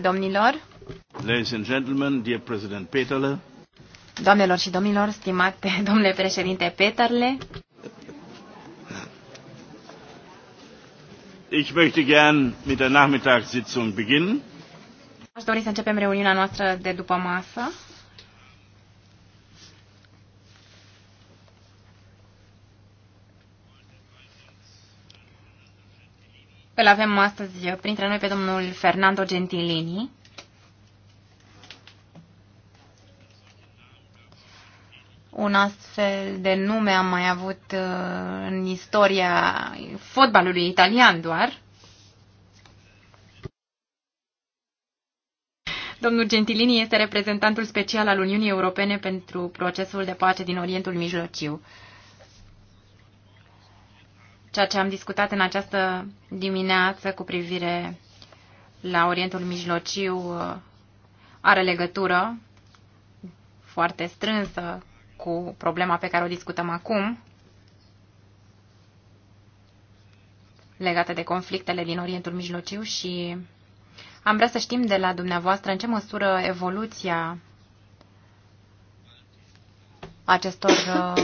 Domnilor, Ladies and gentlemen, dear President Peterle. Doamnelor și domnilor, stimate domnule președinte Peterle, Ich möchte gern mit der Nachmittagssitzung beginnen. Aș dori să începem reuniunea noastră de după masă. Îl avem astăzi printre noi pe domnul Fernando Gentilini. Un astfel de nume am mai avut uh, în istoria fotbalului italian doar. Domnul Gentilini este reprezentantul special al Uniunii Europene pentru procesul de pace din Orientul Mijlociu ceea ce am discutat în această dimineață cu privire la Orientul Mijlociu uh, are legătură foarte strânsă cu problema pe care o discutăm acum, legată de conflictele din Orientul Mijlociu și am vrea să știm de la dumneavoastră în ce măsură evoluția acestor uh,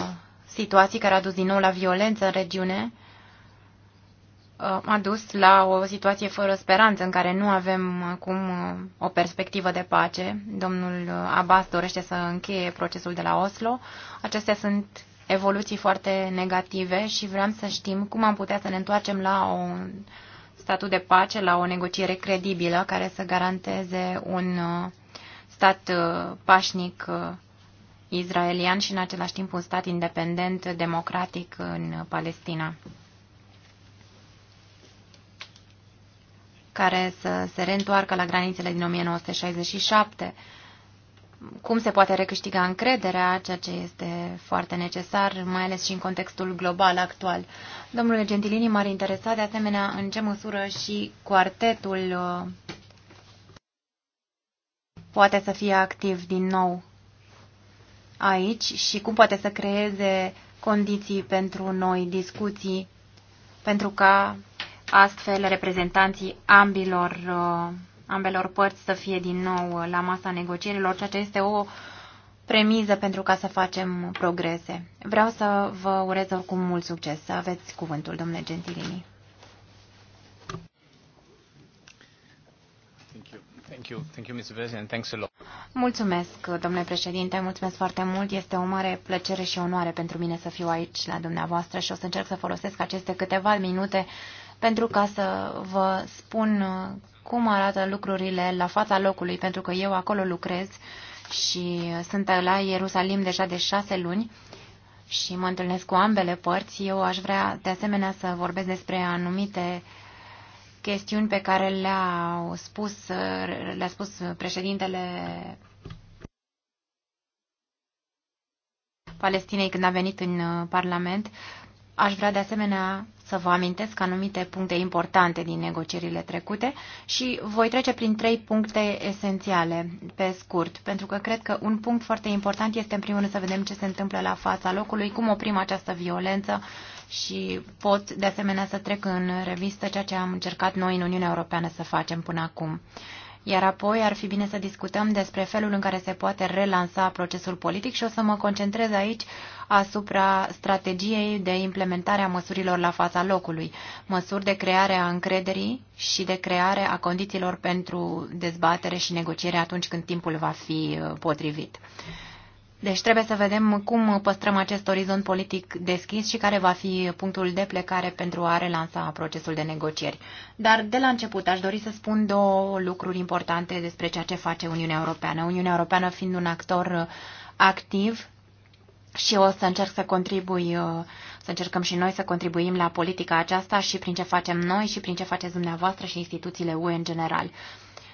situații care a dus din nou la violență în regiune Uh, a dus la o situație fără speranță în care nu avem acum uh, uh, o perspectivă de pace. Domnul Abbas dorește să încheie procesul de la Oslo. Acestea sunt evoluții foarte negative și vreau să știm cum am putea să ne întoarcem la un statut de pace, la o negociere credibilă care să garanteze un stat pașnic israelian și în același timp un stat independent, democratic în Palestina. care să se reîntoarcă la granițele din 1967. Cum se poate recâștiga încrederea, ceea ce este foarte necesar, mai ales și în contextul global actual. Domnule Gentilini, m-ar interesa de asemenea în ce măsură și quartetul uh, poate să fie activ din nou aici și cum poate să creeze condiții pentru noi discuții, pentru ca astfel reprezentanții ambilor, uh, ambelor părți să fie din nou uh, la masa negocierilor, ceea ce este o premiză pentru ca să facem progrese. Vreau să vă urez oricum mult succes. Să aveți cuvântul, domnule Gentilini. Mulțumesc, domnule președinte, mulțumesc foarte mult. Este o mare plăcere și onoare pentru mine să fiu aici la dumneavoastră și o să încerc să folosesc aceste câteva minute uh, pentru ca să vă spun uh, cum arată lucrurile la fața locului, pentru că eu acolo lucrez și uh, sunt la Ierusalim deja de șase luni și mă întâlnesc cu ambele părți. Eu aș vrea de asemenea să vorbesc despre anumite chestiuni pe care uh, le-a spus, le spus președintele Palestinei când a venit în Parlament. Aș vrea de asemenea să vă amintesc anumite puncte importante din negocierile trecute și voi trece prin trei puncte esențiale, pe scurt, pentru că cred că un punct foarte important este în primul rând să vedem ce se întâmplă la fața locului, cum oprim această violență și pot de asemenea să trec în revistă ceea ce am încercat noi în Uniunea Europeană să facem până acum iar apoi ar fi bine să discutăm despre felul în care se poate relansa procesul politic și o să mă concentrez aici asupra strategiei de implementare a măsurilor la fața locului, măsuri de creare a încrederii și de creare a condițiilor pentru dezbatere și negociere atunci când timpul va fi uh, potrivit. Deci trebuie să vedem cum păstrăm acest orizont politic deschis și care va fi punctul de plecare pentru a relansa procesul de negocieri. Dar de la început aș dori să spun două lucruri importante despre ceea ce face Uniunea Europeană. Uniunea Europeană fiind un actor uh, activ și o să încerc să contribui, uh, să încercăm și noi să contribuim la politica aceasta și prin ce facem noi și prin ce faceți dumneavoastră și instituțiile UE în general.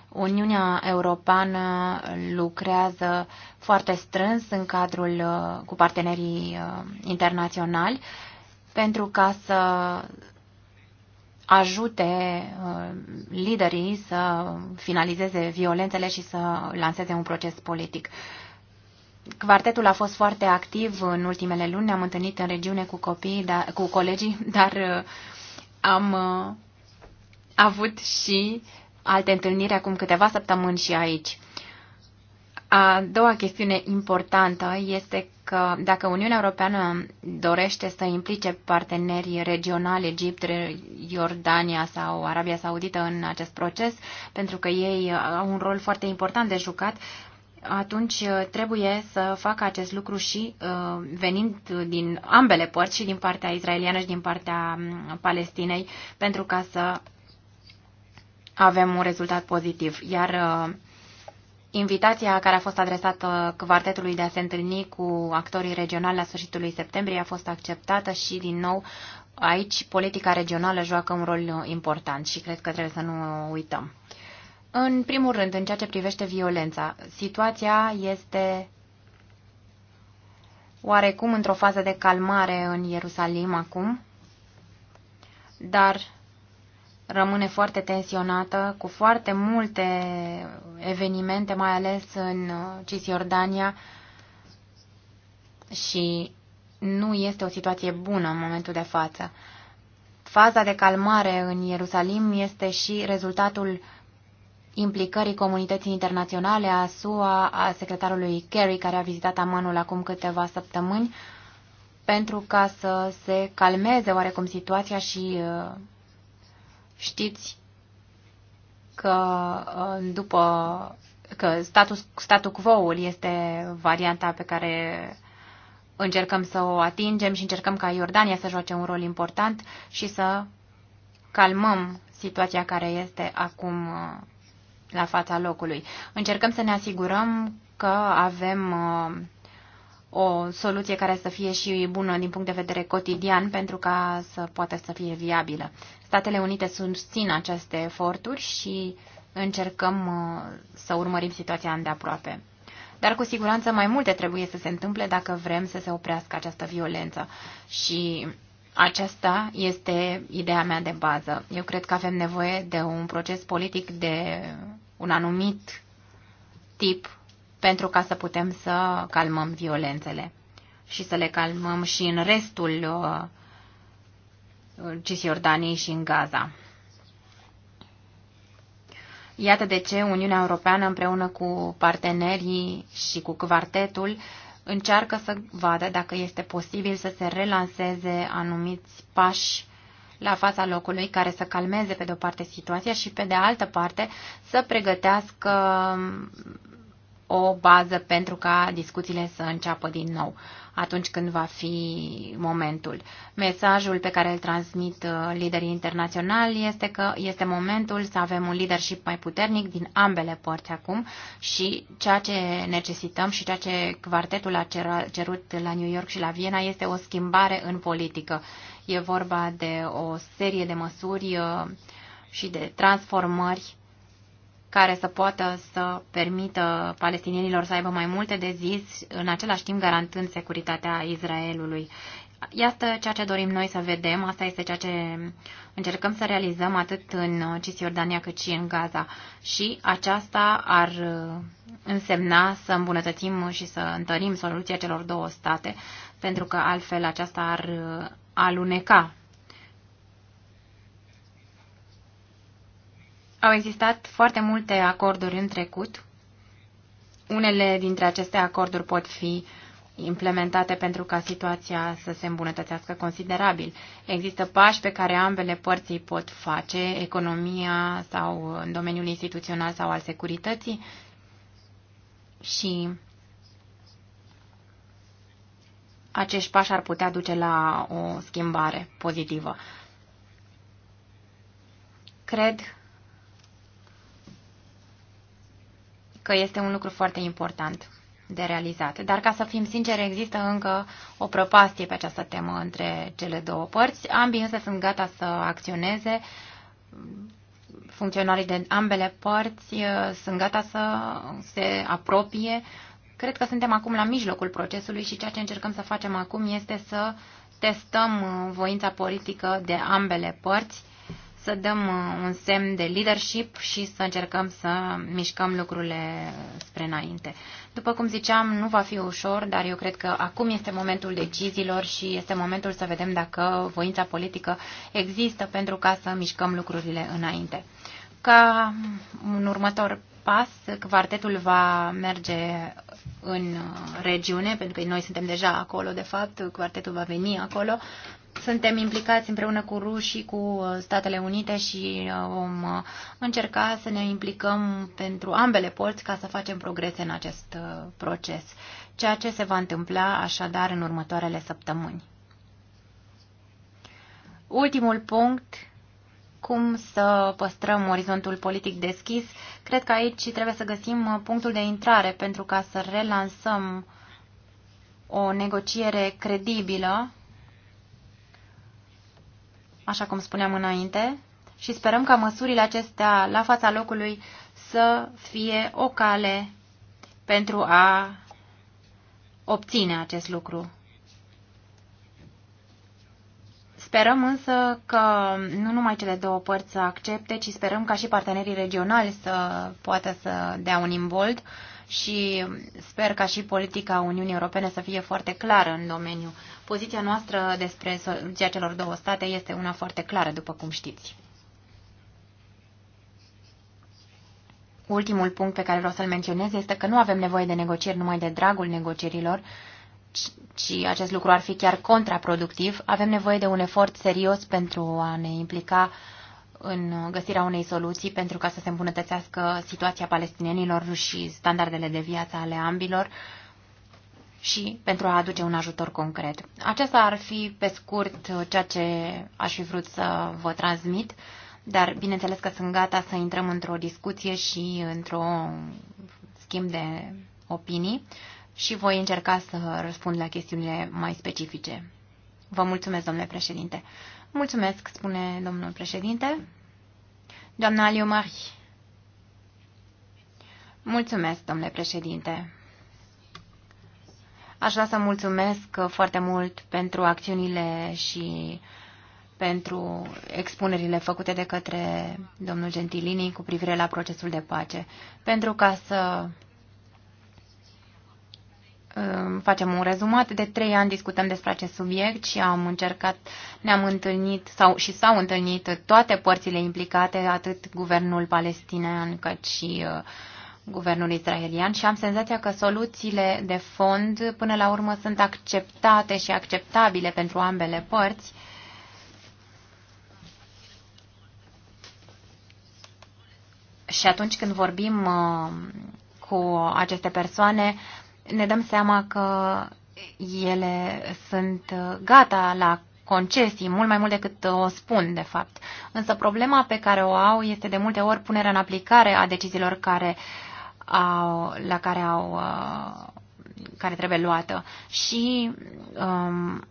Uniunea Europeană lucrează foarte strâns în cadrul uh, cu partenerii uh, internaționali pentru ca să ajute liderii să finalizeze violențele și să lanseze un proces politic. Quartetul a fost foarte activ în ultimele luni, ne-am întâlnit în regiune cu copii, da, cu colegii, dar uh, am uh, avut și alte întâlniri acum câteva săptămâni și aici. A doua chestiune importantă este că dacă Uniunea Europeană dorește să implice partenerii regionali, Egipt, Iordania sau Arabia Saudită în acest proces, pentru că ei au un rol foarte important de jucat, atunci uh, trebuie să facă acest lucru și uh, venind din ambele părți, și din partea israeliană și din partea um, Palestinei, pentru ca să avem un rezultat pozitiv. Iar uh, invitația care a fost adresată quartetului de a se întâlni cu actorii regionali la sfârșitul lui septembrie a fost acceptată și din nou aici politica regională joacă un rol important și cred că trebuie să nu uităm. În primul rând, în ceea ce privește violența, situația este oarecum într-o fază de calmare în Ierusalim acum, dar rămâne foarte tensionată, cu foarte multe evenimente, mai ales în Cisjordania, și nu este o situație bună în momentul de față. Faza de calmare în Ierusalim este și rezultatul implicării comunității internaționale a SUA, a secretarului Kerry, care a vizitat Amanul acum câteva săptămâni, pentru ca să se calmeze oarecum situația și uh, știți că uh, după că status, status quo-ul este varianta pe care încercăm să o atingem și încercăm ca Iordania să joace un rol important și să calmăm situația care este acum uh, la fața locului. Încercăm să ne asigurăm că avem uh, o soluție care să fie și bună din punct de vedere cotidian pentru ca să poată să fie viabilă. Statele Unite susțin aceste eforturi și încercăm uh, să urmărim situația îndeaproape. Dar cu siguranță mai multe trebuie să se întâmple dacă vrem să se oprească această violență. Și aceasta este ideea mea de bază. Eu cred că avem nevoie de un proces politic de un anumit tip pentru ca să putem să calmăm violențele și să le calmăm și în restul uh, Cisjordaniei și în Gaza. Iată de ce Uniunea Europeană împreună cu partenerii și cu quartetul încearcă să vadă dacă este posibil să se relanseze anumiți pași la fața locului care să calmeze pe de o parte situația și pe de altă parte să pregătească o bază pentru ca discuțiile să înceapă din nou atunci când va fi momentul. Mesajul pe care îl transmit uh, liderii internaționali este că este momentul să avem un leadership mai puternic din ambele părți acum și ceea ce necesităm și ceea ce quartetul a cerut la New York și la Viena este o schimbare în politică E vorba de o serie de măsuri uh, și de transformări care să poată să permită palestinienilor să aibă mai multe de zis, în același timp garantând securitatea Israelului. Iată ceea ce dorim noi să vedem, asta este ceea ce încercăm să realizăm atât în Cisjordania cât și în Gaza. Și aceasta ar uh, însemna să îmbunătățim și să întărim soluția celor două state, pentru că altfel aceasta ar uh, aluneca. Au existat foarte multe acorduri în trecut. Unele dintre aceste acorduri pot fi implementate pentru ca situația să se îmbunătățească considerabil. Există pași pe care ambele părți pot face, economia sau în domeniul instituțional sau al securității și acești pași ar putea duce la o schimbare pozitivă. Cred că este un lucru foarte important de realizat. Dar ca să fim sinceri, există încă o prăpastie pe această temă între cele două părți. Ambii însă sunt gata să acționeze. Funcționarii de ambele părți uh, sunt gata să se apropie Cred că suntem acum la mijlocul procesului și ceea ce încercăm să facem acum este să testăm uh, voința politică de ambele părți, să dăm uh, un semn de leadership și să încercăm să mișcăm lucrurile spre înainte. După cum ziceam, nu va fi ușor, dar eu cred că acum este momentul deciziilor și este momentul să vedem dacă voința politică există pentru ca să mișcăm lucrurile înainte. Ca un următor pas. Quartetul va merge în regiune, pentru că noi suntem deja acolo, de fapt, quartetul va veni acolo. Suntem implicați împreună cu rușii, cu Statele Unite și uh, vom uh, încerca să ne implicăm pentru ambele părți ca să facem progrese în acest uh, proces, ceea ce se va întâmpla așadar în următoarele săptămâni. Ultimul punct, cum să păstrăm orizontul politic deschis Cred că aici trebuie să găsim uh, punctul de intrare pentru ca să relansăm o negociere credibilă, așa cum spuneam înainte, și sperăm ca măsurile acestea la fața locului să fie o cale pentru a obține acest lucru. Sperăm însă că nu numai cele două părți să accepte, ci sperăm ca și partenerii regionali să poată să dea un imbold și sper ca și politica Uniunii Europene să fie foarte clară în domeniu. Poziția noastră despre soluția celor două state este una foarte clară, după cum știți. Ultimul punct pe care vreau să-l menționez este că nu avem nevoie de negocieri numai de dragul negocierilor, ci acest lucru ar fi chiar contraproductiv. Avem nevoie de un efort serios pentru a ne implica în găsirea unei soluții pentru ca să se îmbunătățească situația palestinienilor și standardele de viață ale ambilor și pentru a aduce un ajutor concret. Aceasta ar fi, pe scurt, ceea ce aș fi vrut să vă transmit, dar bineînțeles că sunt gata să intrăm într-o discuție și într-o schimb de opinii și voi încerca să răspund la chestiunile mai specifice. Vă mulțumesc, domnule președinte. Mulțumesc, spune domnul președinte. Doamna Aliomari. Mulțumesc, domnule președinte. Aș vrea să mulțumesc foarte mult pentru acțiunile și pentru expunerile făcute de către domnul Gentilini cu privire la procesul de pace, pentru ca să facem un rezumat. De trei ani discutăm despre acest subiect și am încercat, ne-am întâlnit sau, și s-au întâlnit toate părțile implicate, atât guvernul palestinian cât și uh, guvernul israelian și am senzația că soluțiile de fond până la urmă sunt acceptate și acceptabile pentru ambele părți. Și atunci când vorbim uh, cu aceste persoane, ne dăm seama că ele sunt gata la concesii, mult mai mult decât o spun, de fapt. Însă problema pe care o au este de multe ori punerea în aplicare a deciziilor care au, la care au uh, care trebuie luată. Și um,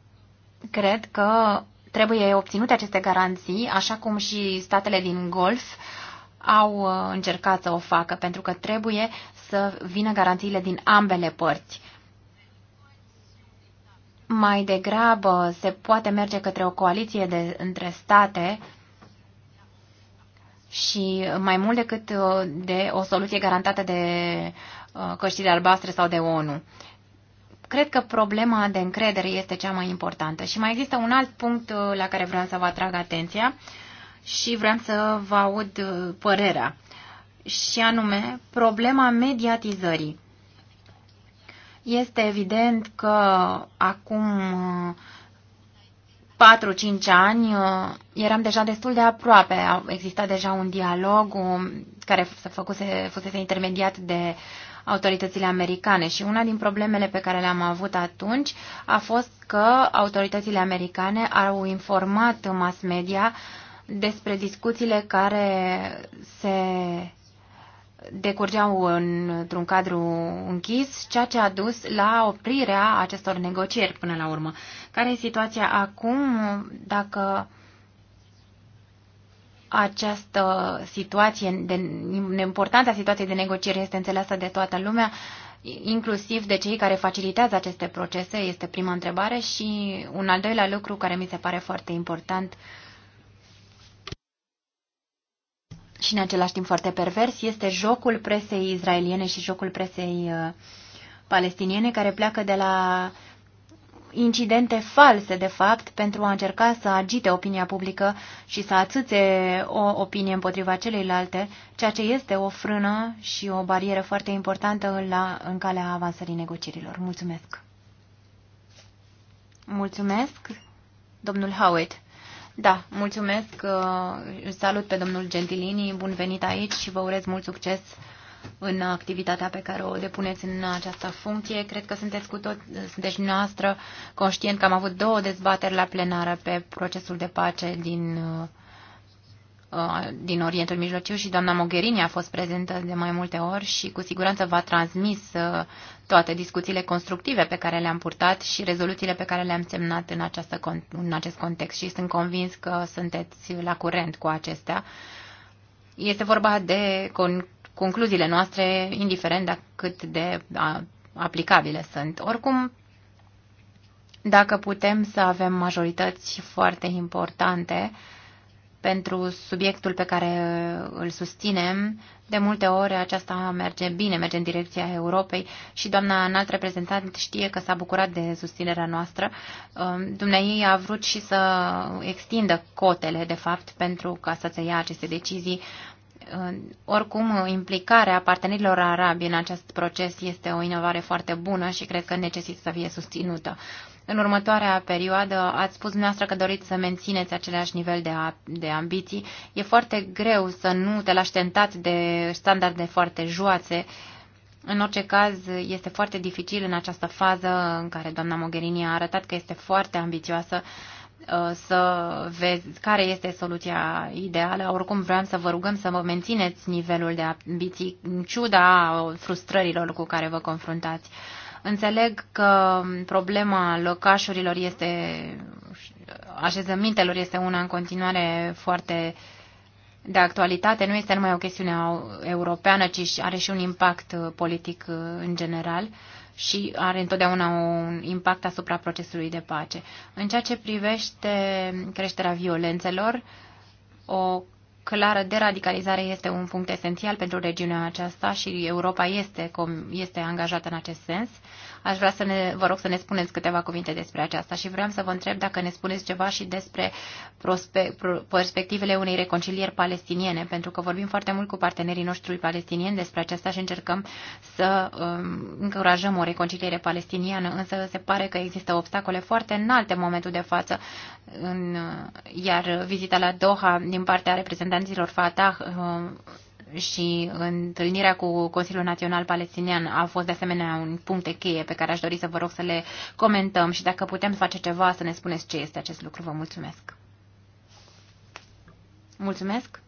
cred că trebuie obținute aceste garanții, așa cum și statele din Golf au uh, încercat să o facă, pentru că trebuie să vină garanțiile din ambele părți. Mai degrabă se poate merge către o coaliție de, între state și mai mult decât uh, de o soluție garantată de uh, căștile albastre sau de ONU. Cred că problema de încredere este cea mai importantă. Și mai există un alt punct uh, la care vreau să vă atrag atenția și vreau să vă aud părerea și anume problema mediatizării. Este evident că acum 4-5 uh, ani uh, eram deja destul de aproape. Exista deja un dialog um, care se făcuse, fusese intermediat de autoritățile americane și una din problemele pe care le-am avut atunci a fost că autoritățile americane au informat mass media despre discuțiile care se decurgeau într-un cadru închis, ceea ce a dus la oprirea acestor negocieri până la urmă. Care e situația acum dacă această situație, de, importanța situației de negociere este înțeleasă de toată lumea, inclusiv de cei care facilitează aceste procese, este prima întrebare și un al doilea lucru care mi se pare foarte important uh, și în același timp foarte pervers este jocul presei izraeliene și jocul presei uh, palestiniene care pleacă de la incidente false, de fapt, pentru a încerca să agite opinia publică și să atâțe o opinie împotriva celeilalte, ceea ce este o frână și o barieră foarte importantă la, în calea avansării negocierilor. Mulțumesc! Mulțumesc, domnul Howitt. Da, mulțumesc, uh, salut pe domnul Gentilini, bun venit aici și vă urez mult succes în activitatea pe care o depuneți în această funcție. Cred că sunteți cu tot, sunteți noastră conștient că am avut două dezbateri la plenară pe procesul de pace din uh, Uh, din Orientul Mijlociu și doamna Mogherini a fost prezentă de mai multe ori și cu siguranță v-a transmis uh, toate discuțiile constructive pe care le-am purtat și rezoluțiile pe care le-am semnat în, această, în acest context și sunt convins că sunteți la curent cu acestea. Este vorba de concluziile noastre, indiferent de cât de aplicabile sunt. Oricum, dacă putem să avem majorități foarte importante, uh, pentru subiectul pe care îl susținem. De multe ori aceasta merge bine, merge în direcția Europei și doamna înalt reprezentant știe că s-a bucurat de susținerea noastră. Um, Dumnezeu a vrut și să extindă cotele, de fapt, pentru ca să se ia aceste decizii. Um, oricum, implicarea partenerilor arabi în acest proces este o inovare foarte bună și cred că necesită să fie susținută. În următoarea perioadă ați spus dumneavoastră că doriți să mențineți același nivel de, a, de ambiții. E foarte greu să nu te lași tentat de standarde foarte joase. În orice caz, este foarte dificil în această fază în care doamna Mogherini a arătat că este foarte ambițioasă uh, să vezi care este soluția ideală. Oricum vreau să vă rugăm să vă mențineți nivelul de ambiții în ciuda frustrărilor cu care vă confruntați. Înțeleg că problema locașurilor este, așezămintelor este una în continuare foarte de actualitate. Nu este numai o chestiune europeană, ci are și un impact politic în general și are întotdeauna un impact asupra procesului de pace. În ceea ce privește creșterea violențelor, o clară de radicalizare este un punct esențial pentru regiunea aceasta și Europa este, este angajată în acest sens. Aș vrea să ne, vă rog să ne spuneți câteva cuvinte despre aceasta și vreau să vă întreb dacă ne spuneți ceva și despre perspectivele unei reconcilieri palestiniene, pentru că vorbim foarte mult cu partenerii noștri palestinieni despre aceasta și încercăm să um, încurajăm o reconciliere palestiniană, însă se pare că există obstacole foarte înalte în momentul de față, în, iar vizita la Doha din partea reprezentanților Fatah um, și întâlnirea cu Consiliul Național Palestinian a fost de asemenea un punct cheie pe care aș dori să vă rog să le comentăm și dacă putem face ceva să ne spuneți ce este acest lucru. Vă mulțumesc! Mulțumesc!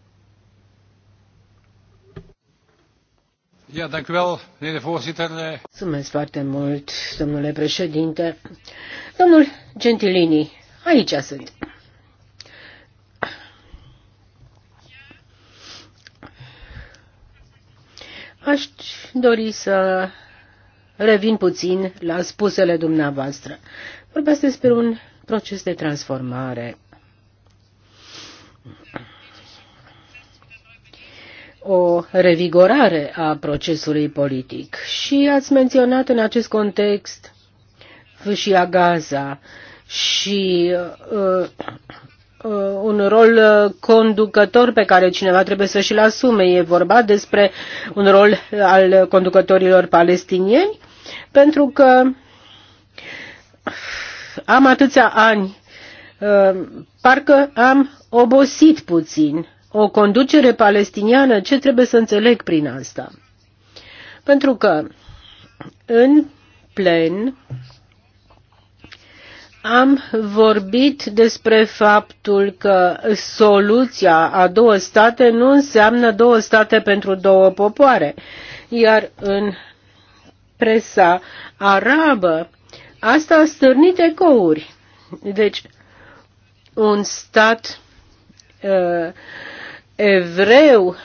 Mulțumesc foarte mult, domnule președinte. Domnul Gentilini, aici sunt. Aș dori să revin puțin la spusele dumneavoastră. Vorbeați despre un proces de transformare. o revigorare a procesului politic. Și ați menționat în acest context Fâșia Gaza și uh, Uh, un rol uh, conducător pe care cineva trebuie să și-l asume. E vorba despre un rol uh, al conducătorilor palestinieni, pentru că am atâția ani, parcă am obosit puțin o conducere palestiniană, ce trebuie să înțeleg prin asta? Pentru că în plen am vorbit despre faptul că soluția a două state nu înseamnă două state pentru două popoare, iar în presa arabă asta a stârnit ecouri. Deci, un stat uh, evreu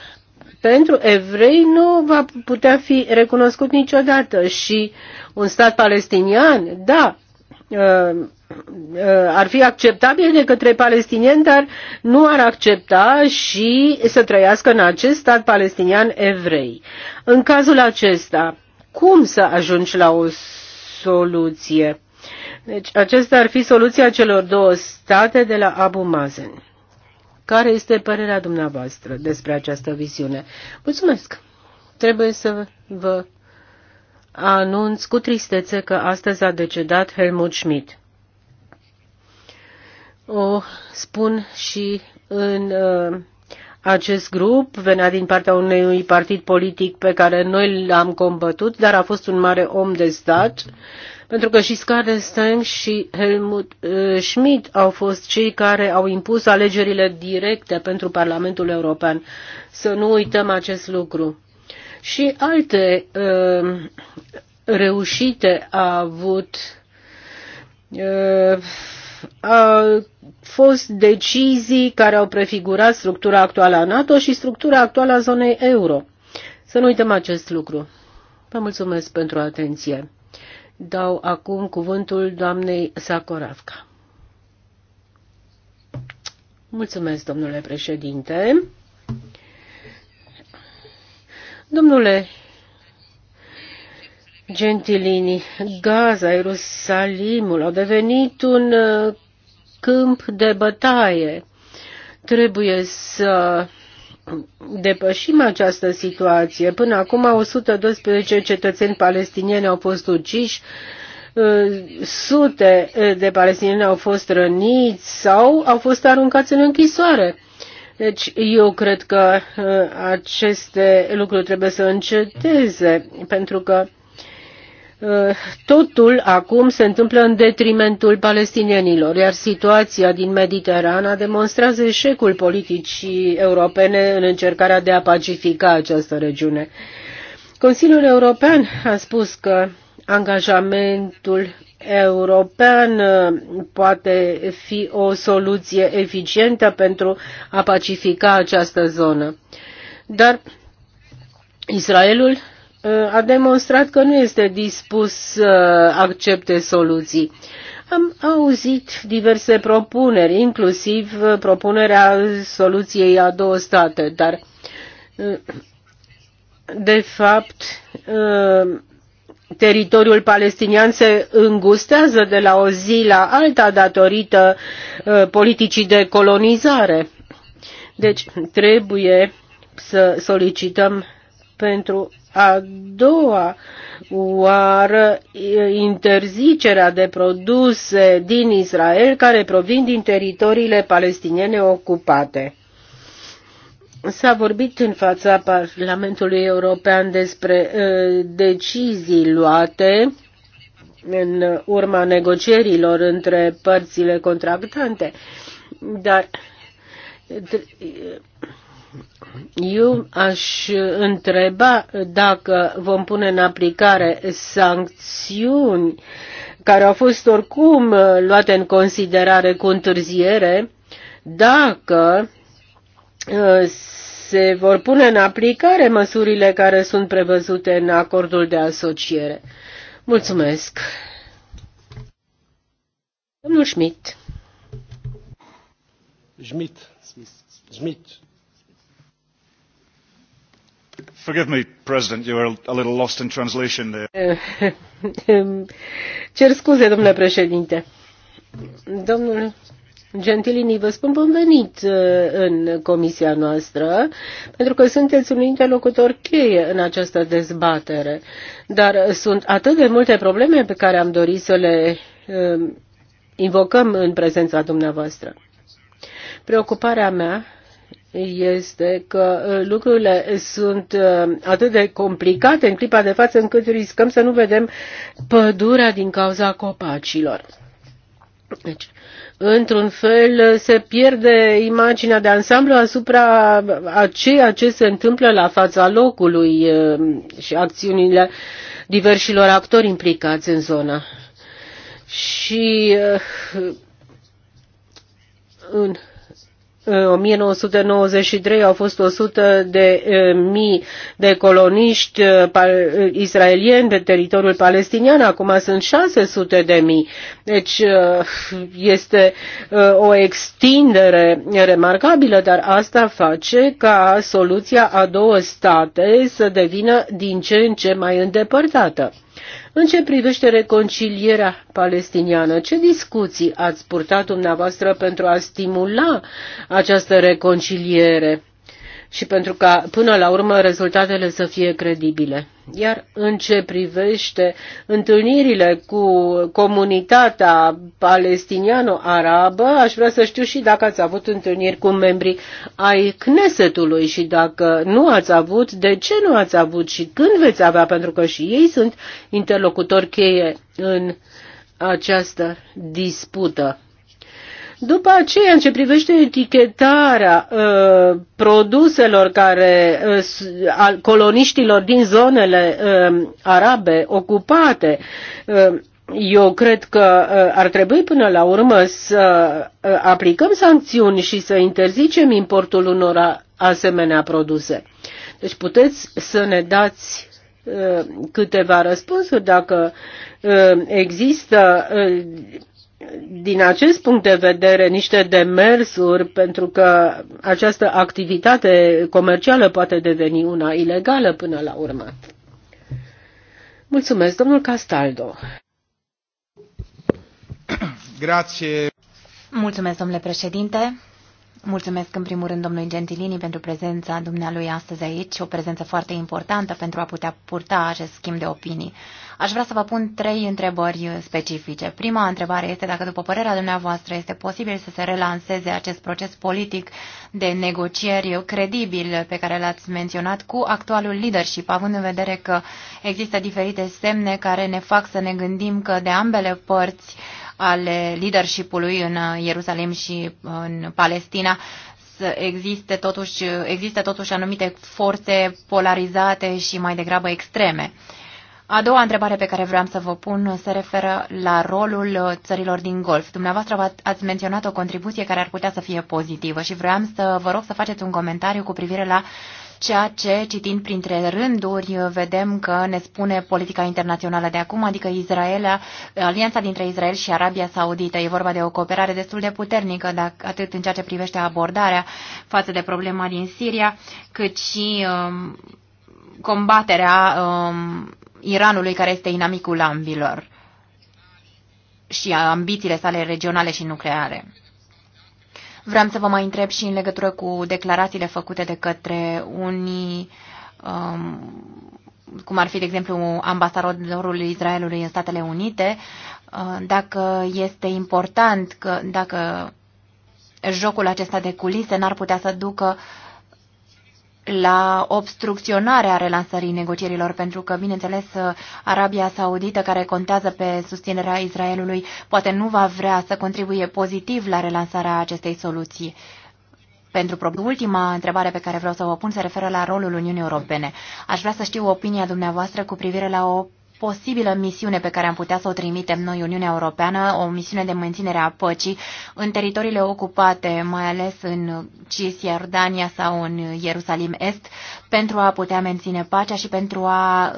pentru evrei nu va putea fi recunoscut niciodată și un stat palestinian, da, uh, ar fi acceptabil de către palestinieni, dar nu ar accepta și să trăiască în acest stat palestinian evrei. În cazul acesta, cum să ajungi la o soluție? Deci acesta ar fi soluția celor două state de la Abu Mazen. Care este părerea dumneavoastră despre această viziune? Mulțumesc! Trebuie să vă anunț cu tristețe că astăzi a decedat Helmut Schmidt o spun și în uh, acest grup venea din partea unui partid politic pe care noi l-am combătut, dar a fost un mare om de stat, pentru că și Skardenstein și Helmut uh, Schmidt au fost cei care au impus alegerile directe pentru Parlamentul European. Să nu uităm acest lucru. Și alte uh, reușite a avut uh, a fost decizii care au prefigurat structura actuală a NATO și structura actuală a zonei euro. Să nu uităm acest lucru. Vă mulțumesc pentru atenție. Dau acum cuvântul doamnei Sakoravka. Mulțumesc, domnule președinte. Domnule Gentilini, Gaza, Ierusalimul au devenit un uh, câmp de bătaie. Trebuie să depășim această situație. Până acum 112 cetățeni palestinieni au fost uciși, uh, sute de palestinieni au fost răniți sau au fost aruncați în închisoare. Deci eu cred că uh, aceste lucruri trebuie să înceteze, pentru că totul acum se întâmplă în detrimentul palestinienilor, iar situația din Mediterana demonstrează eșecul politicii europene în încercarea de a pacifica această regiune. Consiliul European a spus că angajamentul european uh, poate fi o soluție eficientă pentru a pacifica această zonă. Dar Israelul Uh, a demonstrat că nu este dispus să accepte soluții. Am auzit diverse propuneri, inclusiv uh, propunerea soluției a două state, dar uh, de fapt teritoriul palestinian se îngustează de la o zi la alta datorită politicii de colonizare. Deci trebuie să solicităm pentru a doua oară interzicerea de produse din Israel care provin din teritoriile palestiniene ocupate. S-a vorbit în fața Parlamentului European despre uh, decizii luate în urma negocierilor între părțile contractante, dar eu aș întreba dacă vom pune în aplicare sancțiuni care au fost oricum luate în considerare cu întârziere, dacă uh, se vor pune în aplicare măsurile care sunt prevăzute în acordul de asociere. Mulțumesc. Domnul Schmidt. Schmidt. Schmidt. Forgive me, President, you were a little lost in translation there. Eh, cer scuze, domnule președinte. Domnul Gentilini, vă spun bun venit eh, în comisia noastră, pentru că sunteți un interlocutor cheie în această dezbatere. Dar sunt atât de multe probleme pe care am dorit să le eh, invocăm în prezența dumneavoastră. Preocuparea mea este că uh, lucrurile sunt uh, atât de complicate în clipa de față încât riscăm să nu vedem pădurea din cauza copacilor. Deci, într-un fel, se pierde imaginea de ansamblu asupra a ceea ce se întâmplă la fața locului uh, și acțiunile diversilor actori implicați în zona. Și în 1993 au fost 100 de mii de coloniști uh, israelieni pe teritoriul palestinian, acum sunt 600 de mii. Deci uh, este uh, o extindere remarcabilă, dar asta face ca soluția a două state să devină din ce în ce mai îndepărtată. În ce privește reconcilierea palestiniană, ce discuții ați purtat dumneavoastră pentru a stimula această reconciliere? și pentru ca până la urmă rezultatele să fie credibile. Iar în ce privește întâlnirile cu comunitatea palestiniano-arabă, aș vrea să știu și dacă ați avut întâlniri cu membrii ai Knesetului și dacă nu ați avut, de ce nu ați avut și când veți avea, pentru că și ei sunt interlocutori cheie în această dispută. După aceea, în ce privește etichetarea uh, produselor care uh, al coloniștilor din zonele uh, arabe ocupate, uh, eu cred că uh, ar trebui până la urmă să uh, aplicăm sancțiuni și să interzicem importul unor asemenea produse. Deci puteți să ne dați uh, câteva răspunsuri dacă există din acest punct de vedere niște demersuri pentru că această activitate comercială poate deveni una ilegală până la urmă. Mulțumesc, domnul Castaldo. Grație. Mulțumesc, domnule președinte. Mulțumesc în primul rând domnului Gentilini pentru prezența dumnealui astăzi aici, o prezență foarte importantă pentru a putea purta acest schimb de opinii. Aș vrea să vă pun trei întrebări specifice. Prima întrebare este dacă, după părerea dumneavoastră, este posibil să se relanseze acest proces politic de negocieri credibil pe care l-ați menționat cu actualul leadership, având în vedere că există diferite semne care ne fac să ne gândim că de ambele părți ale leadership-ului în Ierusalim și în Palestina există totuși, există totuși anumite forțe polarizate și mai degrabă extreme. Uh, a doua întrebare pe care vreau să vă pun se referă la rolul țărilor din Golf. Dumneavoastră ați menționat o contribuție care ar putea să fie pozitivă și vreau să vă rog să faceți un comentariu cu privire la ceea ce, citind printre rânduri, vedem că ne spune politica internațională de acum, adică Israel, alianța dintre Israel și Arabia Saudită. E vorba de o cooperare destul de puternică, dacă, atât în ceea ce privește abordarea față de problema din Siria, cât și um, combaterea um, Iranului, care este inamicul ambilor și a ambițiile sale regionale și nucleare. Vreau să vă mai întreb și în legătură cu declarațiile făcute de către unii, um, cum ar fi, de exemplu, ambasadorul Israelului în Statele Unite, uh, dacă este important că dacă jocul acesta de culise n-ar putea să ducă uh, la obstrucționarea relansării negocierilor, pentru că, bineînțeles, Arabia Saudită, care contează pe susținerea Israelului, poate nu va vrea să contribuie pozitiv la relansarea acestei soluții. Pentru ultima întrebare pe care vreau să o pun se referă la rolul Uniunii Europene. Aș vrea să știu opinia dumneavoastră cu privire la o posibilă misiune pe care am putea să o trimitem noi, Uniunea Europeană, o misiune de menținere a păcii în teritoriile ocupate, mai ales în Cisjordania sau în Ierusalim Est, pentru a putea menține pacea și pentru a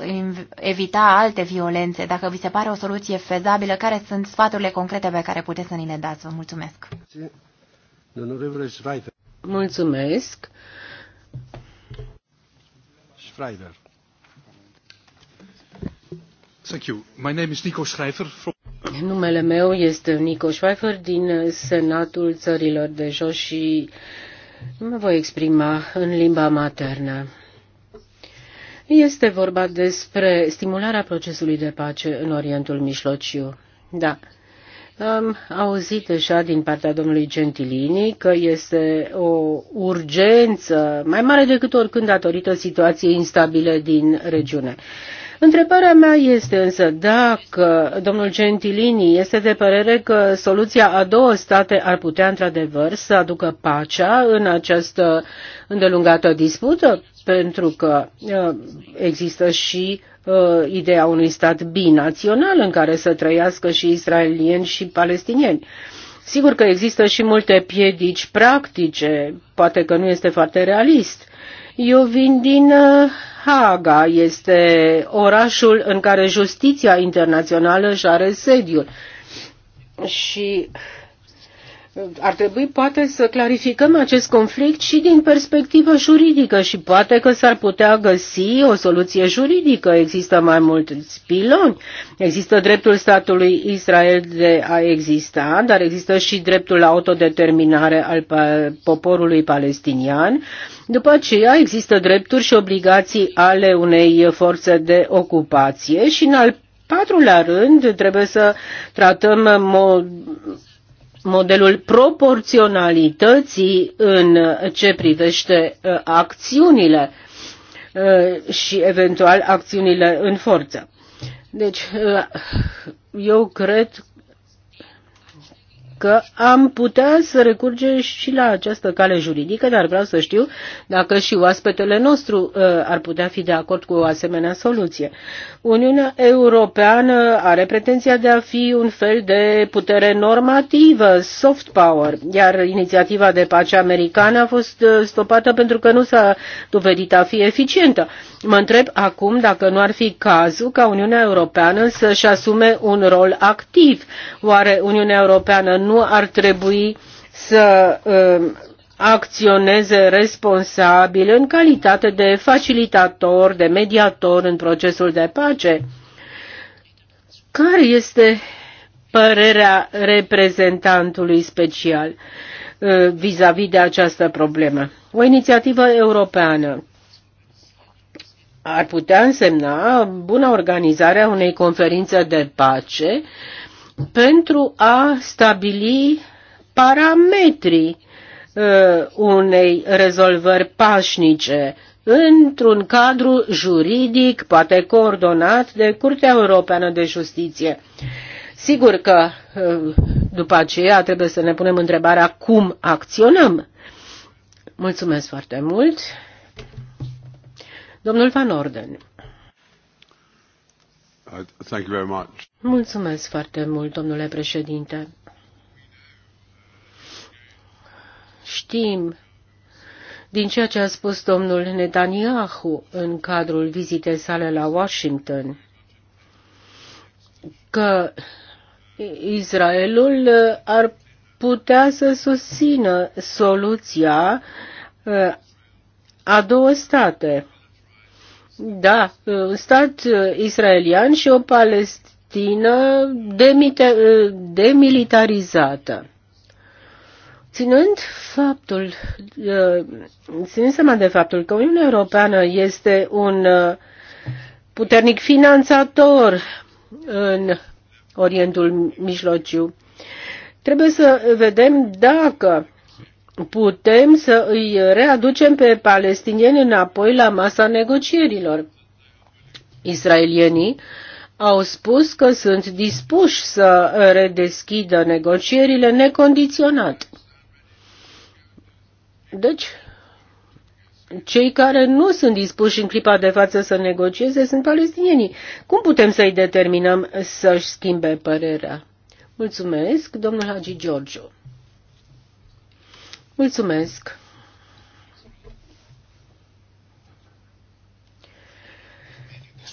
evita alte violențe. Dacă vi se pare o soluție fezabilă, care sunt sfaturile concrete pe care puteți să ni le dați? Vă mulțumesc! Mulțumesc! Schreider. Thank you. My name is Nico Schreifer. From... Numele meu este Nico Schreifer din Senatul Țărilor de Jos și mă voi exprima în limba maternă. Este vorba despre stimularea procesului de pace în Orientul Mijlociu. Da. Am auzit deja din partea domnului Gentilini că este o urgență mai mare decât oricând datorită situației instabile din regiune. Întrebarea mea este însă dacă domnul Gentilini este de părere că soluția a două state ar putea într-adevăr să aducă pacea în această îndelungată dispută, pentru că uh, există și uh, ideea unui stat binațional în care să trăiască și israelieni și palestinieni. Sigur că există și multe piedici practice, poate că nu este foarte realist, eu vin din uh, Haga, este orașul în care justiția internațională își are sediul. Și ar trebui poate să clarificăm acest conflict și din perspectivă juridică și poate că s-ar putea găsi o soluție juridică. Există mai mulți piloni, există dreptul statului Israel de a exista, dar există și dreptul la autodeterminare al poporului palestinian. După aceea există drepturi și obligații ale unei forțe de ocupație și în al patrulea rând trebuie să tratăm modelul proporționalității în ce privește uh, acțiunile uh, și eventual acțiunile în forță. Deci, uh, eu cred că am putea să recurge și la această cale juridică, dar vreau să știu dacă și oaspetele nostru uh, ar putea fi de acord cu o asemenea soluție. Uniunea Europeană are pretenția de a fi un fel de putere normativă, soft power, iar inițiativa de pace americană a fost uh, stopată pentru că nu s-a dovedit a fi eficientă. Mă întreb acum dacă nu ar fi cazul ca Uniunea Europeană să-și asume un rol activ. Oare Uniunea Europeană nu nu ar trebui să um, acționeze responsabil în calitate de facilitator, de mediator în procesul de pace? Care este părerea reprezentantului special uh, vis-a-vis -vis de această problemă? O inițiativă europeană ar putea însemna buna organizarea unei conferințe de pace pentru a stabili parametrii uh, unei rezolvări pașnice într-un cadru juridic, poate coordonat de Curtea Europeană de Justiție. Sigur că uh, după aceea trebuie să ne punem întrebarea cum acționăm. Mulțumesc foarte mult. Domnul Van Orden. Uh, thank you very much. Mulțumesc foarte mult, domnule președinte. Știm din ceea ce a spus domnul Netanyahu în cadrul vizitei sale la Washington că Israelul ar putea să susțină soluția uh, a două state. Da, un stat uh, israelian și o Palestina Palestina ă, demilitarizată. Ținând faptul, ă, ținând seama de faptul că Uniunea Europeană este un ă, puternic finanțator în Orientul Mijlociu, trebuie să vedem dacă putem să îi readucem pe palestinieni înapoi la masa negocierilor. Israelienii au spus că sunt dispuși să redeschidă negocierile necondiționat. Deci, cei care nu sunt dispuși în clipa de față să negocieze sunt palestinienii. Cum putem să-i determinăm să-și schimbe părerea? Mulțumesc, domnul Hagi Giorgio. Mulțumesc.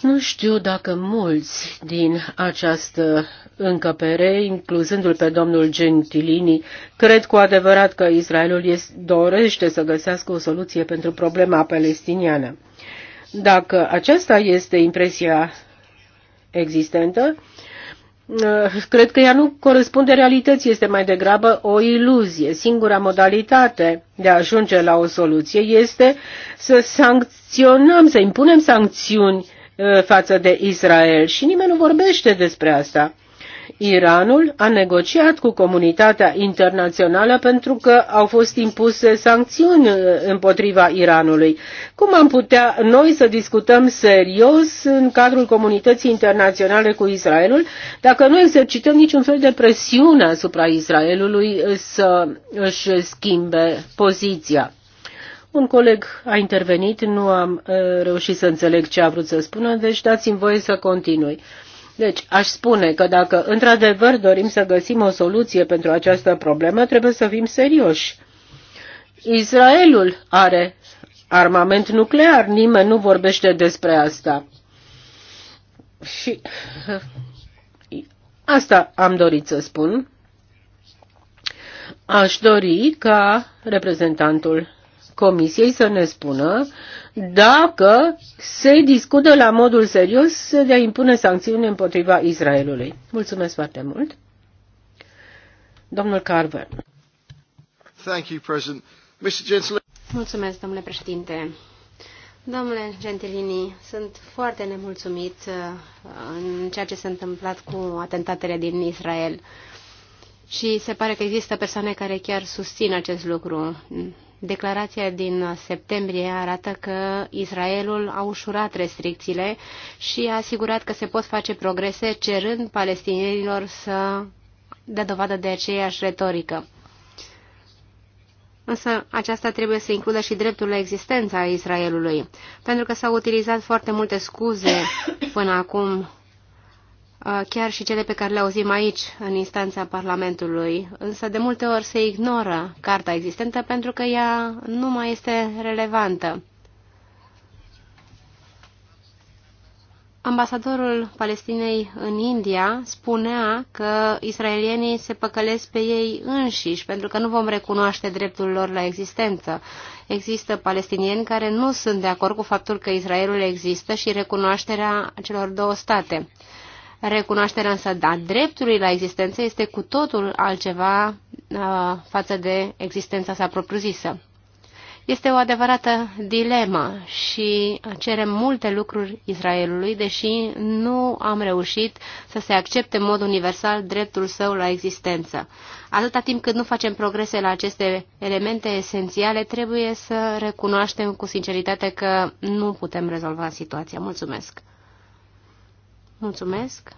Nu știu dacă mulți din această încăpere, incluzându-l pe domnul Gentilini, cred cu adevărat că Israelul dorește să găsească o soluție pentru problema palestiniană. Dacă aceasta este impresia existentă, uh, cred că ea nu corespunde realității, este mai degrabă o iluzie. Singura modalitate de a ajunge la o soluție este să sancționăm, să impunem sancțiuni Uh, față de Israel și nimeni nu vorbește despre asta. Iranul a negociat cu comunitatea internațională pentru că au fost impuse sancțiuni uh, împotriva Iranului. Cum am putea noi să discutăm serios în cadrul comunității internaționale cu Israelul dacă nu exercităm niciun fel de presiune asupra Israelului uh, să își schimbe poziția? Un coleg a intervenit, nu am uh, reușit să înțeleg ce a vrut să spună, deci dați-mi voie să continui. Deci, aș spune că dacă într-adevăr dorim să găsim o soluție pentru această problemă, trebuie să fim serioși. Israelul are armament nuclear, nimeni nu vorbește despre asta. Și uh, asta am dorit să spun. Aș dori ca reprezentantul Comisiei să ne spună dacă se discută la modul serios de a impune sancțiuni împotriva Israelului. Mulțumesc foarte mult. Domnul Carver. Thank you, President. Mr. Gentilini. Mulțumesc, domnule președinte. Domnule Gentilini, sunt foarte nemulțumit uh, în ceea ce s-a întâmplat cu atentatele din Israel. Și se pare că există persoane care chiar susțin acest lucru. Declarația din septembrie arată că Israelul a ușurat restricțiile și a asigurat că se pot face progrese cerând palestinienilor să dea dovadă de aceeași retorică. Însă aceasta trebuie să includă și dreptul la existența Israelului, pentru că s-au utilizat foarte multe scuze până acum chiar și cele pe care le auzim aici, în instanța Parlamentului, însă de multe ori se ignoră carta existentă pentru că ea nu mai este relevantă. Ambasadorul Palestinei în India spunea că israelienii se păcălesc pe ei înșiși, pentru că nu vom recunoaște dreptul lor la existență. Există palestinieni care nu sunt de acord cu faptul că Israelul există și recunoașterea celor două state. Recunoașterea însă a da, dreptului la existență este cu totul altceva uh, față de existența sa propriu-zisă. Este o adevărată dilemă și cerem multe lucruri Israelului, deși nu am reușit să se accepte în mod universal dreptul său la existență. Atâta timp cât nu facem progrese la aceste elemente esențiale, trebuie să recunoaștem cu sinceritate că nu putem rezolva situația. Mulțumesc! Mulțumesc.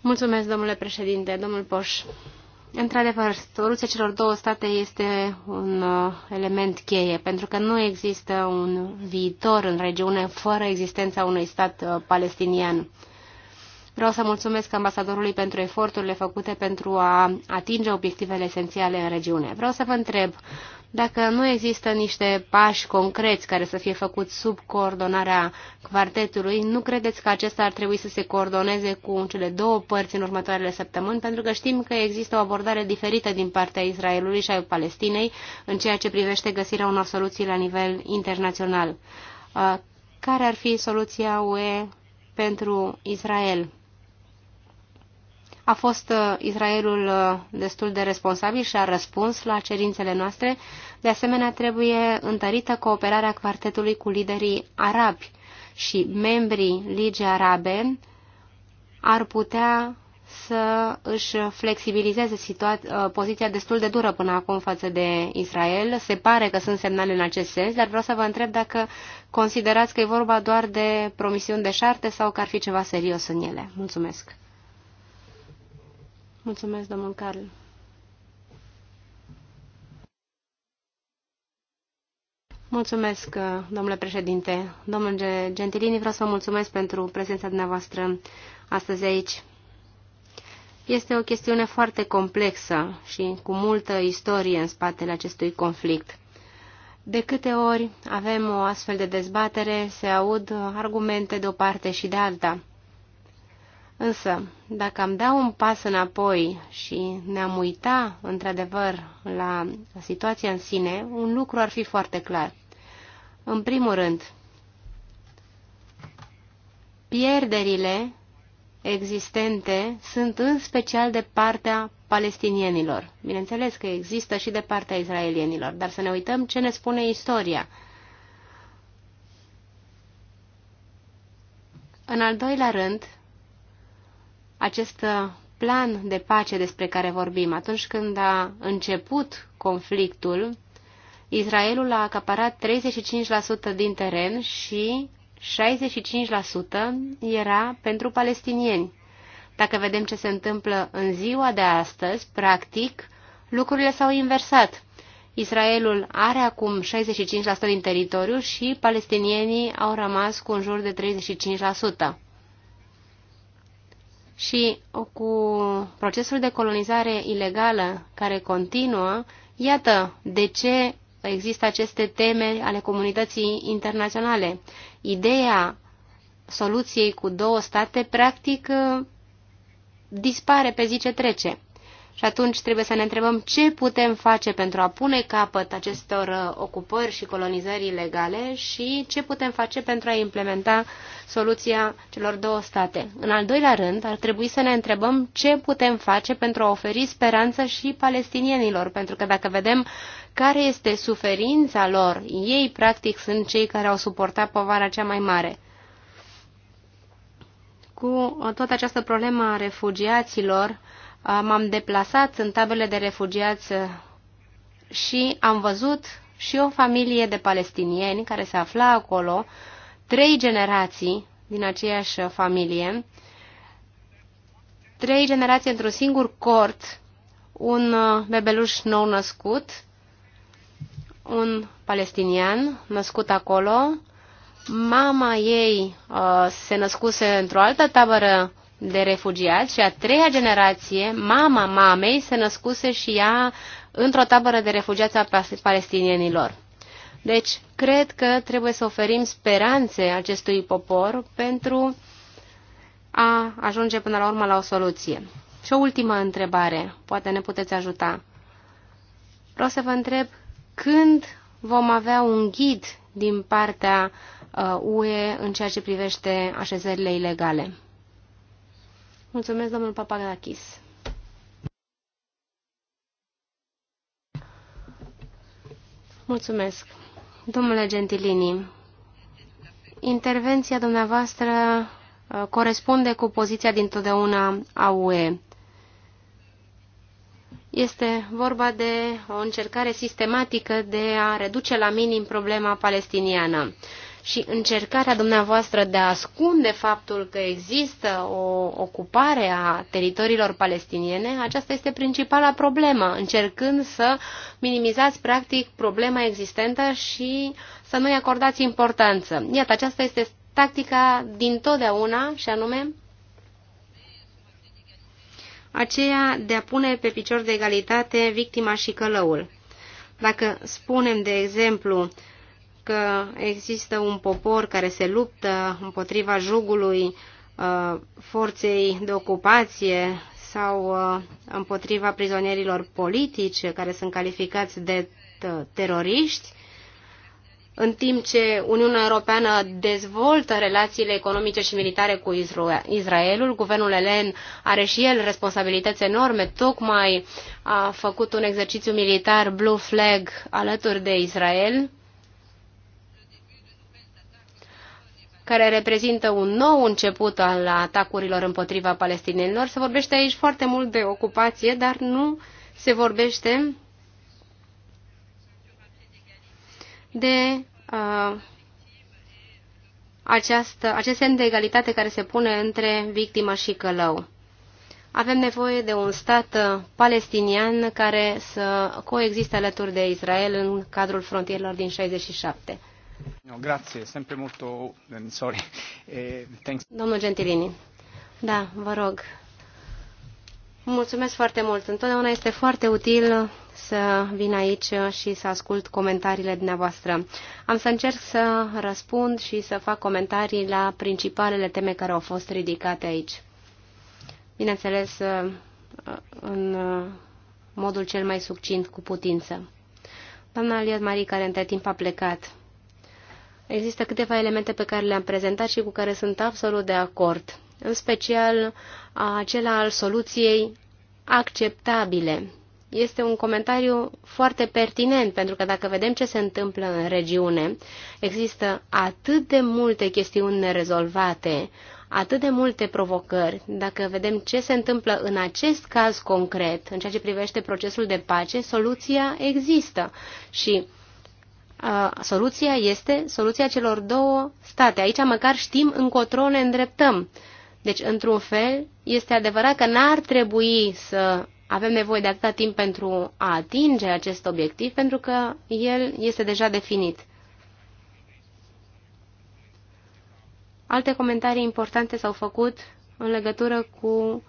Mulțumesc, domnule președinte, domnul Poș. Într-adevăr, soluția celor două state este un uh, element cheie, pentru că nu există un viitor în regiune fără existența unui stat uh, palestinian. Vreau să mulțumesc ambasadorului pentru eforturile făcute pentru a atinge obiectivele esențiale în regiune. Vreau să vă întreb, dacă nu există niște pași concreți care să fie făcuți sub coordonarea quartetului, nu credeți că acesta ar trebui să se coordoneze cu cele două părți în următoarele săptămâni? Pentru că știm că există o abordare diferită din partea Israelului și a Palestinei în ceea ce privește găsirea unor soluții la nivel internațional. Uh, care ar fi soluția UE pentru Israel? A fost uh, Israelul uh, destul de responsabil și a răspuns la cerințele noastre. De asemenea, trebuie întărită cooperarea quartetului cu liderii arabi și membrii Ligii Arabe ar putea să își flexibilizeze uh, poziția destul de dură până acum față de Israel. Se pare că sunt semnale în acest sens, dar vreau să vă întreb dacă considerați că e vorba doar de promisiuni de șarte sau că ar fi ceva serios în ele. Mulțumesc. Mulțumesc, domnul Carl. Mulțumesc, domnule președinte. Domnule Gentilini, vreau să vă mulțumesc pentru prezența dumneavoastră astăzi aici. Este o chestiune foarte complexă și cu multă istorie în spatele acestui conflict. De câte ori avem o astfel de dezbatere, se aud argumente de o parte și de alta. Însă, dacă am da un pas înapoi și ne-am uita, într-adevăr, la situația în sine, un lucru ar fi foarte clar. În primul rând, pierderile existente sunt în special de partea palestinienilor. Bineînțeles că există și de partea israelienilor, dar să ne uităm ce ne spune istoria. În al doilea rând, acest uh, plan de pace despre care vorbim. Atunci când a început conflictul, Israelul a acaparat 35% din teren și 65% era pentru palestinieni. Dacă vedem ce se întâmplă în ziua de astăzi, practic, lucrurile s-au inversat. Israelul are acum 65% din teritoriu și palestinienii au rămas cu în jur de 35% și cu procesul de colonizare ilegală care continuă, iată de ce există aceste teme ale comunității internaționale. Ideea soluției cu două state, practic, dispare pe zi ce trece. Și atunci trebuie să ne întrebăm ce putem face pentru a pune capăt acestor uh, ocupări și colonizări ilegale și ce putem face pentru a implementa soluția celor două state. În al doilea rând, ar trebui să ne întrebăm ce putem face pentru a oferi speranță și palestinienilor, pentru că dacă vedem care este suferința lor, ei practic sunt cei care au suportat povara cea mai mare cu uh, toată această problemă a refugiaților, m-am deplasat în tabele de refugiați și am văzut și o familie de palestinieni care se afla acolo, trei generații din aceeași familie, trei generații într-un singur cort, un bebeluș nou născut, un palestinian născut acolo, mama ei uh, se născuse într-o altă tabără de refugiați și a treia generație, mama mamei, se născuse și ea într-o tabără de refugiați a palestinienilor. Deci, cred că trebuie să oferim speranțe acestui popor pentru a ajunge până la urmă la o soluție. Și o ultimă întrebare, poate ne puteți ajuta. Vreau să vă întreb când vom avea un ghid din partea UE uh, în ceea ce privește așezările ilegale. Mulțumesc, domnul Papagadakis. Mulțumesc. Domnule Gentilini, intervenția dumneavoastră uh, corespunde cu poziția dintotdeauna a UE. Este vorba de o încercare sistematică de a reduce la minim problema palestiniană și încercarea dumneavoastră de a ascunde faptul că există o ocupare a teritoriilor palestiniene, aceasta este principala problemă, încercând să minimizați practic problema existentă și să nu-i acordați importanță. Iată, aceasta este tactica din totdeauna și anume aceea de a pune pe picior de egalitate victima și călăul. Dacă spunem, de exemplu, că există un popor care se luptă împotriva jugului uh, forței de ocupație sau uh, împotriva prizonierilor politici care sunt calificați de uh, teroriști, în timp ce Uniunea Europeană dezvoltă relațiile economice și militare cu Israelul, guvernul elen are și el responsabilități enorme, tocmai a făcut un exercițiu militar Blue Flag alături de Israel, care reprezintă un nou început al atacurilor împotriva palestinienilor. Se vorbește aici foarte mult de ocupație, dar nu se vorbește de uh, această, acest semn de egalitate care se pune între victimă și călău. Avem nevoie de un stat palestinian care să coexiste alături de Israel în cadrul frontierelor din 67. No, grazie, sempre molto... Mm, sorry. Eh, thanks. Domnul Gentilini, da, vă rog. Mulțumesc foarte mult. Întotdeauna este foarte util să vin aici și să ascult comentariile dumneavoastră. Am să încerc să răspund și să fac comentarii la principalele teme care au fost ridicate aici. Bineînțeles, eh, în modul cel mai succint cu putință. Doamna Aliot Marie, care între timp a plecat. Există câteva elemente pe care le-am prezentat și cu care sunt absolut de acord, în special acela al soluției acceptabile. Este un comentariu foarte pertinent, pentru că dacă vedem ce se întâmplă în regiune, există atât de multe chestiuni nerezolvate, atât de multe provocări, dacă vedem ce se întâmplă în acest caz concret, în ceea ce privește procesul de pace, soluția există. Și soluția este soluția celor două state. Aici măcar știm încotro ne îndreptăm. Deci, într-un fel, este adevărat că n-ar trebui să avem nevoie de atâta timp pentru a atinge acest obiectiv, pentru că el este deja definit. Alte comentarii importante s-au făcut în legătură cu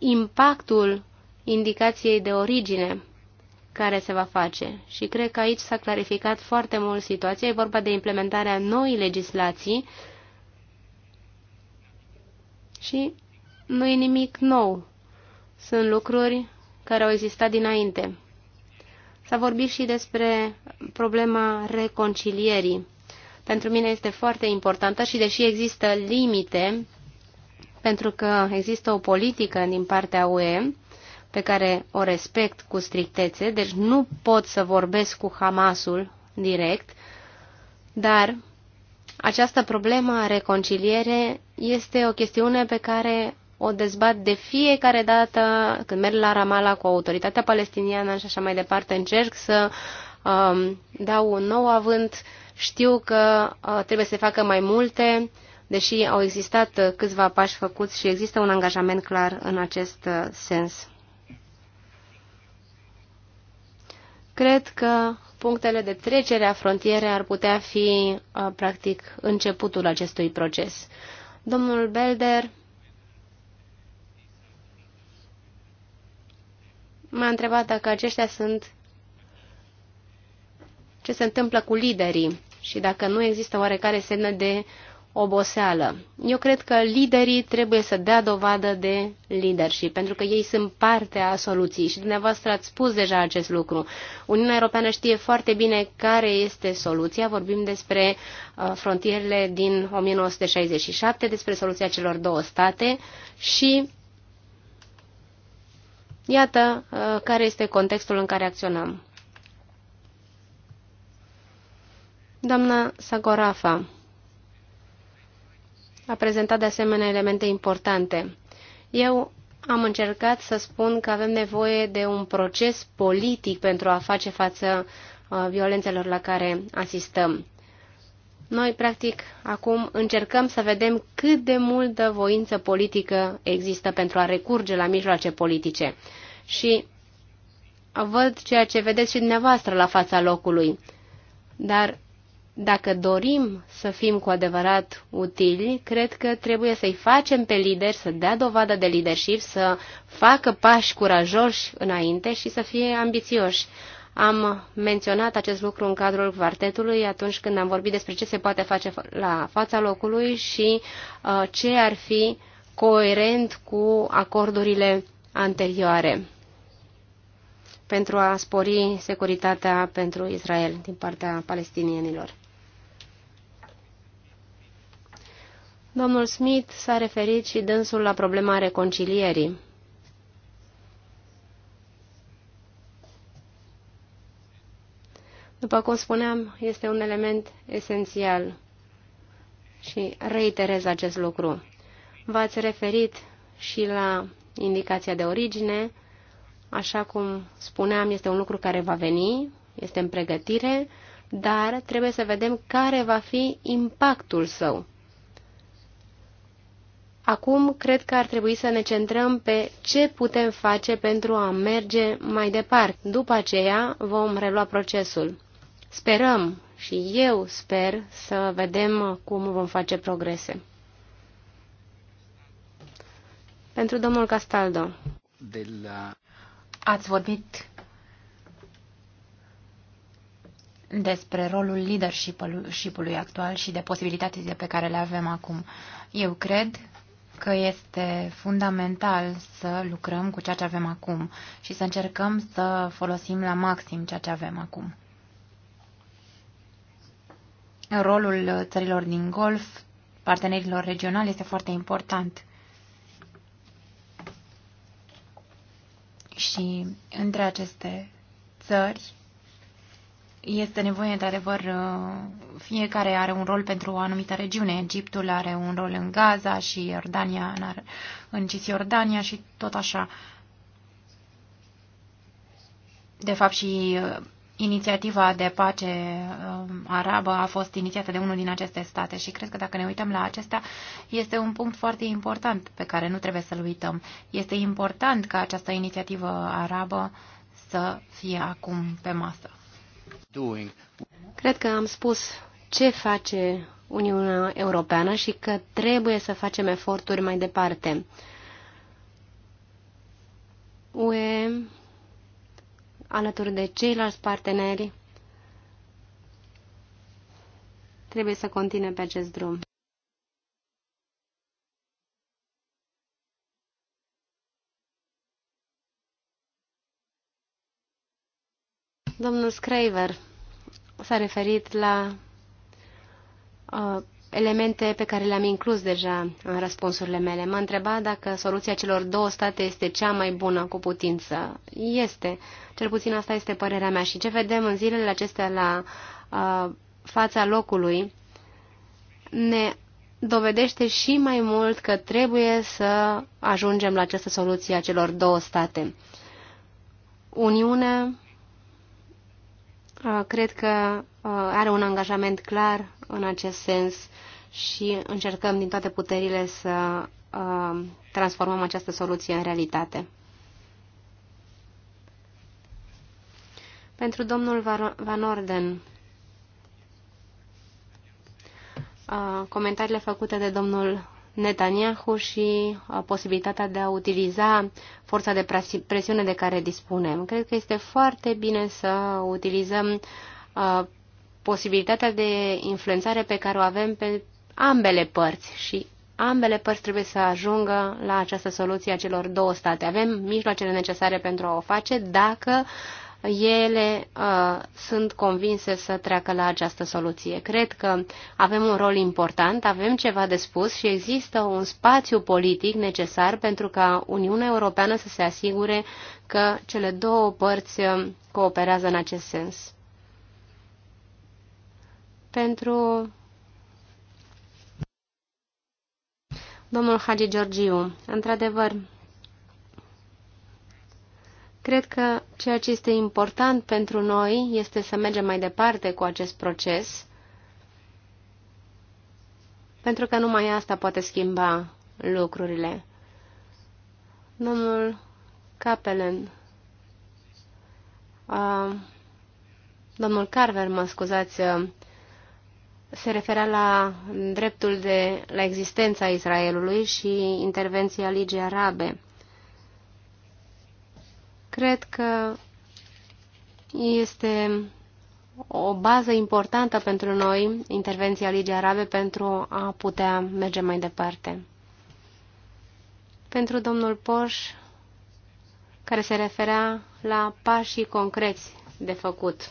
impactul indicației de origine care se va face. Și cred că aici s-a clarificat foarte mult situația. E vorba de implementarea noii legislații și nu e nimic nou. Sunt lucruri care au existat dinainte. S-a vorbit și despre problema reconcilierii. Pentru mine este foarte importantă și deși există limite, pentru că există o politică din partea UE, pe care o respect cu strictețe, deci nu pot să vorbesc cu Hamasul direct, dar această problemă a reconciliere este o chestiune pe care o dezbat de fiecare dată când merg la Ramala cu autoritatea palestiniană și așa mai departe, încerc să um, dau un nou avânt. Știu că uh, trebuie să facă mai multe, deși au existat câțiva pași făcuți și există un angajament clar în acest uh, sens. Cred că punctele de trecere a frontiere ar putea fi, uh, practic, începutul acestui proces. Domnul Belder m-a întrebat dacă aceștia sunt ce se întâmplă cu liderii și dacă nu există oarecare semne de oboseală. Eu cred că liderii trebuie să dea dovadă de leadership, pentru că ei sunt parte a soluției și dumneavoastră ați spus deja acest lucru. Uniunea Europeană știe foarte bine care este soluția. Vorbim despre uh, frontierele din 1967, despre soluția celor două state și iată uh, care este contextul în care acționăm. Doamna Sagorafa, a prezentat de asemenea elemente importante. Eu am încercat să spun că avem nevoie de un proces politic pentru a face față uh, violențelor la care asistăm. Noi, practic, acum încercăm să vedem cât de multă voință politică există pentru a recurge la mijloace politice. Și văd ceea ce vedeți și dumneavoastră la fața locului. Dar dacă dorim să fim cu adevărat utili, cred că trebuie să-i facem pe lideri să dea dovadă de leadership, să facă pași curajoși înainte și să fie ambițioși. Am menționat acest lucru în cadrul quartetului atunci când am vorbit despre ce se poate face la fața locului și uh, ce ar fi coerent cu acordurile anterioare pentru a spori securitatea pentru Israel din partea palestinienilor. Domnul Smith s-a referit și dânsul la problema reconcilierii. După cum spuneam, este un element esențial și reiterez acest lucru. V-ați referit și la indicația de origine, așa cum spuneam, este un lucru care va veni, este în pregătire, dar trebuie să vedem care va fi impactul său. Acum cred că ar trebui să ne centrăm pe ce putem face pentru a merge mai departe. După aceea vom relua procesul. Sperăm și eu sper să vedem cum vom face progrese. Pentru domnul Castaldo. De la... Ați vorbit despre rolul leadership-ului actual și de posibilitățile pe care le avem acum. Eu cred că este fundamental să lucrăm cu ceea ce avem acum și să încercăm să folosim la maxim ceea ce avem acum. Rolul țărilor din Golf, partenerilor regionali, este foarte important. Și între aceste țări este nevoie, într-adevăr, uh, fiecare are un rol pentru o anumită regiune. Egiptul are un rol în Gaza și Iordania în Cisjordania și tot așa. De fapt, și uh, inițiativa de pace uh, arabă a fost inițiată de unul din aceste state și cred că dacă ne uităm la acesta, este un punct foarte important pe care nu trebuie să-l uităm. Este important ca această inițiativă arabă să fie acum pe masă. Cred că am spus ce face Uniunea Europeană și că trebuie să facem eforturi mai departe. UE, alături de ceilalți parteneri, trebuie să continue pe acest drum. Domnul Scraver s-a referit la uh, elemente pe care le-am inclus deja în răspunsurile mele. M-a întrebat dacă soluția celor două state este cea mai bună cu putință. Este. Cel puțin asta este părerea mea. Și ce vedem în zilele acestea la uh, fața locului ne dovedește și mai mult că trebuie să ajungem la această soluție a celor două state. Uniunea Uh, cred că uh, are un angajament clar în acest sens și încercăm din toate puterile să uh, transformăm această soluție în realitate. Pentru domnul Van Orden, comentariile făcute de domnul Netanyahu și uh, posibilitatea de a utiliza forța de presiune de care dispunem. Cred că este foarte bine să utilizăm uh, posibilitatea de influențare pe care o avem pe ambele părți și ambele părți trebuie să ajungă la această soluție a celor două state. Avem mijloacele necesare pentru a o face dacă ele uh, sunt convinse să treacă la această soluție. Cred că avem un rol important, avem ceva de spus și există un spațiu politic necesar pentru ca Uniunea Europeană să se asigure că cele două părți uh, cooperează în acest sens. Pentru domnul Hagi Georgiu, într-adevăr, Cred că ceea ce este important pentru noi este să mergem mai departe cu acest proces, pentru că numai asta poate schimba lucrurile. Domnul Capelen, a, domnul Carver, mă scuzați, se referea la dreptul de la existența Israelului și intervenția Ligii Arabe. Cred că este o bază importantă pentru noi, intervenția Ligii Arabe, pentru a putea merge mai departe. Pentru domnul Porș, care se referea la pașii concreți de făcut.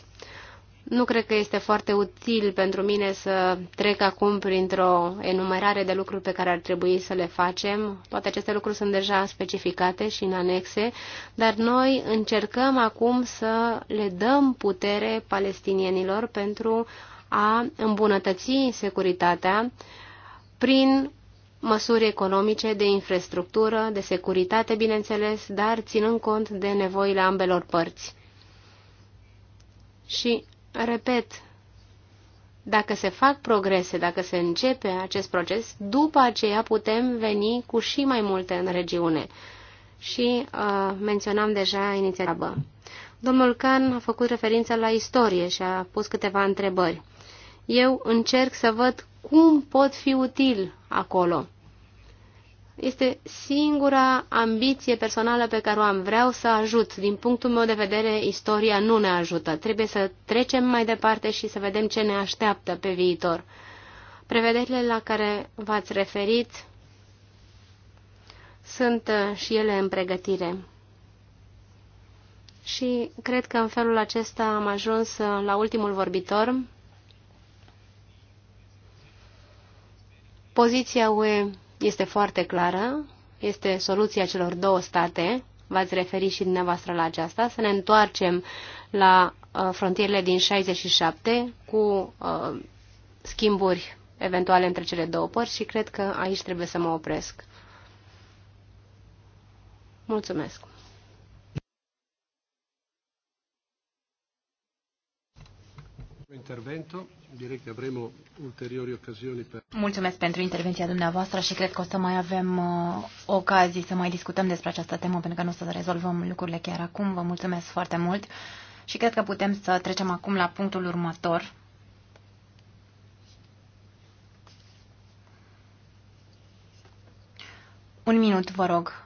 Nu cred că este foarte util pentru mine să trec acum printr-o enumerare de lucruri pe care ar trebui să le facem. Toate aceste lucruri sunt deja specificate și în anexe, dar noi încercăm acum să le dăm putere palestinienilor pentru a îmbunătăți securitatea prin măsuri economice, de infrastructură, de securitate, bineînțeles, dar ținând cont de nevoile ambelor părți. Și Repet, dacă se fac progrese, dacă se începe acest proces, după aceea putem veni cu și mai multe în regiune. Și uh, menționam deja inițiativa. Domnul Can a făcut referință la istorie și a pus câteva întrebări. Eu încerc să văd cum pot fi util acolo. Este singura ambiție personală pe care o am. Vreau să ajut. Din punctul meu de vedere, istoria nu ne ajută. Trebuie să trecem mai departe și să vedem ce ne așteaptă pe viitor. Prevederile la care v-ați referit sunt uh, și ele în pregătire. Și cred că în felul acesta am ajuns uh, la ultimul vorbitor. Poziția UE este foarte clară, este soluția celor două state, v-ați referit și dumneavoastră la aceasta, să ne întoarcem la uh, frontierele din 67 cu uh, schimburi eventuale între cele două părți și cred că aici trebuie să mă opresc. Mulțumesc! Intervento ulteriori ocazioni pe... Mulțumesc pentru intervenția dumneavoastră și cred că o să mai avem uh, ocazii să mai discutăm despre această temă, pentru că nu o să rezolvăm lucrurile chiar acum. Vă mulțumesc foarte mult și cred că putem să trecem acum la punctul următor. Un minut, vă rog.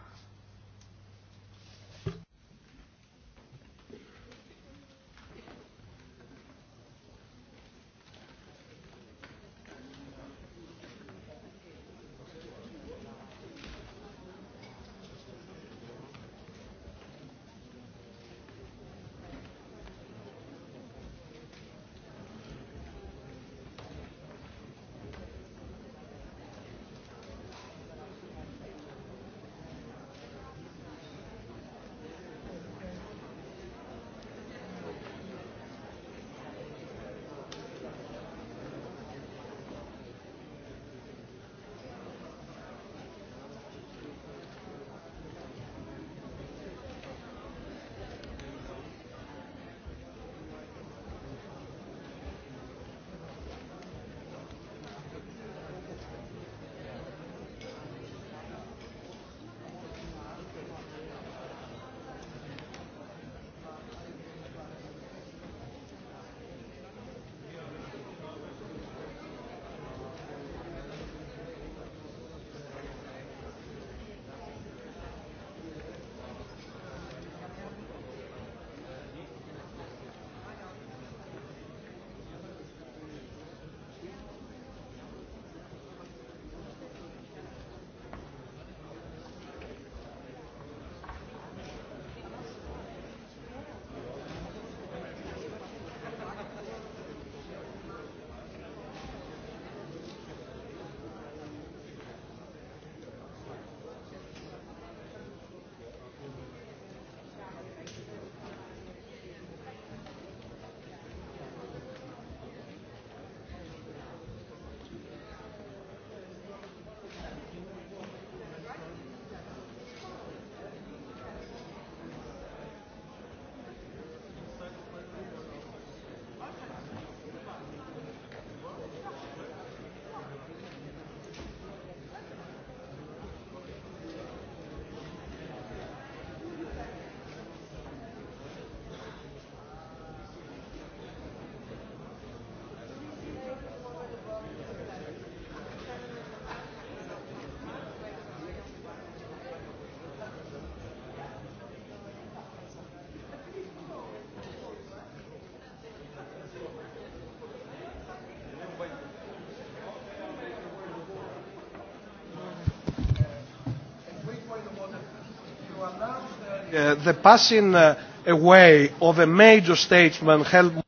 Uh, the passing uh, away of a major statesman Helmut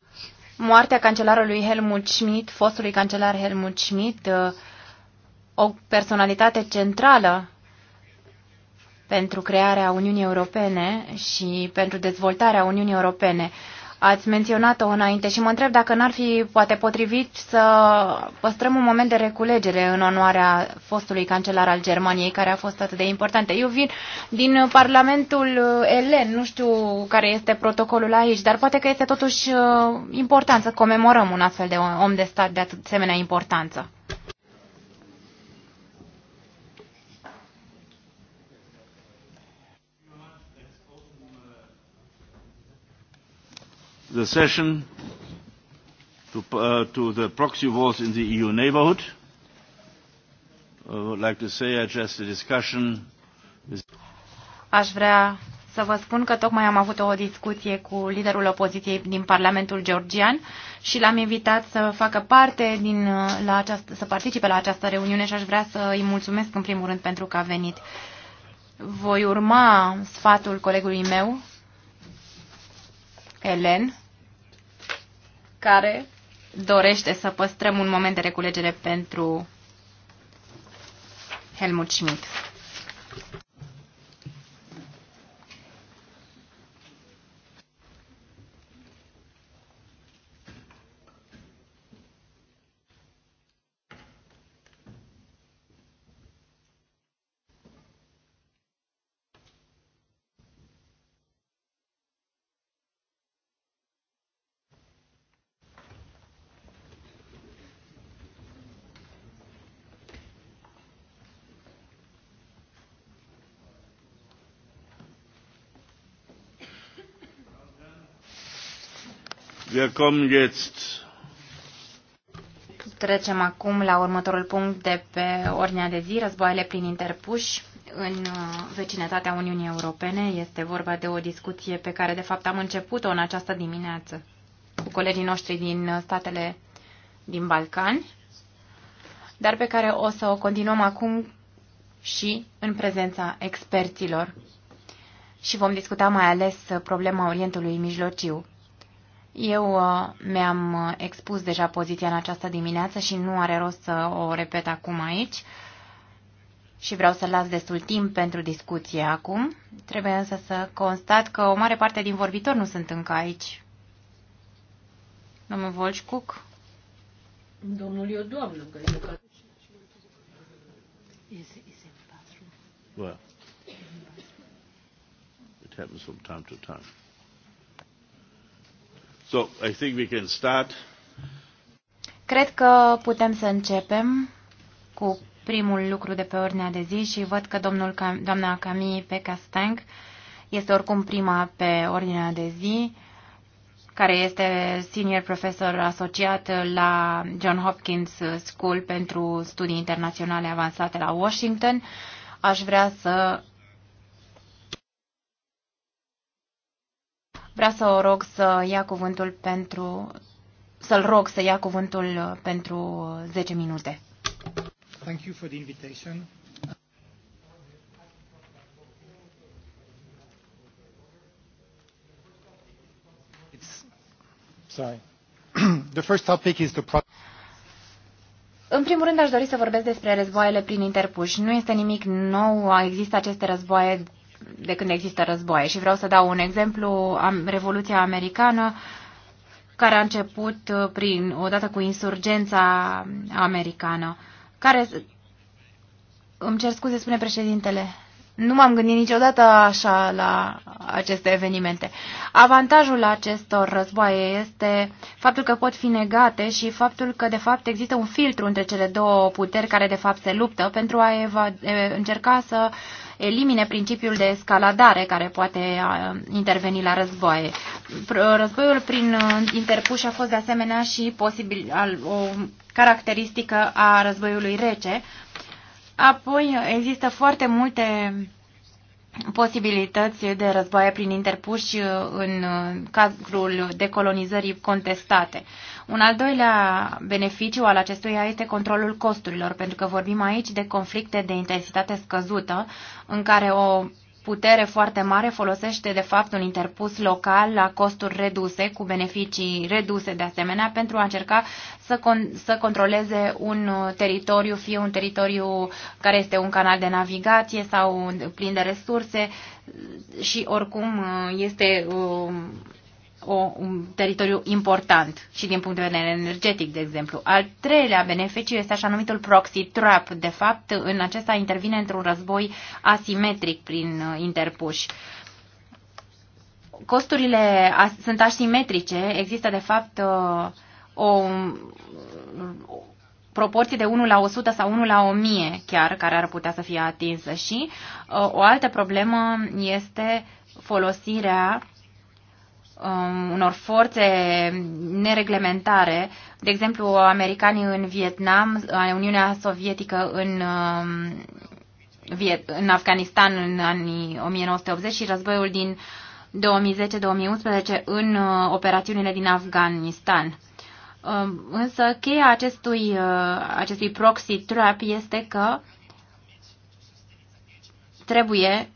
Moartea cancelarului Helmut Schmidt, fostului cancelar Helmut Schmidt, uh, o personalitate centrală pentru crearea Uniunii Europene și pentru dezvoltarea Uniunii Europene. Ați menționat-o înainte și mă întreb dacă n-ar fi poate potrivit să păstrăm un moment de reculegere în onoarea fostului cancelar al Germaniei, care a fost atât de importantă. Eu vin din uh, Parlamentul uh, Elen, nu știu care este protocolul aici, dar poate că este totuși uh, important să comemorăm un astfel de om de stat de asemenea importanță. The session to, uh, to the proxy wars in the EU neighborhood. Uh, aș vrea să vă spun că tocmai am avut o discuție cu liderul opoziției din Parlamentul Georgian și l-am invitat să facă parte din, uh, la această, să participe la această reuniune și aș vrea să îi mulțumesc în primul rând pentru că a venit. Voi urma sfatul colegului meu, Elen, care dorește să păstrăm un moment de reculegere pentru Helmut Schmidt. Wir kommen jetzt Trecem acum la următorul punct de pe ordinea de zi, războaiele prin interpuși în uh, vecinătatea Uniunii Europene. Este vorba de o discuție pe care, de fapt, am început-o în această dimineață cu colegii noștri din uh, statele din Balcani, dar pe care o să o continuăm acum și în prezența experților și vom discuta mai ales uh, problema Orientului Mijlociu. Eu uh, mi-am uh, expus deja poziția în această dimineață și nu are rost să o repet acum aici și vreau să las destul timp pentru discuție acum. Trebuie însă să constat că o mare parte din vorbitori nu sunt încă aici. Domnul Volșcuc? Domnul eu, doamnă, că e ca... Well, it happens from time to time. So, I think we can start. Cred că putem să începem cu primul lucru de pe ordinea de zi și văd că domnul, doamna Camille Pecastang este oricum prima pe ordinea de zi, care este senior profesor asociat la John Hopkins School pentru studii internaționale avansate la Washington. Aș vrea să Vreau să o rog să ia cuvântul pentru să-l rog să ia cuvântul pentru 10 minute. Thank you for the invitation. the first topic is the în primul rând, aș dori să vorbesc despre războaiele prin interpuși. Nu este nimic nou, există aceste războaie de când există războaie. Și vreau să dau un exemplu, Revoluția Americană, care a început uh, prin, odată cu insurgența americană, care, îmi cer scuze, spune președintele, nu m-am gândit niciodată așa la aceste evenimente. Avantajul acestor războaie este faptul că pot fi negate și faptul că, de fapt, există un filtru între cele două puteri care, de fapt, se luptă pentru a încerca să elimine principiul de escaladare care poate interveni la războaie. Războiul prin uh, interpuși a fost, de asemenea, și posibil, o caracteristică a războiului rece, Apoi există foarte multe posibilități de războaie prin interpuși în uh, cadrul decolonizării contestate. Un al doilea beneficiu al acestuia este controlul costurilor, pentru că vorbim aici de conflicte de intensitate scăzută, în care o putere foarte mare folosește de fapt un interpus local la costuri reduse, cu beneficii reduse de asemenea, pentru a încerca să, con- să controleze un teritoriu, fie un teritoriu care este un canal de navigație sau plin de resurse și oricum este um, o, un teritoriu important și din punct de vedere energetic, de exemplu. Al treilea beneficiu este așa numitul proxy trap. De fapt, în acesta intervine într-un război asimetric prin uh, interpuși. Costurile sunt asimetrice, există de fapt uh, o proporție de 1 la 100 sau 1 la 1000 chiar, care ar putea să fie atinsă. Și uh, o altă problemă este folosirea um, unor forțe nereglementare, de exemplu americanii în Vietnam, Uniunea Sovietică în, um, Viet, în Afganistan în anii 1980 și războiul din 2010-2011 în uh, operațiunile din Afganistan. Um, însă cheia acestui, uh, acestui proxy trap este că trebuie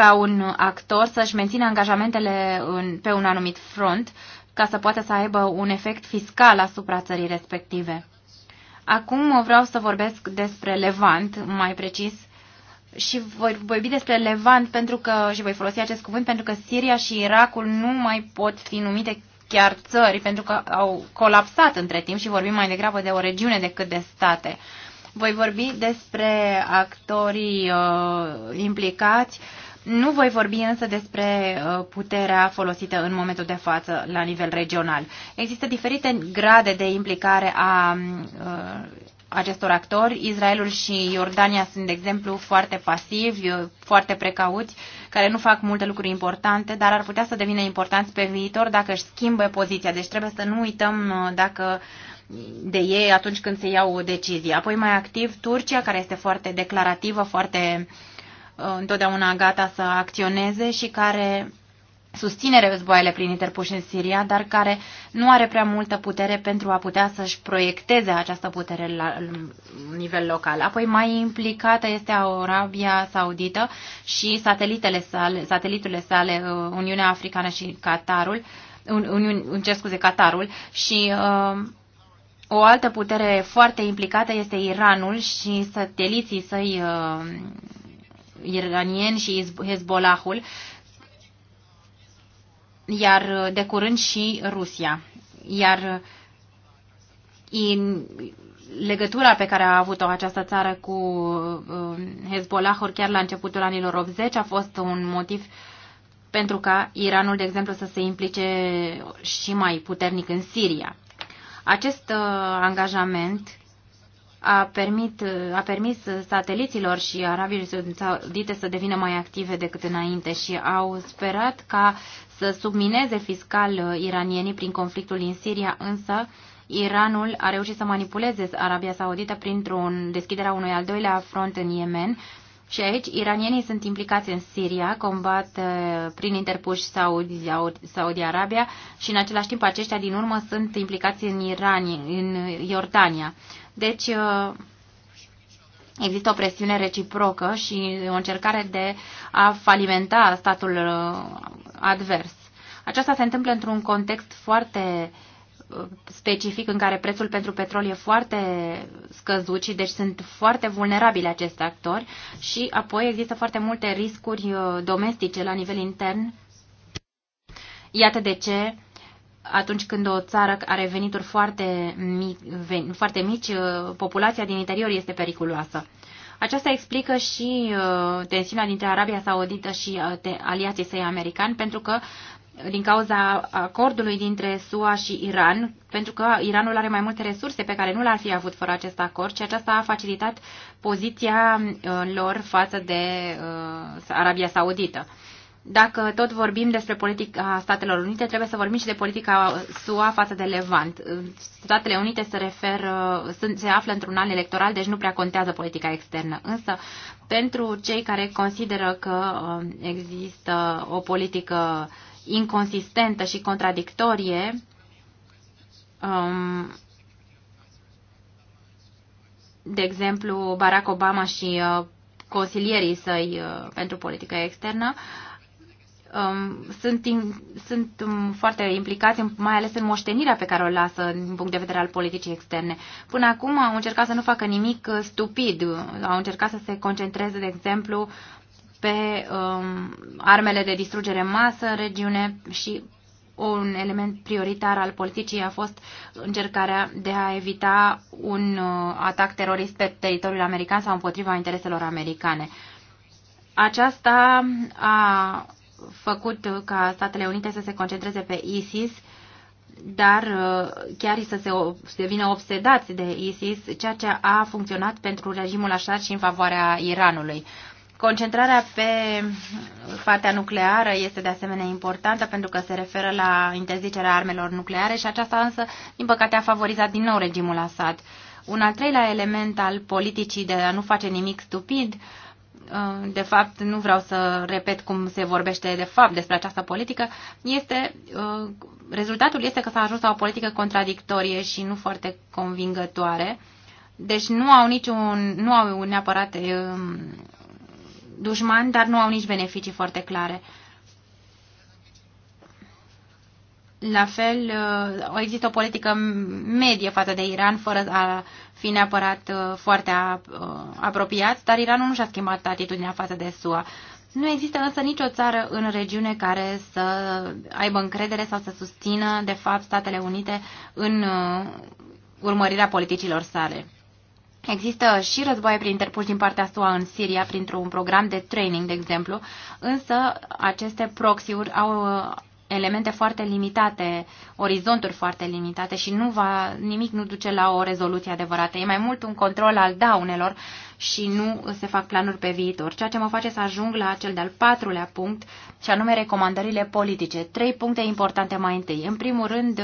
ca un actor să-și mențină angajamentele în, pe un anumit front ca să poată să aibă un efect fiscal asupra țării respective. Acum vreau să vorbesc despre Levant, mai precis, și voi vorbi despre Levant pentru că, și voi folosi acest cuvânt pentru că Siria și Irakul nu mai pot fi numite chiar țări pentru că au colapsat între timp și vorbim mai degrabă de o regiune decât de state. Voi vorbi despre actorii uh, implicați, uh, nu voi vorbi însă despre uh, puterea folosită în momentul de față la nivel regional. Există diferite grade de implicare a uh, acestor actori. Israelul și Iordania sunt, de exemplu, foarte pasivi, uh, foarte precauți, care nu fac multe lucruri importante, dar ar putea să devină importanți pe viitor dacă își schimbă poziția. Deci trebuie să nu uităm dacă de ei atunci când se iau decizii. Apoi mai activ Turcia, care este foarte declarativă, foarte uh, întotdeauna gata să acționeze și care susține războaiele prin interpuși în Siria, dar care nu are prea multă putere pentru a putea să-și proiecteze această putere la nivel local. Apoi mai implicată este Arabia Saudită și satelitele sale, satelitele sale uh, Uniunea Africană și Qatarul, un, un, ce scuze, Qatarul și uh, o altă putere foarte implicată este Iranul și sateliții săi uh, iranieni și Hezbollahul, iar uh, de curând și Rusia. Iar în uh, legătura pe care a avut-o această țară cu uh, Hezbollahul chiar la începutul anilor 80 a fost un motiv pentru ca Iranul, de exemplu, să se implice și mai puternic în Siria. Acest angajament a, permit, a permis sateliților și Arabiei Saudite să devină mai active decât înainte și au sperat ca să submineze fiscal iranienii prin conflictul din Siria, însă Iranul a reușit să manipuleze Arabia Saudită printr-un deschiderea unui al doilea front în Yemen, și aici iranienii sunt implicați în Siria, combat eh, prin interpuși Saudi, Saudi Arabia și în același timp aceștia din urmă sunt implicați în Iran, în Iordania. Deci uh, există o presiune reciprocă și o încercare de a falimenta statul uh, advers. Aceasta se întâmplă într-un context foarte uh, specific în care prețul pentru petrol e foarte scăzut și deci sunt foarte vulnerabile aceste actori și apoi există foarte multe riscuri domestice la nivel intern. Iată de ce atunci când o țară are venituri foarte, mic, ven, foarte mici, uh, populația din interior este periculoasă. Aceasta explică și uh, tensiunea dintre Arabia Saudită și uh, aliații săi americani, pentru că din cauza acordului dintre SUA și Iran, pentru că Iranul are mai multe resurse pe care nu le-ar fi avut fără acest acord și aceasta a facilitat poziția lor față de Arabia Saudită. Dacă tot vorbim despre politica Statelor Unite, trebuie să vorbim și de politica SUA față de Levant. Statele Unite se, referă, se află într-un an electoral, deci nu prea contează politica externă. Însă, pentru cei care consideră că um, există o politică inconsistentă și contradictorie, um, de exemplu, Barack Obama și uh, consilierii săi uh, pentru politică externă, Um, sunt, sunt um, foarte implicați, mai ales în moștenirea pe care o lasă din punct de vedere al politicii externe. Până acum au încercat să nu facă nimic uh, stupid, au încercat să se concentreze, de exemplu, pe um, armele de distrugere masă în regiune și un element prioritar al politicii a fost încercarea de a evita un uh, atac terorist pe teritoriul american sau împotriva intereselor americane. Aceasta a făcut uh, ca Statele Unite să se concentreze pe ISIS, dar uh, chiar să se devină obsedați de ISIS, ceea ce a funcționat pentru regimul Assad și în favoarea Iranului. Concentrarea pe partea nucleară este de asemenea importantă pentru că se referă la interzicerea armelor nucleare și aceasta însă, din păcate, a favorizat din nou regimul Assad. Un al treilea element al politicii de a nu face nimic stupid uh, Uh, de fapt, nu vreau să repet cum se vorbește de fapt despre această politică, este, uh, rezultatul este că s-a ajuns la o politică contradictorie și nu foarte convingătoare. Deci nu au niciun, nu au neapărat uh, dușmani, dar nu au nici beneficii foarte clare. La fel, există o politică medie față de Iran, fără a fi neapărat uh, foarte uh, apropiat, dar Iranul nu și-a schimbat atitudinea față de SUA. Nu există însă nicio țară în regiune care să aibă încredere sau să susțină, de fapt, Statele Unite în uh, urmărirea politicilor sale. Există și războaie prin interpuși din partea SUA în Siria printr-un program de training, de exemplu, însă aceste proxy-uri au elemente foarte limitate, orizonturi foarte limitate și nu va, nimic nu duce la o rezoluție adevărată. E mai mult un control al daunelor și nu se fac planuri pe viitor, ceea ce mă face să ajung la cel de-al patrulea punct, și anume recomandările politice. Trei puncte importante mai întâi. În primul rând,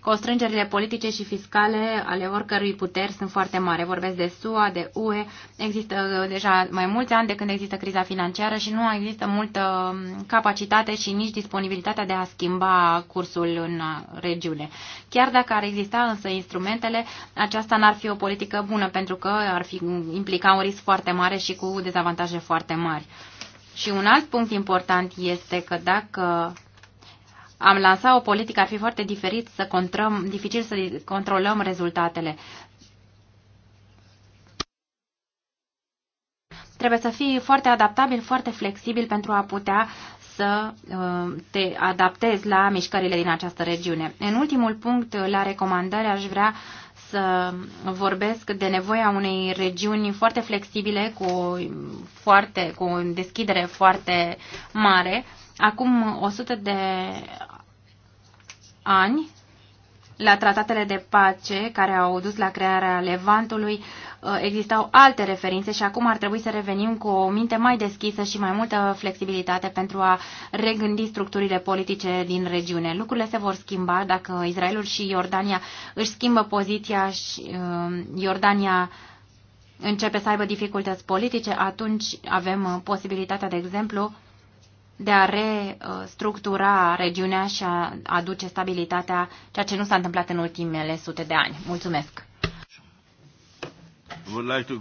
Constrângerile politice și fiscale ale oricărui puteri sunt foarte mari. Vorbesc de SUA, de UE. Există deja mai mulți ani de când există criza financiară și nu există multă um, capacitate și nici disponibilitatea de a schimba cursul în uh, regiune. Chiar dacă ar exista însă instrumentele, aceasta n-ar fi o politică bună pentru că ar fi um, implica un risc foarte mare și cu dezavantaje foarte mari. Și un alt punct important este că dacă am lansat o politică, ar fi foarte diferit să controlăm, dificil să controlăm rezultatele. Trebuie să fii foarte adaptabil, foarte flexibil pentru a putea să uh, te adaptezi la mișcările din această regiune. În ultimul punct, la recomandare, aș vrea să vorbesc de nevoia unei regiuni foarte flexibile, cu, foarte, cu o deschidere foarte mare. Acum 100 de ani la tratatele de pace care au dus la crearea Levantului uh, existau alte referințe și acum ar trebui să revenim cu o minte mai deschisă și mai multă flexibilitate pentru a regândi structurile politice din regiune. Lucrurile se vor schimba dacă Israelul și Iordania își schimbă poziția și uh, Iordania începe să aibă dificultăți politice, atunci avem uh, posibilitatea, de exemplu, de a restructura regiunea și a aduce stabilitatea, ceea ce nu s-a întâmplat în ultimele sute de ani. Mulțumesc!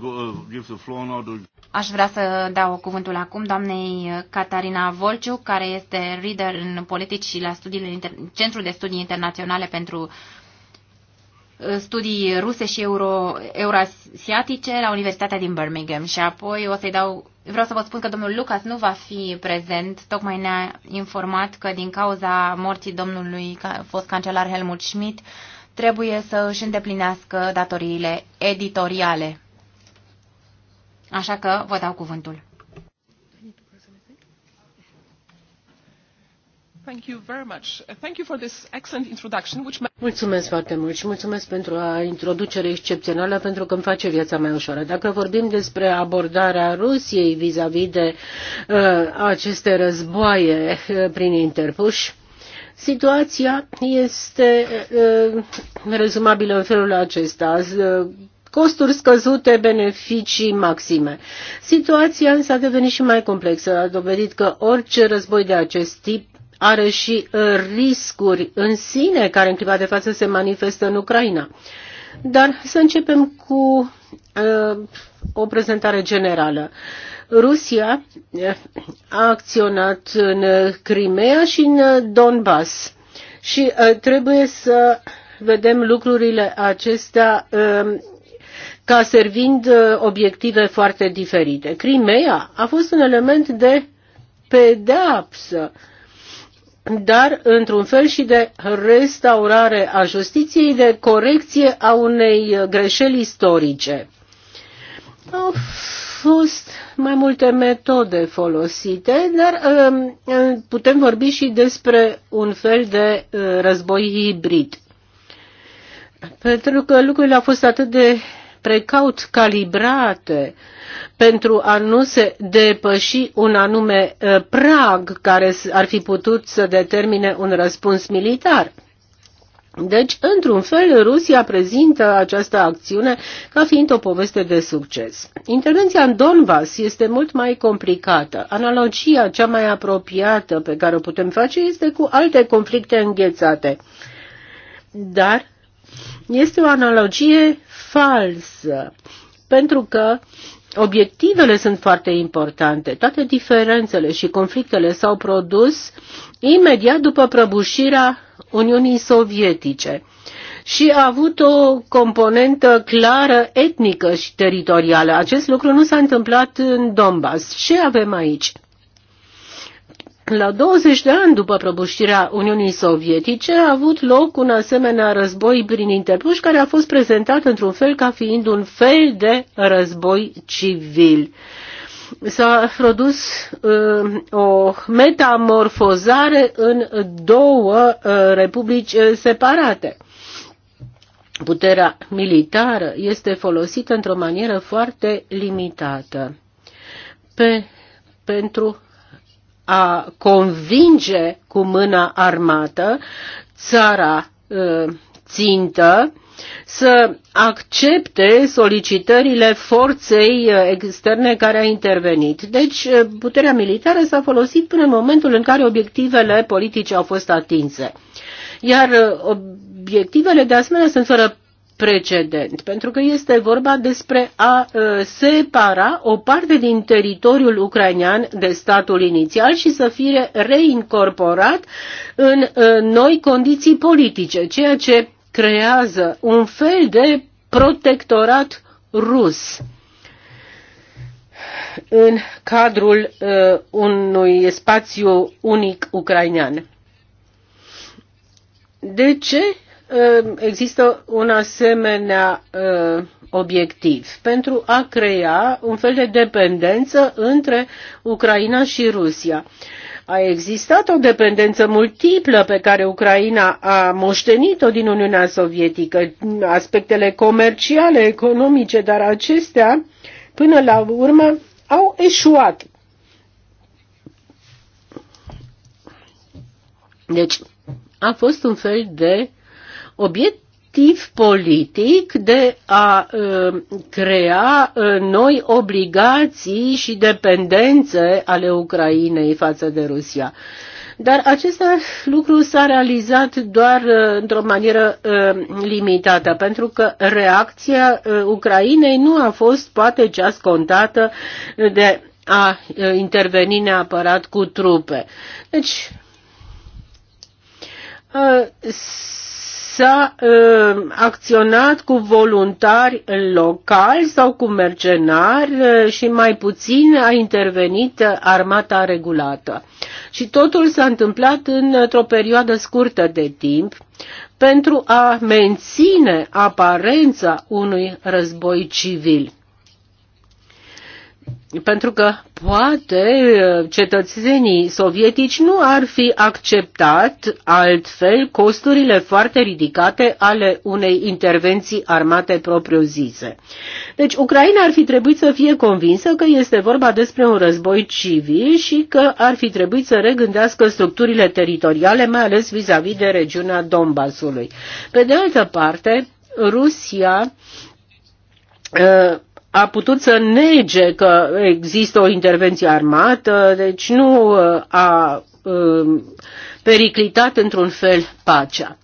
Uh, Aș vrea să dau cuvântul acum doamnei Catarina Volciu, care este reader în politici și la studiile, Centrul de Studii Internaționale pentru studii ruse și euro, euroasiatice la Universitatea din Birmingham și apoi o să-i dau... Vreau să vă spun că domnul Lucas nu va fi prezent, tocmai ne-a informat că din cauza morții domnului fost cancelar Helmut Schmidt trebuie să își îndeplinească datoriile editoriale. Așa că vă dau cuvântul. Mulțumesc foarte mult și mulțumesc pentru a introducere excepțională pentru că îmi face viața mai ușoară. Dacă vorbim despre abordarea Rusiei vis-a-vis -vis de uh, aceste războaie uh, prin interpuși, situația este uh, rezumabilă în felul acesta. Uh, costuri scăzute, beneficii maxime. Situația însă a devenit și mai complexă. A dovedit că orice război de acest tip are și uh, riscuri în sine care în clipa de față se manifestă în Ucraina. Dar să începem cu uh, o prezentare generală. Rusia uh, a acționat în Crimea și în Donbass și uh, trebuie să vedem lucrurile acestea uh, ca servind uh, obiective foarte diferite. Crimea a fost un element de pedeapsă dar într-un fel și de restaurare a justiției, de corecție a unei uh, greșeli istorice. Au fost mai multe metode folosite, dar um, putem vorbi și despre un fel de uh, război hibrid. Pentru că lucrurile au fost atât de precaut calibrate pentru a nu se depăși un anume uh, prag care ar fi putut să determine un răspuns militar. Deci, într-un fel, Rusia prezintă această acțiune ca fiind o poveste de succes. Intervenția în Donbass este mult mai complicată. Analogia cea mai apropiată pe care o putem face este cu alte conflicte înghețate. Dar este o analogie falsă, pentru că obiectivele sunt foarte importante. Toate diferențele și conflictele s-au produs imediat după prăbușirea Uniunii Sovietice și a avut o componentă clară etnică și teritorială. Acest lucru nu s-a întâmplat în Donbass. Ce avem aici? La 20 de ani după prăbușirea Uniunii Sovietice a avut loc un asemenea război prin interpuș care a fost prezentat într-un fel ca fiind un fel de război civil. S-a produs uh, o metamorfozare în două uh, republici uh, separate. Puterea militară este folosită într-o manieră foarte limitată. Pe, pentru a convinge cu mâna armată țara ă, țintă să accepte solicitările forței ă, externe care a intervenit. Deci ă, puterea militară s-a folosit până în momentul în care obiectivele politice au fost atinse. Iar obiectivele de asemenea sunt fără precedent, pentru că este vorba despre a ă, separa o parte din teritoriul ucrainean de statul inițial și să fie reincorporat în ă, noi condiții politice, ceea ce creează un fel de protectorat rus în cadrul uh, unui spațiu unic ucrainean. De ce există un asemenea obiectiv pentru a crea un fel de dependență între Ucraina și Rusia. A existat o dependență multiplă pe care Ucraina a moștenit-o din Uniunea Sovietică, aspectele comerciale, economice, dar acestea, până la urmă, au eșuat. Deci, a fost un fel de obiectiv politic de a crea noi obligații și dependențe ale Ucrainei față de Rusia. Dar acest lucru s-a realizat doar într-o manieră limitată, pentru că reacția Ucrainei nu a fost poate cea scontată de a interveni neapărat cu trupe. Deci, s-a uh, acționat cu voluntari locali sau cu mercenari uh, și mai puțin a intervenit armata regulată. Și totul s-a întâmplat într-o perioadă scurtă de timp pentru a menține aparența unui război civil pentru că poate uh, cetățenii sovietici nu ar fi acceptat altfel costurile foarte ridicate ale unei intervenții armate propriu-zise. Deci Ucraina ar fi trebuit să fie convinsă că este vorba despre un război civil și că ar fi trebuit să regândească structurile teritoriale, mai ales vis-a-vis -vis de regiunea Donbasului. Pe de altă parte, Rusia uh, a putut să nege că există o intervenție armată, deci nu a periclitat într-un fel pacea.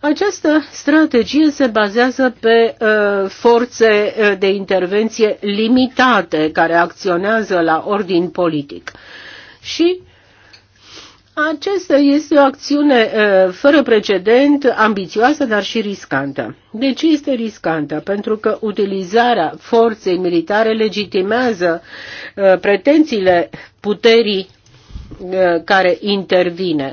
Această strategie se bazează pe uh, forțe de intervenție limitate care acționează la ordin politic. Și aceasta este o acțiune fără precedent, ambițioasă, dar și riscantă. De ce este riscantă? Pentru că utilizarea forței militare legitimează pretențiile puterii care intervine.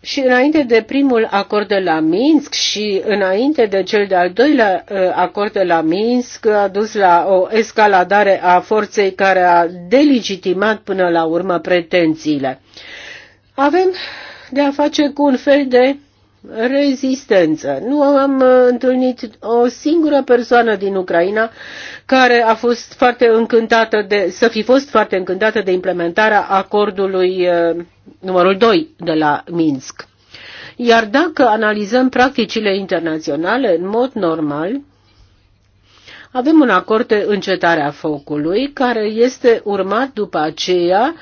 Și înainte de primul acord de la Minsk și înainte de cel de-al doilea acord de la Minsk a dus la o escaladare a forței care a delegitimat până la urmă pretențiile. Avem de a face cu un fel de rezistență. Nu am uh, întâlnit o singură persoană din Ucraina care a fost foarte încântată de, să fi fost foarte încântată de implementarea acordului uh, numărul 2 de la Minsk. Iar dacă analizăm practicile internaționale, în mod normal, avem un acord de încetare a focului care este urmat după aceea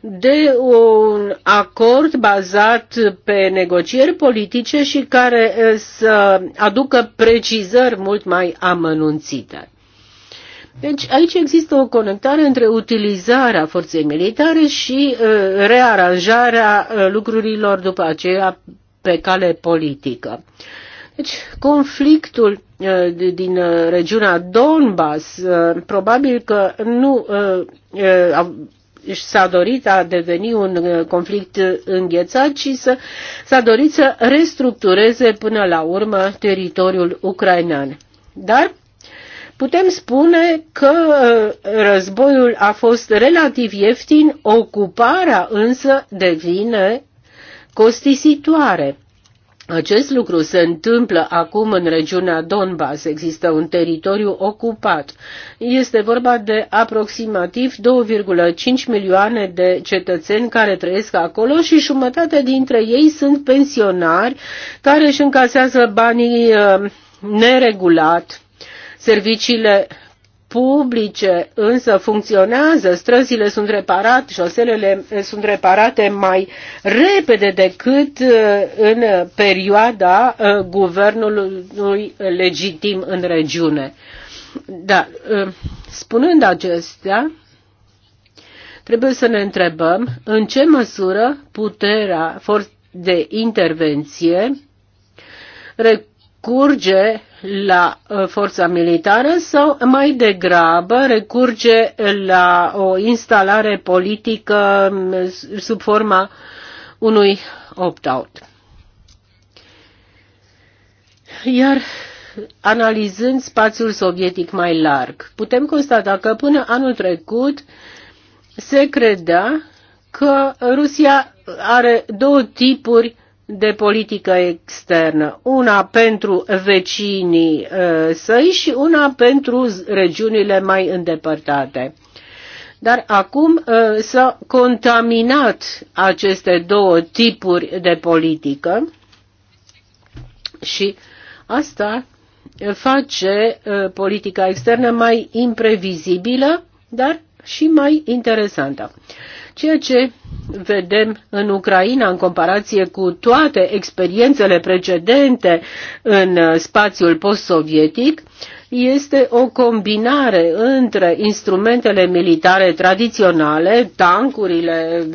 de un acord bazat pe negocieri politice și care să aducă precizări mult mai amănunțite. Deci aici există o conectare între utilizarea forței militare și rearanjarea lucrurilor după aceea pe cale politică. Deci conflictul Eh, din eh, regiunea Donbass, eh, probabil că nu s-a dorit a deveni un conflict înghețat, ci să, s-a dorit să restructureze până la urmă teritoriul ucrainean. Dar putem spune că războiul a fost relativ ieftin, ocuparea însă devine costisitoare. Acest lucru se întâmplă acum în regiunea Donbass. Există un teritoriu ocupat. Este vorba de aproximativ 2,5 milioane de cetățeni care trăiesc acolo și jumătate dintre ei sunt pensionari care își încasează banii uh, neregulat. Serviciile publice însă funcționează, străzile sunt reparate, șoselele eh, sunt reparate mai repede decât eh, în perioada eh, guvernului legitim în regiune. Da, spunând acestea, trebuie să ne întrebăm în ce măsură puterea de intervenție recurge la uh, forța militară sau mai degrabă recurge la o instalare politică mm, sub forma unui opt-out. Iar analizând spațiul sovietic mai larg, putem constata că până anul trecut se credea că Rusia are două tipuri de politică externă, una pentru vecinii uh, săi și una pentru regiunile mai îndepărtate. Dar acum uh, s-au contaminat aceste două tipuri de politică și asta face uh, politica externă mai imprevizibilă, dar și mai interesantă. Ceea ce vedem în Ucraina în comparație cu toate experiențele precedente în spațiul post-sovietic este o combinare între instrumentele militare tradiționale, tancurile,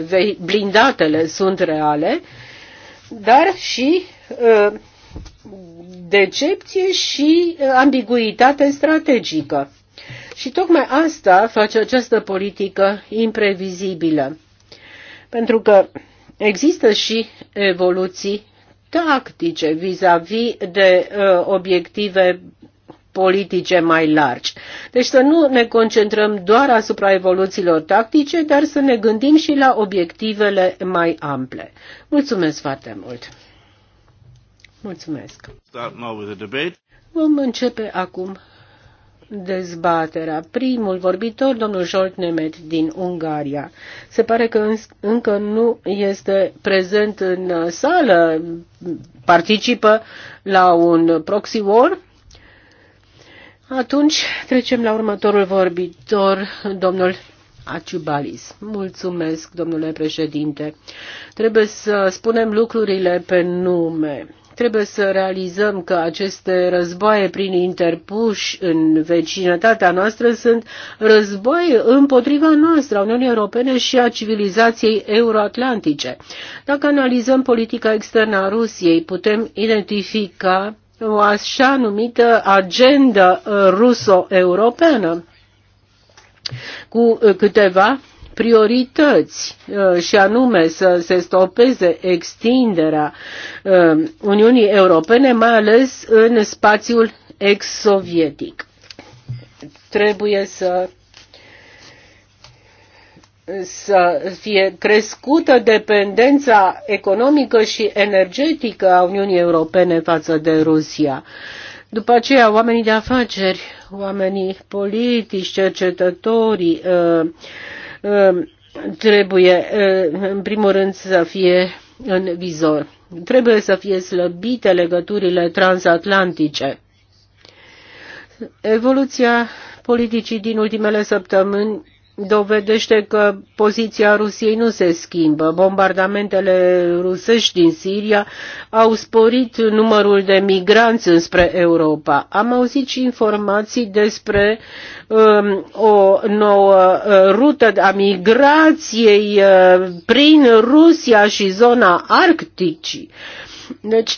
blindatele sunt reale, dar și ă, decepție și ă, ambiguitate strategică. Și tocmai asta face această politică imprevizibilă. Pentru că există și evoluții tactice vis-a-vis -vis de uh, obiective politice mai largi. Deci să nu ne concentrăm doar asupra evoluțiilor tactice, dar să ne gândim și la obiectivele mai ample. Mulțumesc foarte mult! Mulțumesc! Vom începe acum dezbaterea. Primul vorbitor, domnul Jolt Nemet din Ungaria. Se pare că încă nu este prezent în sală, participă la un proxy war. Atunci trecem la următorul vorbitor, domnul Aciubalis. Mulțumesc, domnule președinte. Trebuie să spunem lucrurile pe nume. Trebuie să realizăm că aceste războaie prin interpuși în vecinătatea noastră sunt războaie împotriva noastră, a Uniunii Europene și a civilizației euroatlantice. Dacă analizăm politica externă a Rusiei, putem identifica o așa numită agendă ruso-europeană cu câteva priorități uh, și anume să se stopeze extinderea uh, Uniunii Europene, mai ales în spațiul ex-sovietic. Trebuie să să fie crescută dependența economică și energetică a Uniunii Europene față de Rusia. După aceea, oamenii de afaceri, oamenii politici, cercetătorii, uh, Ehm, trebuie ehm, în primul rând să fie în vizor. Trebuie să fie slăbite legăturile transatlantice. Evoluția politicii din ultimele săptămâni dovedește că poziția Rusiei nu se schimbă. Bombardamentele rusești din Siria au sporit numărul de migranți înspre Europa. Am auzit și informații despre um, o nouă uh, rută a migrației uh, prin Rusia și zona Arcticii. Deci,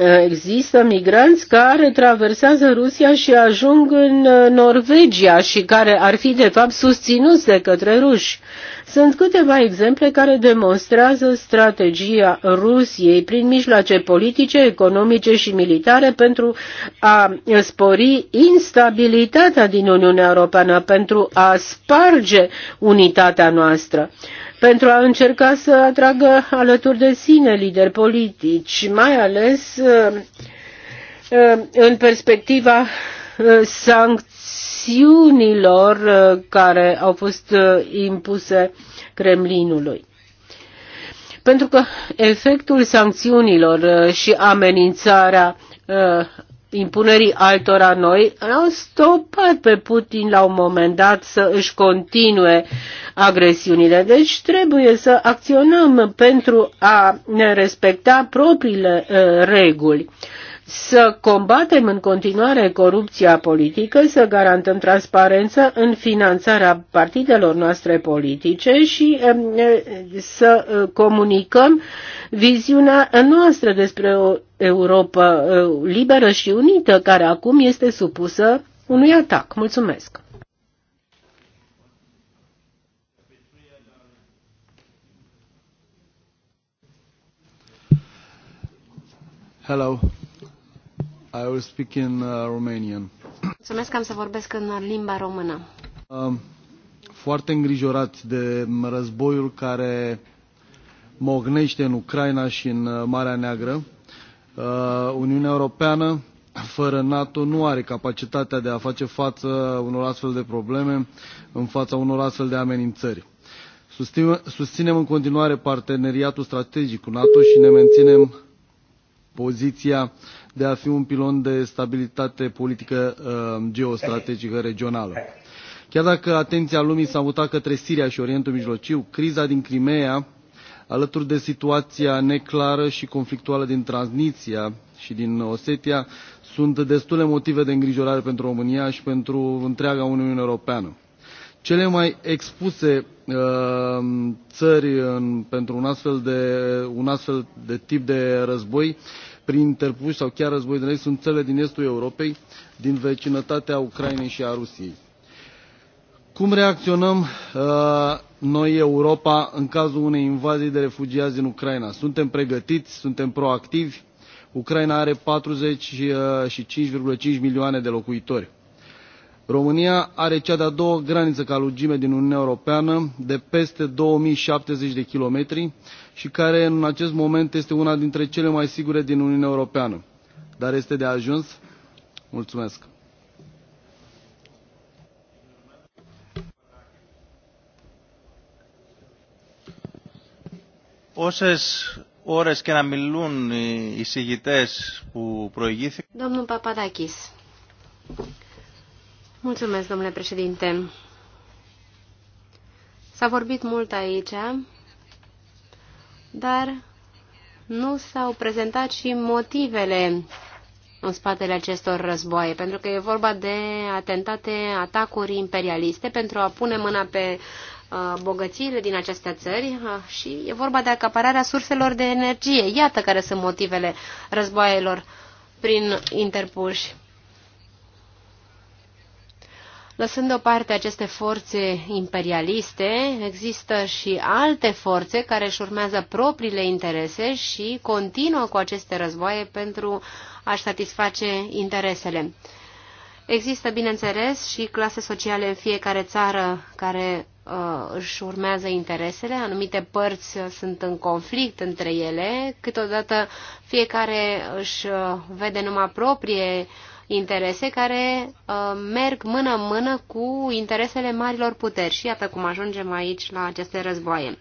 Uh, există migranți care traversează Rusia și ajung în uh, Norvegia și care ar fi de fapt susținuți de către ruși. Sunt câteva exemple care demonstrează strategia Rusiei prin mijloace politice, economice și militare pentru a spori instabilitatea din Uniunea Europeană, pentru a sparge unitatea noastră pentru a încerca să atragă alături de sine lideri politici, mai ales uh, uh, în perspectiva uh, sancțiunilor care au fost impuse Kremlinului pentru că efectul sancțiunilor și amenințarea impunerii altora noi, au stopat pe Putin la un moment dat să își continue agresiunile. Deci trebuie să acționăm pentru a ne respecta propriile uh, reguli să combatem în continuare corupția politică, să garantăm transparență în finanțarea partidelor noastre politice și um, uh, să uh, comunicăm viziunea noastră despre o Europa uh, liberă și unită, care acum este supusă unui atac. Mulțumesc! Hello. I will speak in uh, Romanian. Mulțumesc că am să vorbesc în limba română. Uh, foarte îngrijorat de războiul care mognește în Ucraina și în uh, Marea Neagră Uh, Uniunea Europeană fără NATO nu are capacitatea de a face față unor astfel de probleme, în fața unor astfel de amenințări. Susținem în continuare parteneriatul strategic cu NATO și ne menținem poziția de a fi un pilon de stabilitate politică uh, geostrategică regională. Chiar dacă atenția lumii s-a mutat către Siria și Orientul Mijlociu, criza din Crimea alături de situația neclară și conflictuală din transnistria și din osetia sunt destule motive de îngrijorare pentru românia și pentru întreaga uniune europeană. cele mai expuse uh, țări în, pentru un astfel, de, un astfel de tip de război prin interpuși sau chiar război de noi, sunt țările din estul europei din vecinătatea ucrainei și a rusiei. cum reacționăm uh, noi europa în cazul unei invazii de refugiați din ucraina? suntem pregătiți suntem proactivi? ucraina are patruzeci uh, și cinci cinci milioane de locuitori. românia are cea de a doua graniță ca lungime din uniunea europeană de peste două șaptezeci de kilometri și care în acest moment este una dintre cele mai sigure din uniunea europeană. dar este de ajuns? mulțumesc. Όσες ώρες και να μιλούν οι εισηγητές που προηγήθηκαν... Domnul Papadakis. Mulțumesc, domnule președinte. S-a vorbit mult aici, dar nu s-au prezentat și motivele în spatele acestor războaie, pentru că e vorba de atentate, atacuri imperialiste pentru a pune mâna pe Uh, bogățiile din aceste țări uh, și e vorba de acapararea surselor de energie. Iată care sunt motivele războaielor prin interpuși. Lăsând deoparte aceste forțe imperialiste, există și alte forțe care își urmează propriile interese și continuă cu aceste războaie pentru a-și satisface interesele. Există, bineînțeles, și clase sociale în fiecare țară care Uh, își urmează interesele, anumite părți sunt în conflict între ele, câteodată fiecare își uh, vede numai proprie interese care uh, merg mână-mână cu interesele marilor puteri și iată cum ajungem aici la aceste războaie.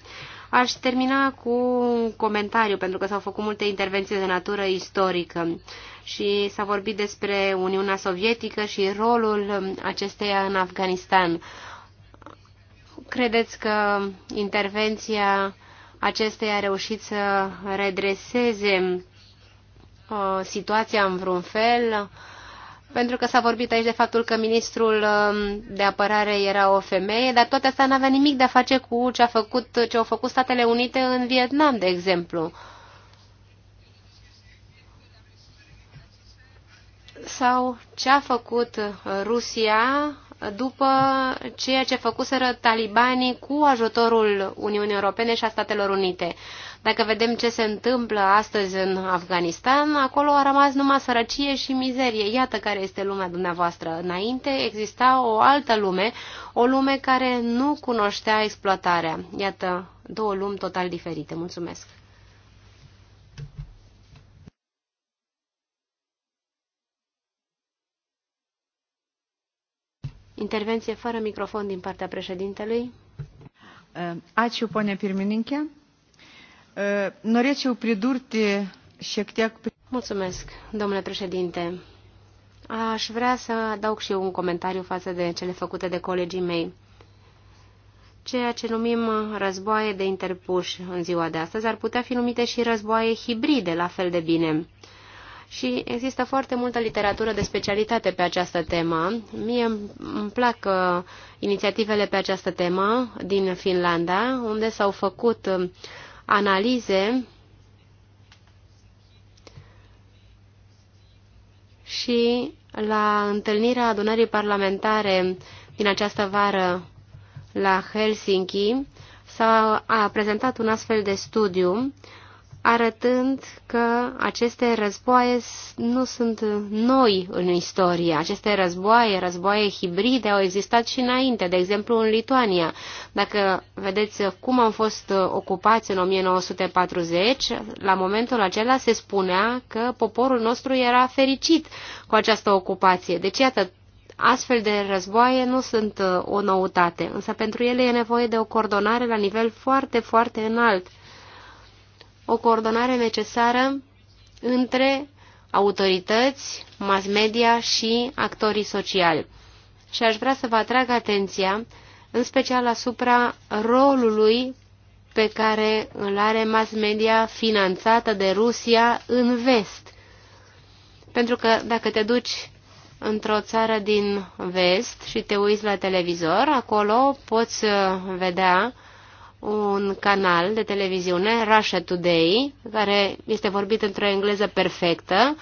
Aș termina cu un comentariu, pentru că s-au făcut multe intervenții de natură istorică și s-a vorbit despre Uniunea Sovietică și rolul acesteia în Afganistan. Credeți că intervenția acesteia a reușit să redreseze uh, situația în vreun fel? Pentru că s-a vorbit aici de faptul că ministrul um, de apărare era o femeie, dar toate astea n-avea nimic de a face cu ce, a făcut, ce au făcut Statele Unite în Vietnam, de exemplu. Sau ce a făcut Rusia după ceea ce făcuseră talibanii cu ajutorul Uniunii Europene și a Statelor Unite. Dacă vedem ce se întâmplă astăzi în Afganistan, acolo a rămas numai sărăcie și mizerie. Iată care este lumea dumneavoastră. Înainte exista o altă lume, o lume care nu cunoștea exploatarea. Iată două lumi total diferite. Mulțumesc! Intervenție fără microfon din partea președintelui. Uh, Aciu ponia pirmininkė. Uh, norėčiau pridurte și tiek... Mulțumesc, domnule președinte. Aș vrea să adaug și eu un comentariu față de cele făcute de colegii mei. Ceea ce numim războaie de interpuși în ziua de astăzi ar putea fi numite și războaie hibride la fel de bine și există foarte multă literatură de specialitate pe această temă. Mie îmi plac uh, inițiativele pe această temă din Finlanda, unde s-au făcut uh, analize și la întâlnirea adunării parlamentare din această vară la Helsinki s-a prezentat un astfel de studiu arătând că aceste războaie nu sunt noi în istorie. Aceste războaie, războaie hibride, au existat și înainte, de exemplu în Lituania. Dacă vedeți cum am fost ocupați în 1940, la momentul acela se spunea că poporul nostru era fericit cu această ocupație. Deci, iată, Astfel de războaie nu sunt o noutate, însă pentru ele e nevoie de o coordonare la nivel foarte, foarte înalt o coordonare necesară între autorități, mass media și actorii sociali. Și aș vrea să vă atrag atenția, în special asupra rolului pe care îl are mass media finanțată de Rusia în vest. Pentru că dacă te duci într-o țară din vest și te uiți la televizor, acolo poți vedea uh, un canal de televiziune, Russia Today, care este vorbit într-o engleză perfectă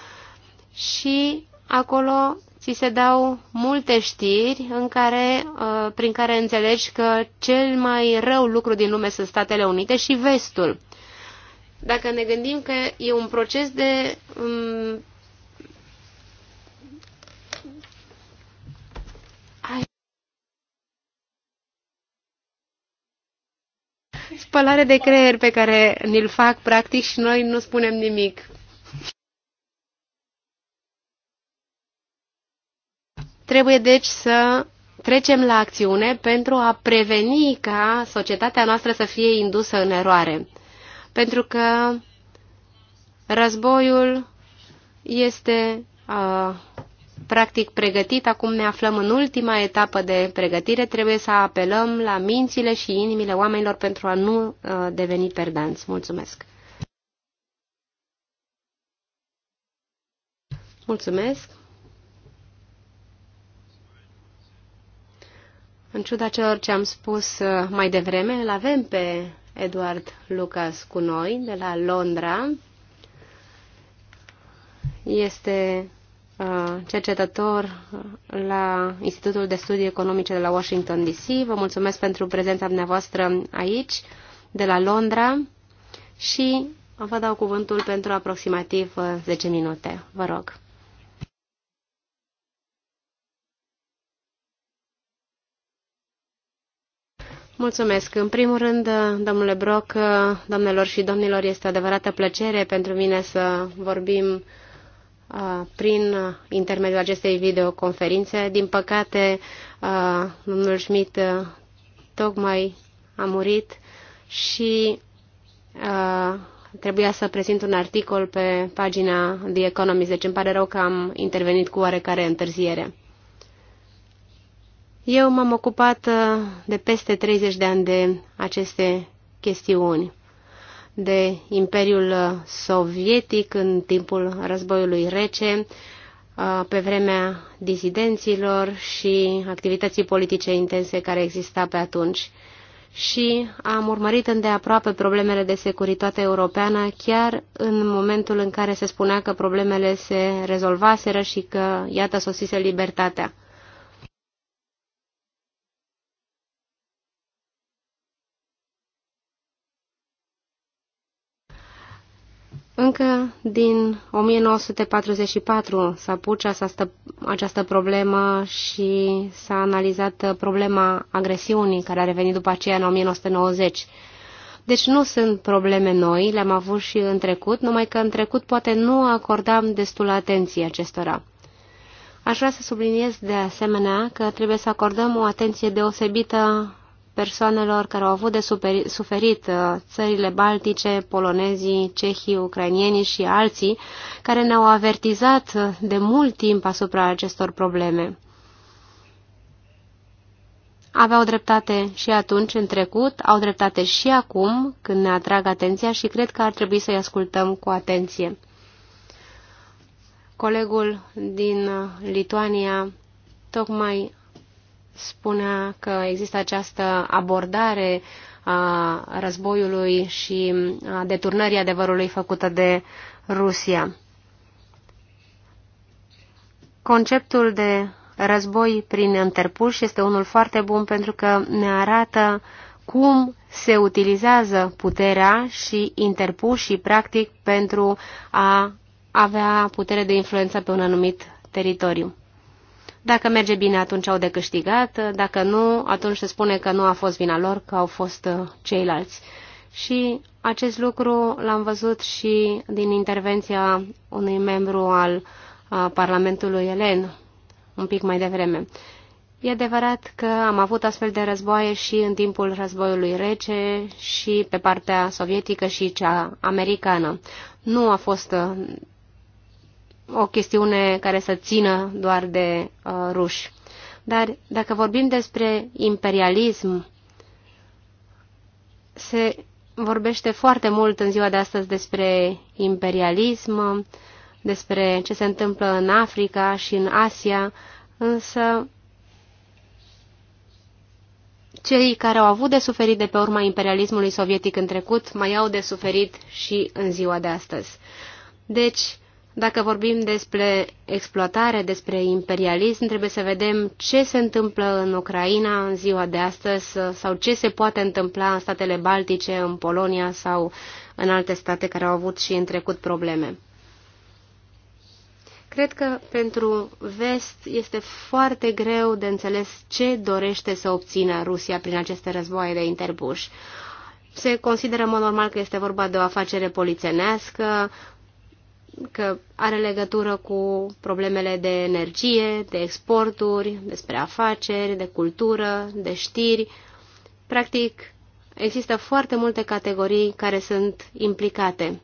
și acolo ți se dau multe știri în care, uh, prin care înțelegi că cel mai rău lucru din lume sunt Statele Unite și Vestul. Dacă ne gândim că e un proces de um, spălare de creier pe care ni-l fac practic și noi nu spunem nimic. Trebuie deci să trecem la acțiune pentru a preveni ca societatea noastră să fie indusă în eroare. Pentru că războiul este uh, practic pregătit. Acum ne aflăm în ultima etapă de pregătire. Trebuie să apelăm la mințile și inimile oamenilor pentru a nu uh, deveni perdanți. Mulțumesc! Mulțumesc! În ciuda celor ce am spus uh, mai devreme, îl avem pe Eduard Lucas cu noi de la Londra. Este Uh, cercetător la Institutul de Studii Economice de la Washington DC. Vă mulțumesc pentru prezența dumneavoastră aici, de la Londra, și vă dau cuvântul pentru aproximativ 10 uh, minute. Vă rog. Mulțumesc. În primul rând, uh, domnule Broc, domnilor și domnilor, este o adevărată plăcere pentru mine să vorbim prin intermediul acestei videoconferințe. Din păcate, domnul Schmidt tocmai a murit și trebuia să prezint un articol pe pagina The Economist, deci îmi pare rău că am intervenit cu oarecare întârziere. Eu m-am ocupat de peste 30 de ani de aceste chestiuni de Imperiul Sovietic în timpul războiului rece, pe vremea dizidenților și activității politice intense care exista pe atunci. Și am urmărit îndeaproape problemele de securitate europeană, chiar în momentul în care se spunea că problemele se rezolvaseră și că, iată, sosise libertatea. Încă din 1944 s-a pus această problemă și s-a analizat problema agresiunii care a revenit după aceea în 1990. Deci nu sunt probleme noi, le-am avut și în trecut, numai că în trecut poate nu acordam destul atenție acestora. Aș vrea să subliniez de asemenea că trebuie să acordăm o atenție deosebită persoanelor care au avut de suferit uh, țările baltice, polonezii, cehii, ucrainienii și alții, care ne-au avertizat uh, de mult timp asupra acestor probleme. Aveau dreptate și atunci, în trecut, au dreptate și acum, când ne atrag atenția și cred că ar trebui să-i ascultăm cu atenție. Colegul din uh, Lituania tocmai spunea că există această abordare a războiului și a deturnării adevărului făcută de Rusia. Conceptul de război prin interpuși este unul foarte bun pentru că ne arată cum se utilizează puterea și interpușii, practic, pentru a avea putere de influență pe un anumit teritoriu. Dacă merge bine, atunci au de câștigat, dacă nu, atunci se spune că nu a fost vina lor, că au fost uh, ceilalți. Și acest lucru l-am văzut și din intervenția unui membru al uh, Parlamentului Elen un pic mai devreme. E adevărat că am avut astfel de războaie și în timpul războiului rece și pe partea sovietică și cea americană. Nu a fost uh, o chestiune care să țină doar de uh, ruși. Dar dacă vorbim despre imperialism, se vorbește foarte mult în ziua de astăzi despre imperialism, despre ce se întâmplă în Africa și în Asia, însă cei care au avut de suferit de pe urma imperialismului sovietic în trecut mai au de suferit și în ziua de astăzi. Deci, dacă vorbim despre exploatare, despre imperialism, trebuie să vedem ce se întâmplă în Ucraina în ziua de astăzi sau ce se poate întâmpla în statele baltice, în Polonia sau în alte state care au avut și în trecut probleme. Cred că pentru vest este foarte greu de înțeles ce dorește să obțină Rusia prin aceste războaie de interbuși. Se consideră, mă normal, că este vorba de o afacere polițenească, că are legătură cu problemele de energie, de exporturi, despre afaceri, de cultură, de știri. Practic, există foarte multe categorii care sunt implicate.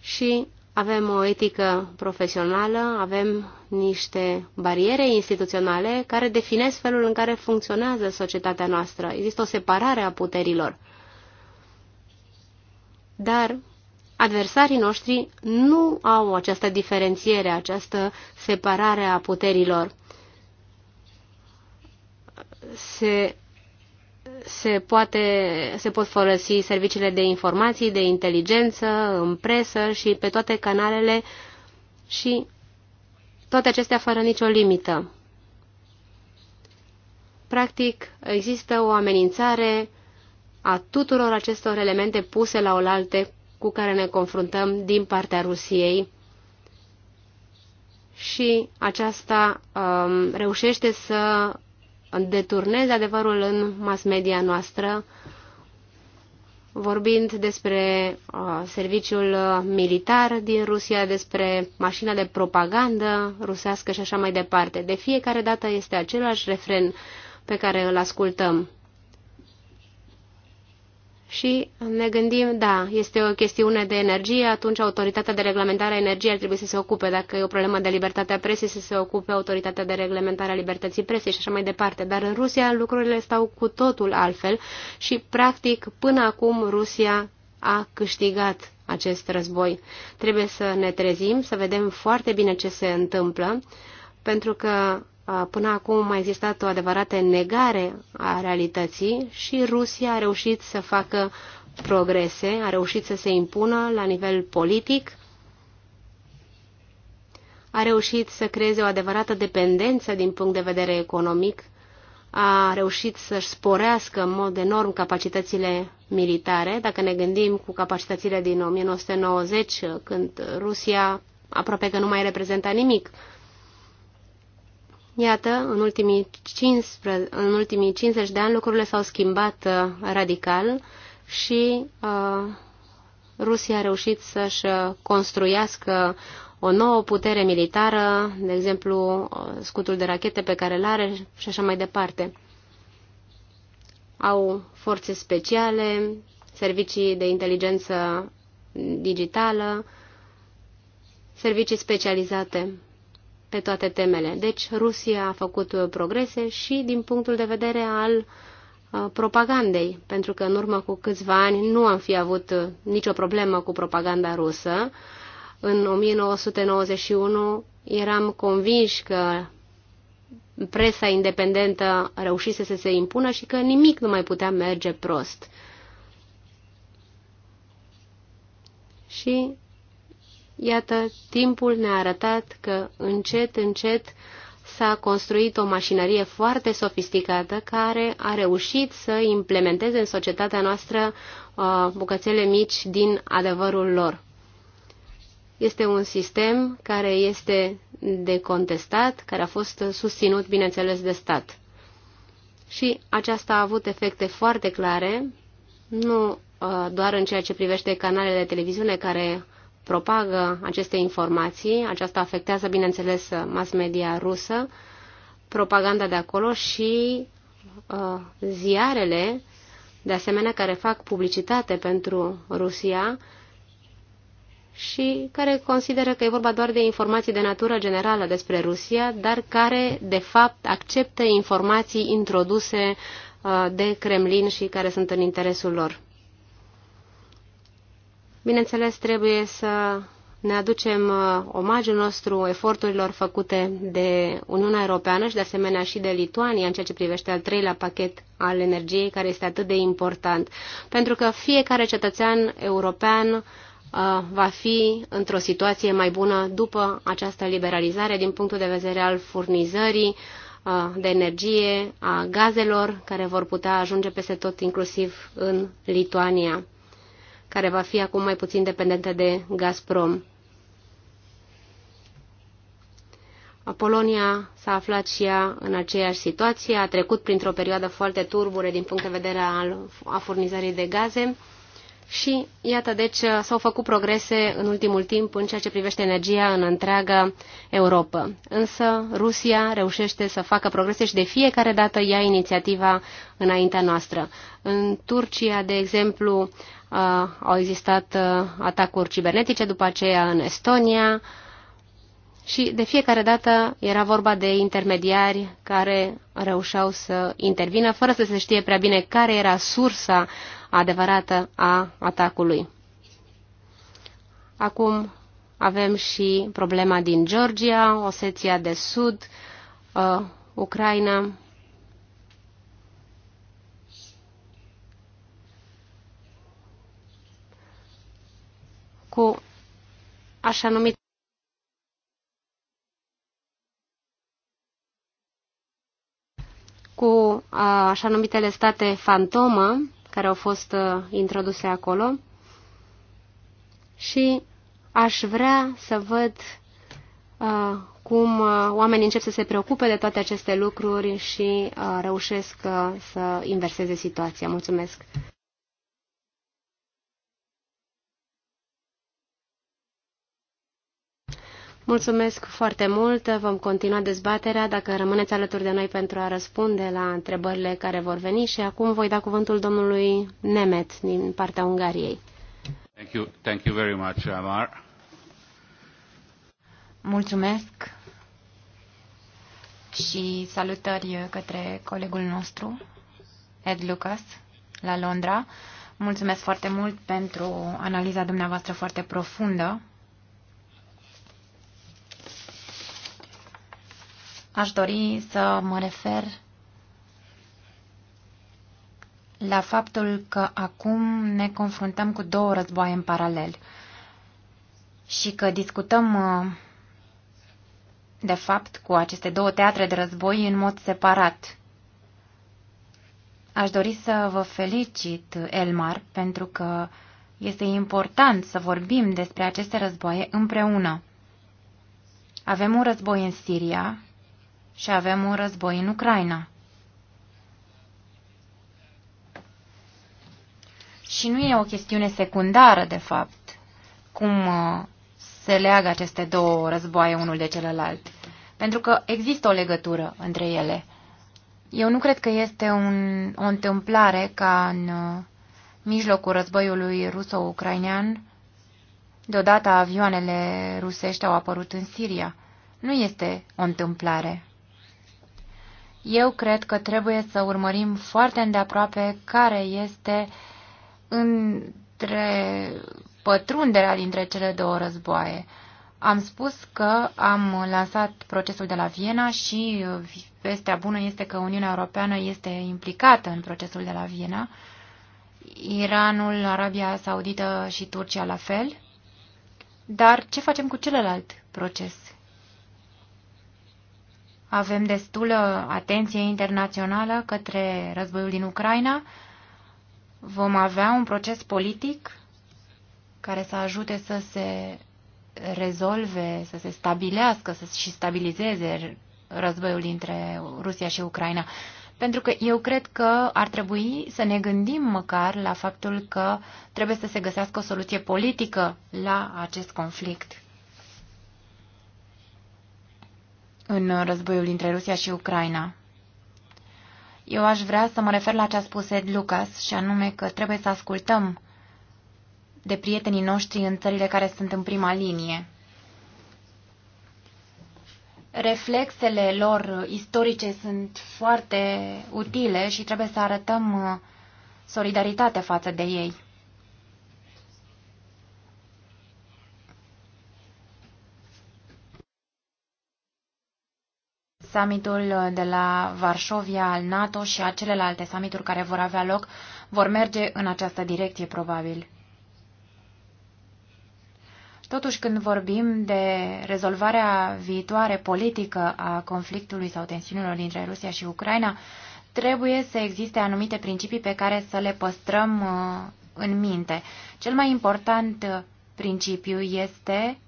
Și avem o etică profesională, avem niște bariere instituționale care definesc felul în care funcționează societatea noastră. Există o separare a puterilor. Dar Adversarii noștri nu au această diferențiere, această separare a puterilor. Se, se, poate, se pot folosi serviciile de informații, de inteligență, în presă și pe toate canalele și toate acestea fără nicio limită. Practic, există o amenințare a tuturor acestor elemente puse la oaltă cu care ne confruntăm din partea Rusiei și aceasta um, reușește să deturneze adevărul în mass media noastră, vorbind despre uh, serviciul militar din Rusia, despre mașina de propagandă rusească și așa mai departe. De fiecare dată este același refren pe care îl ascultăm și ne gândim, da, este o chestiune de energie, atunci autoritatea de reglementare a energiei ar trebui să se ocupe, dacă e o problemă de libertatea presei, să se ocupe autoritatea de reglementare a libertății presei și așa mai departe. Dar în Rusia lucrurile stau cu totul altfel și, practic, până acum Rusia a câștigat acest război. Trebuie să ne trezim, să vedem foarte bine ce se întâmplă, pentru că Până acum a existat o adevărată negare a realității și Rusia a reușit să facă progrese, a reușit să se impună la nivel politic, a reușit să creeze o adevărată dependență din punct de vedere economic, a reușit să-și sporească în mod enorm capacitățile militare. Dacă ne gândim cu capacitățile din 1990, când Rusia aproape că nu mai reprezenta nimic Iată, în ultimii, 15, în ultimii 50 de ani lucrurile s-au schimbat uh, radical și uh, Rusia a reușit să-și uh, construiască o nouă putere militară, de exemplu uh, scutul de rachete pe care îl are și așa mai departe. Au forțe speciale, servicii de inteligență digitală, servicii specializate pe toate temele. Deci Rusia a făcut uh, progrese și din punctul de vedere al uh, propagandei, pentru că în urmă cu câțiva ani nu am fi avut uh, nicio problemă cu propaganda rusă. În 1991 eram convinși că presa independentă reușise să se impună și că nimic nu mai putea merge prost. Și Iată, timpul ne-a arătat că încet, încet s-a construit o mașinărie foarte sofisticată care a reușit să implementeze în societatea noastră uh, bucățele mici din adevărul lor. Este un sistem care este decontestat, care a fost susținut, bineînțeles, de stat. Și aceasta a avut efecte foarte clare, nu uh, doar în ceea ce privește canalele de televiziune care propagă aceste informații. Aceasta afectează, bineînțeles, mass media rusă, propaganda de acolo și uh, ziarele, de asemenea, care fac publicitate pentru Rusia și care consideră că e vorba doar de informații de natură generală despre Rusia, dar care, de fapt, acceptă informații introduse uh, de Kremlin și care sunt în interesul lor. Bineînțeles, trebuie să ne aducem uh, omagiul nostru eforturilor făcute de Uniunea Europeană și de asemenea și de Lituania în ceea ce privește al treilea pachet al energiei care este atât de important, pentru că fiecare cetățean european uh, va fi într-o situație mai bună după această liberalizare din punctul de vedere al furnizării uh, de energie, a gazelor care vor putea ajunge peste tot, inclusiv în Lituania care va fi acum mai puțin dependentă de Gazprom. Polonia s-a aflat și ea în aceeași situație, a trecut printr-o perioadă foarte turbure din punct de vedere al a furnizării de gaze. Și iată, deci uh, s-au făcut progrese în ultimul timp în ceea ce privește energia în întreaga Europa. Însă Rusia reușește să facă progrese și de fiecare dată ia inițiativa înaintea noastră. În Turcia, de exemplu, uh, au existat uh, atacuri cibernetice, după aceea în Estonia și de fiecare dată era vorba de intermediari care reușeau să intervină fără să se știe prea bine care era sursa adevărată a atacului. Acum avem și problema din Georgia, Oseția de Sud, uh, Ucraina. Cu așa numit cu uh, așa numitele state fantomă, care au fost uh, introduse acolo și aș vrea să văd uh, cum uh, oamenii încep să se preocupe de toate aceste lucruri și uh, reușesc uh, să inverseze situația. Mulțumesc! Mulțumesc foarte mult, vom continua dezbaterea dacă rămâneți alături de noi pentru a răspunde la întrebările care vor veni și acum voi da cuvântul domnului Nemet din partea Ungariei. Thank you, thank you very much, Amar. Mulțumesc și salutări către colegul nostru, Ed Lucas, la Londra. Mulțumesc foarte mult pentru analiza dumneavoastră foarte profundă Aș dori să mă refer la faptul că acum ne confruntăm cu două războaie în paralel și că discutăm uh, de fapt cu aceste două teatre de război în mod separat. Aș dori să vă felicit, Elmar, pentru că este important să vorbim despre aceste războaie împreună. Avem un război în Siria, și avem un război în Ucraina. Și nu e o chestiune secundară, de fapt, cum uh, se leagă aceste două războaie unul de celălalt, pentru că există o legătură între ele. Eu nu cred că este un, o întâmplare ca în uh, mijlocul războiului ruso-ucrainean, deodată avioanele rusești au apărut în Siria. Nu este o întâmplare. Eu cred că trebuie să urmărim foarte îndeaproape care este între pătrunderea dintre cele două războaie. Am spus că am lansat procesul de la Viena și vestea bună este că Uniunea Europeană este implicată în procesul de la Viena. Iranul, Arabia Saudită și Turcia la fel. Dar ce facem cu celălalt proces? avem destulă atenție internațională către războiul din Ucraina, vom avea un proces politic care să ajute să se rezolve, să se stabilească să și stabilizeze războiul dintre Rusia și Ucraina. Pentru că eu cred că ar trebui să ne gândim măcar la faptul că trebuie să se găsească o soluție politică la acest conflict. în războiul dintre Rusia și Ucraina. Eu aș vrea să mă refer la ce a spus Ed Lucas și anume că trebuie să ascultăm de prietenii noștri în țările care sunt în prima linie. Reflexele lor istorice sunt foarte utile și trebuie să arătăm uh, solidaritate față de ei. summitul de la Varșovia al NATO și a celelalte summituri care vor avea loc vor merge în această direcție, probabil. Totuși, când vorbim de rezolvarea viitoare politică a conflictului sau tensiunilor dintre Rusia și Ucraina, trebuie să existe anumite principii pe care să le păstrăm uh, în minte. Cel mai important uh, principiu este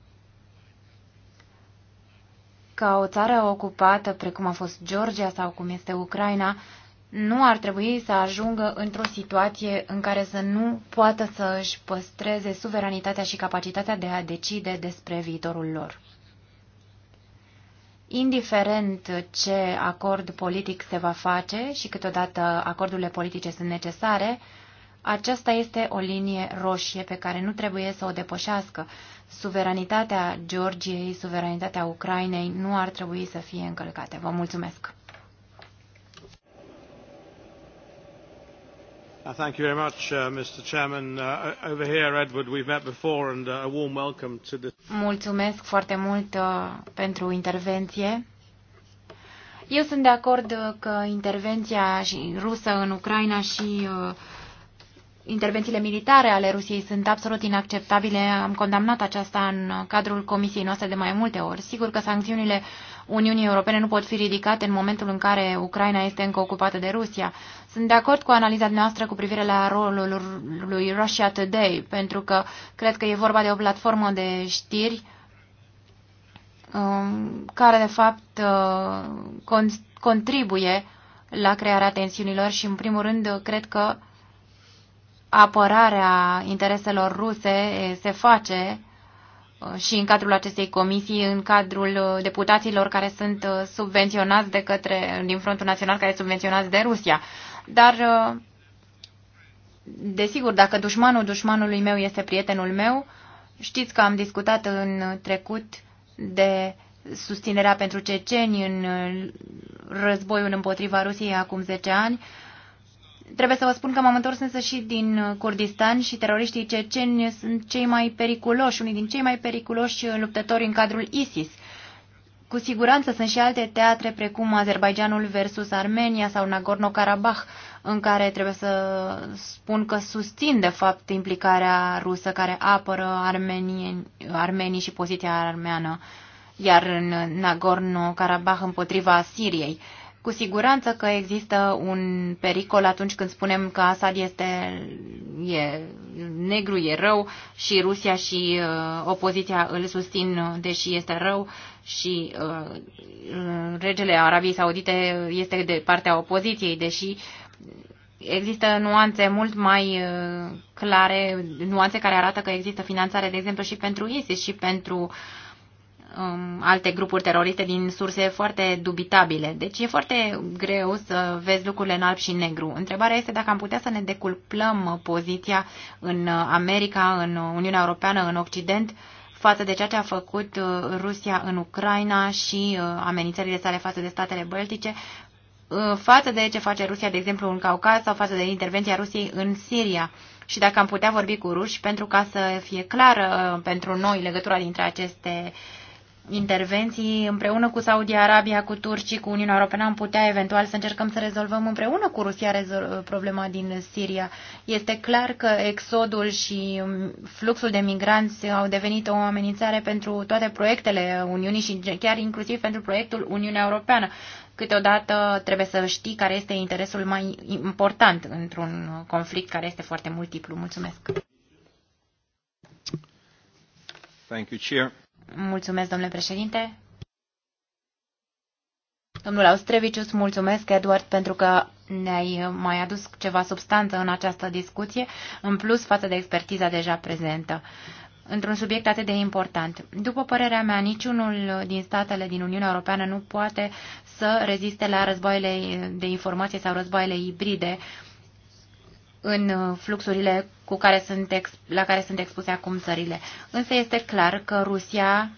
ca o țară ocupată, precum a fost Georgia sau cum este Ucraina, nu ar trebui să ajungă într-o situație în care să nu poată să își păstreze suveranitatea și capacitatea de a decide despre viitorul lor. Indiferent ce acord politic se va face și câteodată acordurile politice sunt necesare, aceasta este o linie roșie pe care nu trebuie să o depășească. Suveranitatea Georgiei, suveranitatea Ucrainei nu ar trebui să fie încălcate. Vă mulțumesc! Thank you very much, uh, Mr. Chairman. Uh, over here, Edward, we've met before, and uh, a warm welcome to this. Mulțumesc foarte mult uh, pentru intervenție. Eu sunt de acord uh, că intervenția rusă în Ucraina și uh, intervențiile militare ale Rusiei sunt absolut inacceptabile. Am condamnat aceasta în cadrul comisiei noastre de mai multe ori. Sigur că sancțiunile Uniunii Europene nu pot fi ridicate în momentul în care Ucraina este încă ocupată de Rusia. Sunt de acord cu analiza noastră cu privire la rolul lui Russia Today, pentru că cred că e vorba de o platformă de știri um, care, de fapt, uh, contribuie la crearea tensiunilor și, în primul rând, cred că apărarea intereselor ruse se face uh, și în cadrul acestei comisii, în cadrul uh, deputaților care sunt uh, subvenționați de către, din Frontul Național, care sunt subvenționați de Rusia. Dar, desigur, dacă dușmanul dușmanului meu este prietenul meu, știți că am discutat în trecut de susținerea pentru ceceni în războiul împotriva Rusiei acum 10 ani, Trebuie să vă spun că m-am întors însă și din uh, Kurdistan și teroriștii ceceni sunt cei mai periculoși, unii din cei mai periculoși uh, luptători în cadrul ISIS. Cu siguranță sunt și alte teatre precum Azerbaijanul versus Armenia sau Nagorno-Karabakh, în care trebuie să spun că susțin de fapt implicarea rusă care apără armenii, armenii și poziția armeană, iar în Nagorno-Karabakh împotriva Siriei. Uh, cu siguranță că există un pericol atunci când spunem că Assad este e negru, e rău și Rusia și uh, opoziția îl susțin deși este rău și uh, regele Arabiei Saudite este de partea opoziției, deși există nuanțe mult mai uh, clare, nuanțe care arată că există finanțare, de exemplu, și pentru ISIS și pentru uh, um, alte grupuri teroriste din surse foarte dubitabile. Deci e foarte greu să vezi lucrurile în alb și negru. Întrebarea este dacă am putea să ne deculplăm poziția în America, în Uniunea Europeană, în Occident, față de ceea ce a făcut uh, Rusia în Ucraina și uh, amenințările sale față de statele baltice, uh, față de ce face Rusia, de exemplu, în Caucaz sau față de intervenția Rusiei în Siria și dacă am putea vorbi cu ruși pentru ca să fie clară pentru noi legătura dintre aceste intervenții împreună cu Saudi Arabia, cu Turcii, cu Uniunea Europeană, am putea eventual să încercăm să rezolvăm împreună cu Rusia problema din Siria. Este clar că exodul și um, fluxul de migranți au devenit o amenințare pentru toate proiectele Uniunii și chiar inclusiv pentru proiectul Uniunea Europeană. Câteodată trebuie să știi care este interesul mai important într-un conflict care este foarte multiplu. Mulțumesc! Thank you, Chair. Mulțumesc, domnule președinte. Domnul Austrevicius, mulțumesc, Edward, pentru că ne-ai mai adus ceva substanță în această discuție, în plus față de expertiza deja prezentă într-un subiect atât de important. După părerea mea, niciunul din statele din Uniunea Europeană nu poate să reziste la războaiele de informație sau războaiele ibride în uh, fluxurile cu care sunt ex, la care sunt expuse acum țările. Însă este clar că Rusia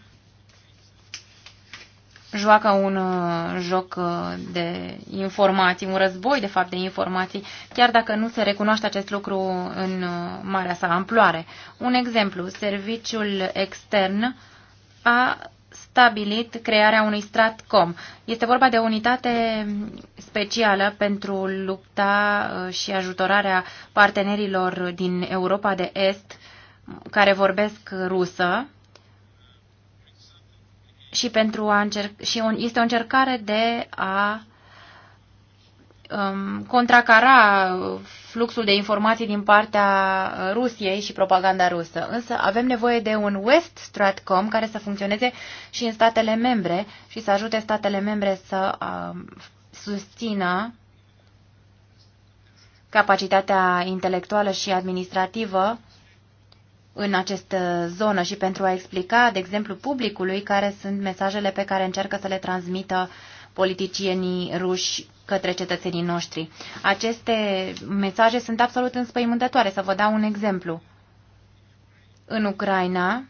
joacă un uh, joc uh, de informații, un război de fapt de informații, chiar dacă nu se recunoaște acest lucru în marea sa amploare. Un exemplu, serviciul extern a stabilit crearea unui stratcom. Este vorba de o unitate specială pentru lupta uh, și ajutorarea partenerilor din Europa de Est care vorbesc rusă și, pentru a încerc, și este o încercare de a um, contracara fluxul de informații din partea Rusiei și propaganda rusă. Însă avem nevoie de un West Stratcom care să funcționeze și în statele membre și să ajute statele membre să uh, susțină capacitatea intelectuală și administrativă în această zonă și pentru a explica, de exemplu, publicului care sunt mesajele pe care încearcă să le transmită politicienii ruși către cetățenii noștri. Aceste mesaje sunt absolut înspăimântătoare. Să vă dau un exemplu. În Ucraina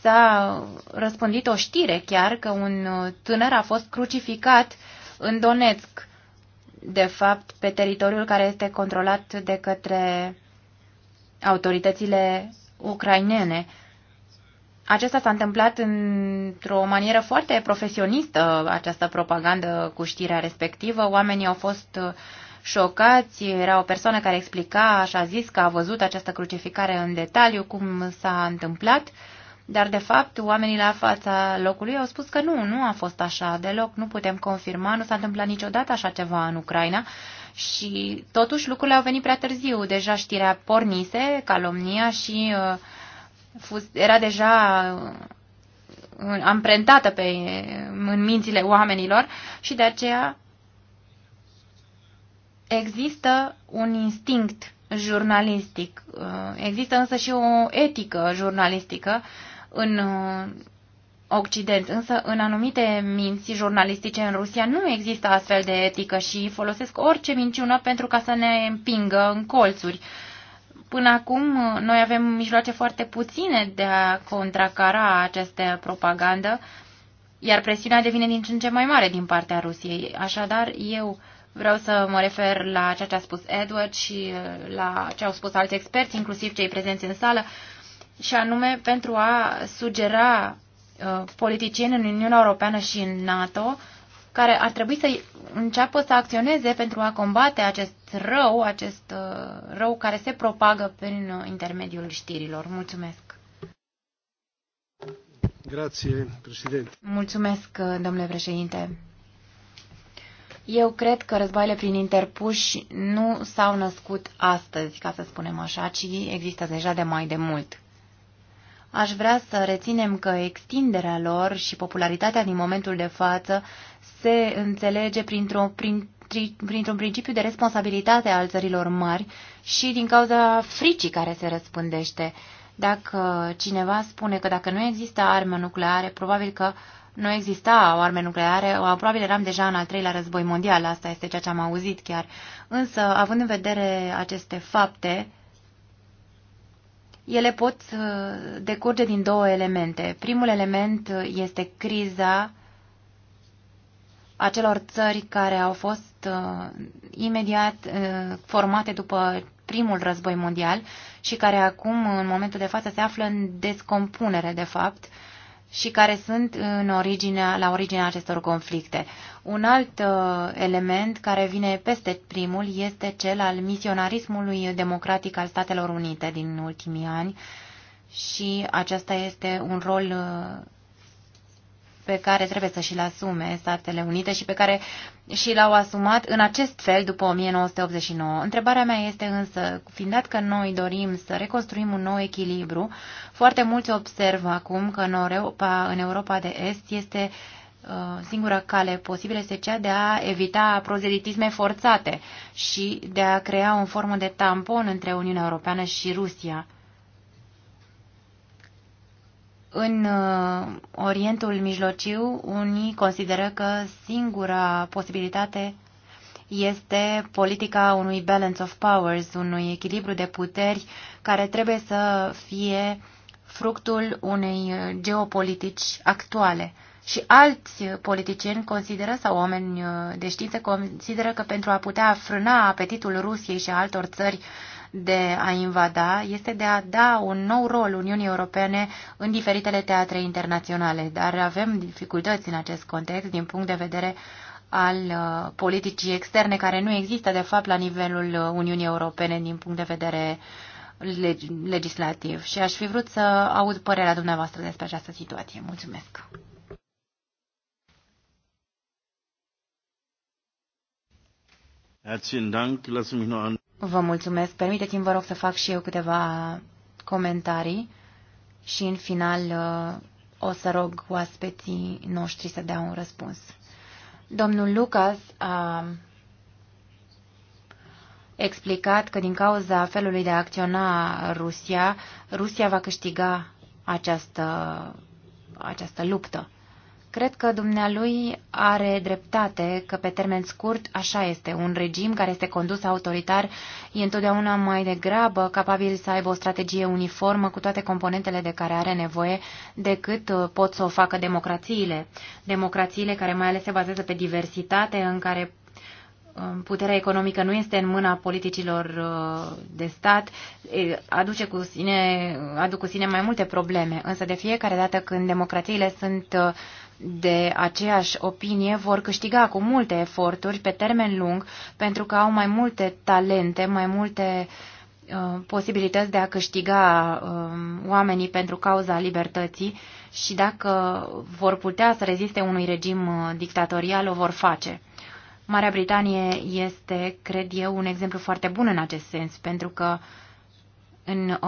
s-a răspândit o știre chiar că un tânăr a fost crucificat în Donetsk, de fapt pe teritoriul care este controlat de către autoritățile ucrainene. Acesta s-a întâmplat într-o manieră foarte profesionistă, această propagandă cu știrea respectivă. Oamenii au fost uh, șocați, era o persoană care explica, așa zis, că a văzut această crucificare în detaliu, cum s-a întâmplat, dar de fapt oamenii la fața locului au spus că nu, nu a fost așa deloc, nu putem confirma, nu s-a întâmplat niciodată așa ceva în Ucraina și totuși lucrurile au venit prea târziu, deja știrea pornise, calomnia și... Uh, era deja amprentată pe, în mințile oamenilor și de aceea există un instinct jurnalistic. Uh, există însă și o etică jurnalistică în uh, Occident, însă în anumite minți jurnalistice în Rusia nu există astfel de etică și folosesc orice minciună pentru ca să ne împingă în colțuri Până acum, noi avem mijloace foarte puține de a contracara această propagandă, iar presiunea devine din ce în ce mai mare din partea Rusiei. Așadar, eu vreau să mă refer la ceea ce a spus Edward și uh, la ce au spus alți experți, inclusiv cei prezenți în sală, și anume pentru a sugera uh, politicieni în Uniunea Europeană și în NATO care ar trebui să înceapă să acționeze pentru a combate acest rău, acest uh, rău care se propagă prin uh, intermediul știrilor. Mulțumesc! Grazie, președinte. Mulțumesc, uh, domnule președinte. Eu cred că războaiele prin interpuși nu s-au născut astăzi, ca să spunem așa, ci există deja de mai de mult aș vrea să reținem că extinderea lor și popularitatea din momentul de față se înțelege printr-o, prin, printr-un principiu de responsabilitate al țărilor mari și din cauza fricii care se răspândește. Dacă cineva spune că dacă nu există arme nucleare, probabil că nu exista o arme nucleare, probabil eram deja în al treilea război mondial, asta este ceea ce am auzit chiar. Însă, având în vedere aceste fapte, ele pot decurge din două elemente. Primul element este criza acelor țări care au fost uh, imediat uh, formate după primul război mondial și care acum, în momentul de față, se află în descompunere, de fapt, și care sunt în originea, la originea acestor conflicte. Un alt uh, element care vine peste primul este cel al misionarismului democratic al Statelor Unite din ultimii ani și acesta este un rol uh, pe care trebuie să și-l asume Statele Unite și pe care și l-au asumat în acest fel după 1989. Întrebarea mea este însă, fiind dat că noi dorim să reconstruim un nou echilibru, foarte mulți observă acum că în Europa, în Europa de Est este uh, Uh, singura cale posibilă este cea de a evita prozelitisme forțate și de a crea o formă de tampon între Uniunea Europeană și Rusia. În uh, Orientul Mijlociu, unii consideră că singura posibilitate este politica unui balance of powers, unui echilibru de puteri care trebuie să fie fructul unei geopolitici actuale. Și alți politicieni consideră, sau oameni uh, de știință consideră că pentru a putea frâna apetitul Rusiei și a altor țări de a invada este de a da un nou rol Uniunii Europene în diferitele teatre internaționale, dar avem dificultăți în acest context din punct de vedere al uh, politicii externe care nu există de fapt la nivelul Uniunii Europene din punct de vedere legislativ și aș fi vrut să aud părerea dumneavoastră despre această situație. Mulțumesc! Vă mulțumesc. Permiteți-mi, vă rog, să fac și eu câteva comentarii și, în final, uh, o să rog oaspeții noștri să dea un răspuns. Domnul Lucas a explicat că din cauza felului de a acționa Rusia, Rusia va câștiga această, această luptă. Cred că dumnealui are dreptate că pe termen scurt așa este. Un regim care este condus autoritar e întotdeauna mai degrabă capabil să aibă o strategie uniformă cu toate componentele de care are nevoie decât uh, pot să o facă democrațiile. Democrațiile care mai ales se bazează pe diversitate, în care um, puterea economică nu este în mâna politicilor uh, de stat, aduce cu sine, aduc cu sine mai multe probleme. Însă de fiecare dată când democrațiile sunt uh, de aceeași opinie vor câștiga cu multe eforturi pe termen lung pentru că au mai multe talente, mai multe uh, posibilități de a câștiga uh, oamenii pentru cauza libertății și dacă vor putea să reziste unui regim uh, dictatorial, o vor face. Marea Britanie este, cred eu, un exemplu foarte bun în acest sens, pentru că în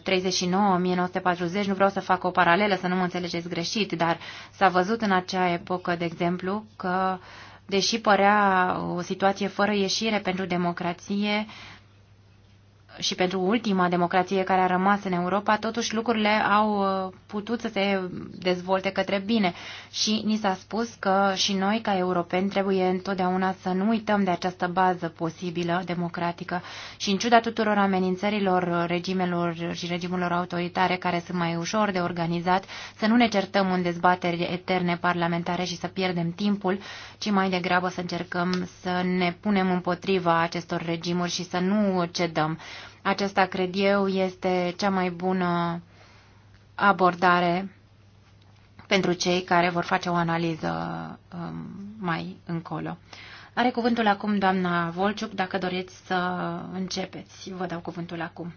1939-1940, nu vreau să fac o paralelă, să nu mă înțelegeți greșit, dar s-a văzut în acea epocă, de exemplu, că, deși părea o situație fără ieșire pentru democrație, uh, și pentru ultima democrație care a rămas în Europa, totuși lucrurile au uh, putut să se dezvolte către bine și ni s-a spus că și noi, ca europeni, trebuie întotdeauna să nu uităm de această bază posibilă democratică și în ciuda tuturor amenințărilor regimelor și regimurilor autoritare care sunt mai ușor de organizat, să nu ne certăm în dezbateri eterne parlamentare și să pierdem timpul, ci mai degrabă să încercăm să ne punem împotriva acestor regimuri și să nu cedăm. Aceasta, cred eu, este cea mai bună abordare pentru cei care vor face o analiză um, mai încolo. Are cuvântul acum doamna Volciuc, dacă doriți să începeți. Vă dau cuvântul acum.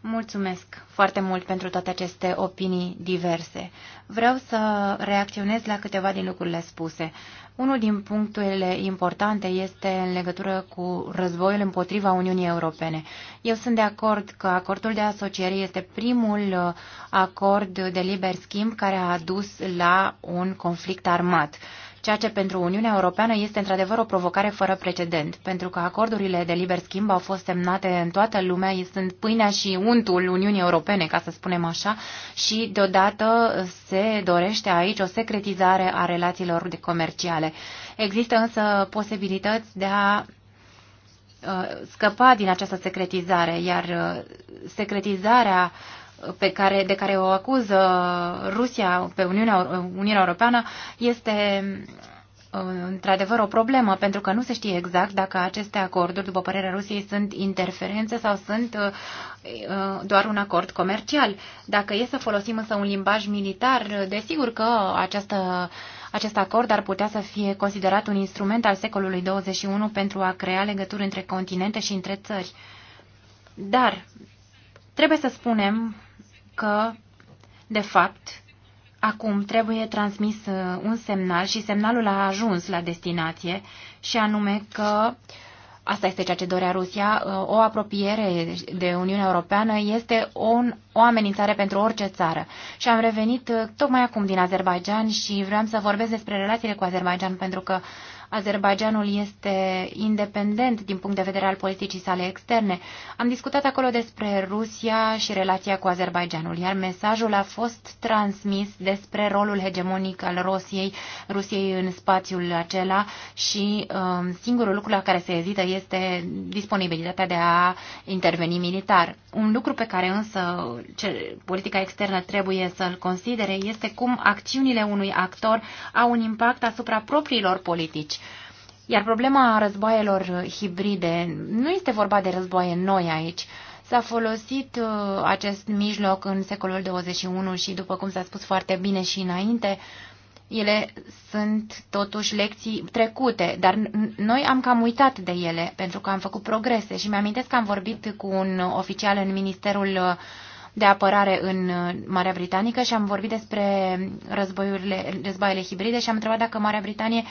Mulțumesc foarte mult pentru toate aceste opinii diverse. Vreau să reacționez la câteva din lucrurile spuse. Unul din punctele importante este în legătură cu războiul împotriva Uniunii Europene. Eu sunt de acord că acordul de asociere este primul uh, acord de liber schimb care a dus la un conflict armat ceea ce pentru Uniunea Europeană este într-adevăr o provocare fără precedent, pentru că acordurile de liber schimb au fost semnate în toată lumea, sunt pâinea și untul Uniunii Europene, ca să spunem așa, și deodată se dorește aici o secretizare a relațiilor de comerciale. Există însă posibilități de a uh, scăpa din această secretizare, iar uh, secretizarea uh, pe care, de care o acuză Rusia pe Uniunea, Uniunea Europeană este uh, într-adevăr o problemă, pentru că nu se știe exact dacă aceste acorduri, după părerea Rusiei, sunt interferențe sau sunt uh, uh, doar un acord comercial. Dacă e să folosim însă un limbaj militar, desigur că această, acest acord ar putea să fie considerat un instrument al secolului 21 pentru a crea legături între continente și între țări. Dar trebuie să spunem că, de fapt, acum trebuie transmis uh, un semnal și semnalul a ajuns la destinație și anume că Asta este ceea ce dorea Rusia. Uh, o apropiere de Uniunea Europeană este o, o amenințare pentru orice țară. Și am revenit uh, tocmai acum din Azerbaijan și vreau să vorbesc despre relațiile cu Azerbaijan pentru că uh, Azerbaijanul este independent din punct de vedere al politicii sale externe. Am discutat acolo despre Rusia și relația cu Azerbaijanul, iar mesajul a fost transmis despre rolul hegemonic al Rusiei, Rusiei în spațiul acela și um, singurul lucru la care se ezită este disponibilitatea de a interveni militar. Un lucru pe care însă ce, politica externă trebuie să-l considere este cum acțiunile unui actor au un impact asupra propriilor politici. Iar problema războaielor uh, hibride, nu este vorba de războaie noi aici. S-a folosit uh, acest mijloc în secolul 21 și, după cum s-a spus foarte bine și înainte, ele sunt totuși lecții trecute, dar noi am cam uitat de ele pentru că am făcut progrese și mi-amintesc că am vorbit cu un oficial în Ministerul uh, de Apărare în Marea Britanică și am vorbit despre războiurile, războaiele hibride și am întrebat dacă Marea Britanie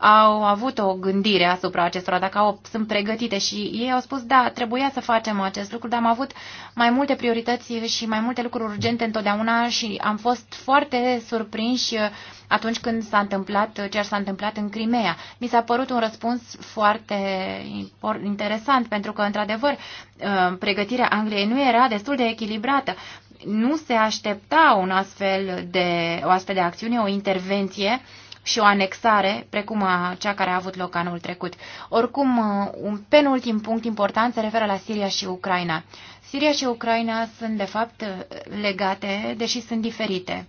au avut o gândire asupra acestora, dacă au, sunt pregătite și ei au spus, da, trebuia să facem acest lucru, dar am avut mai multe priorități și mai multe lucruri urgente întotdeauna și am fost foarte surprinși atunci când s-a întâmplat ceea ce s-a întâmplat în Crimea. Mi s-a părut un răspuns foarte interesant, pentru că, într-adevăr, uh, pregătirea Angliei nu era destul de echilibrată nu se aștepta un astfel de, o astfel de acțiune, o intervenție și o anexare, precum a cea care a avut loc anul trecut. Oricum, uh, un penultim punct important se referă la Siria și Ucraina. Siria și Ucraina sunt, de fapt, uh, legate, deși sunt diferite.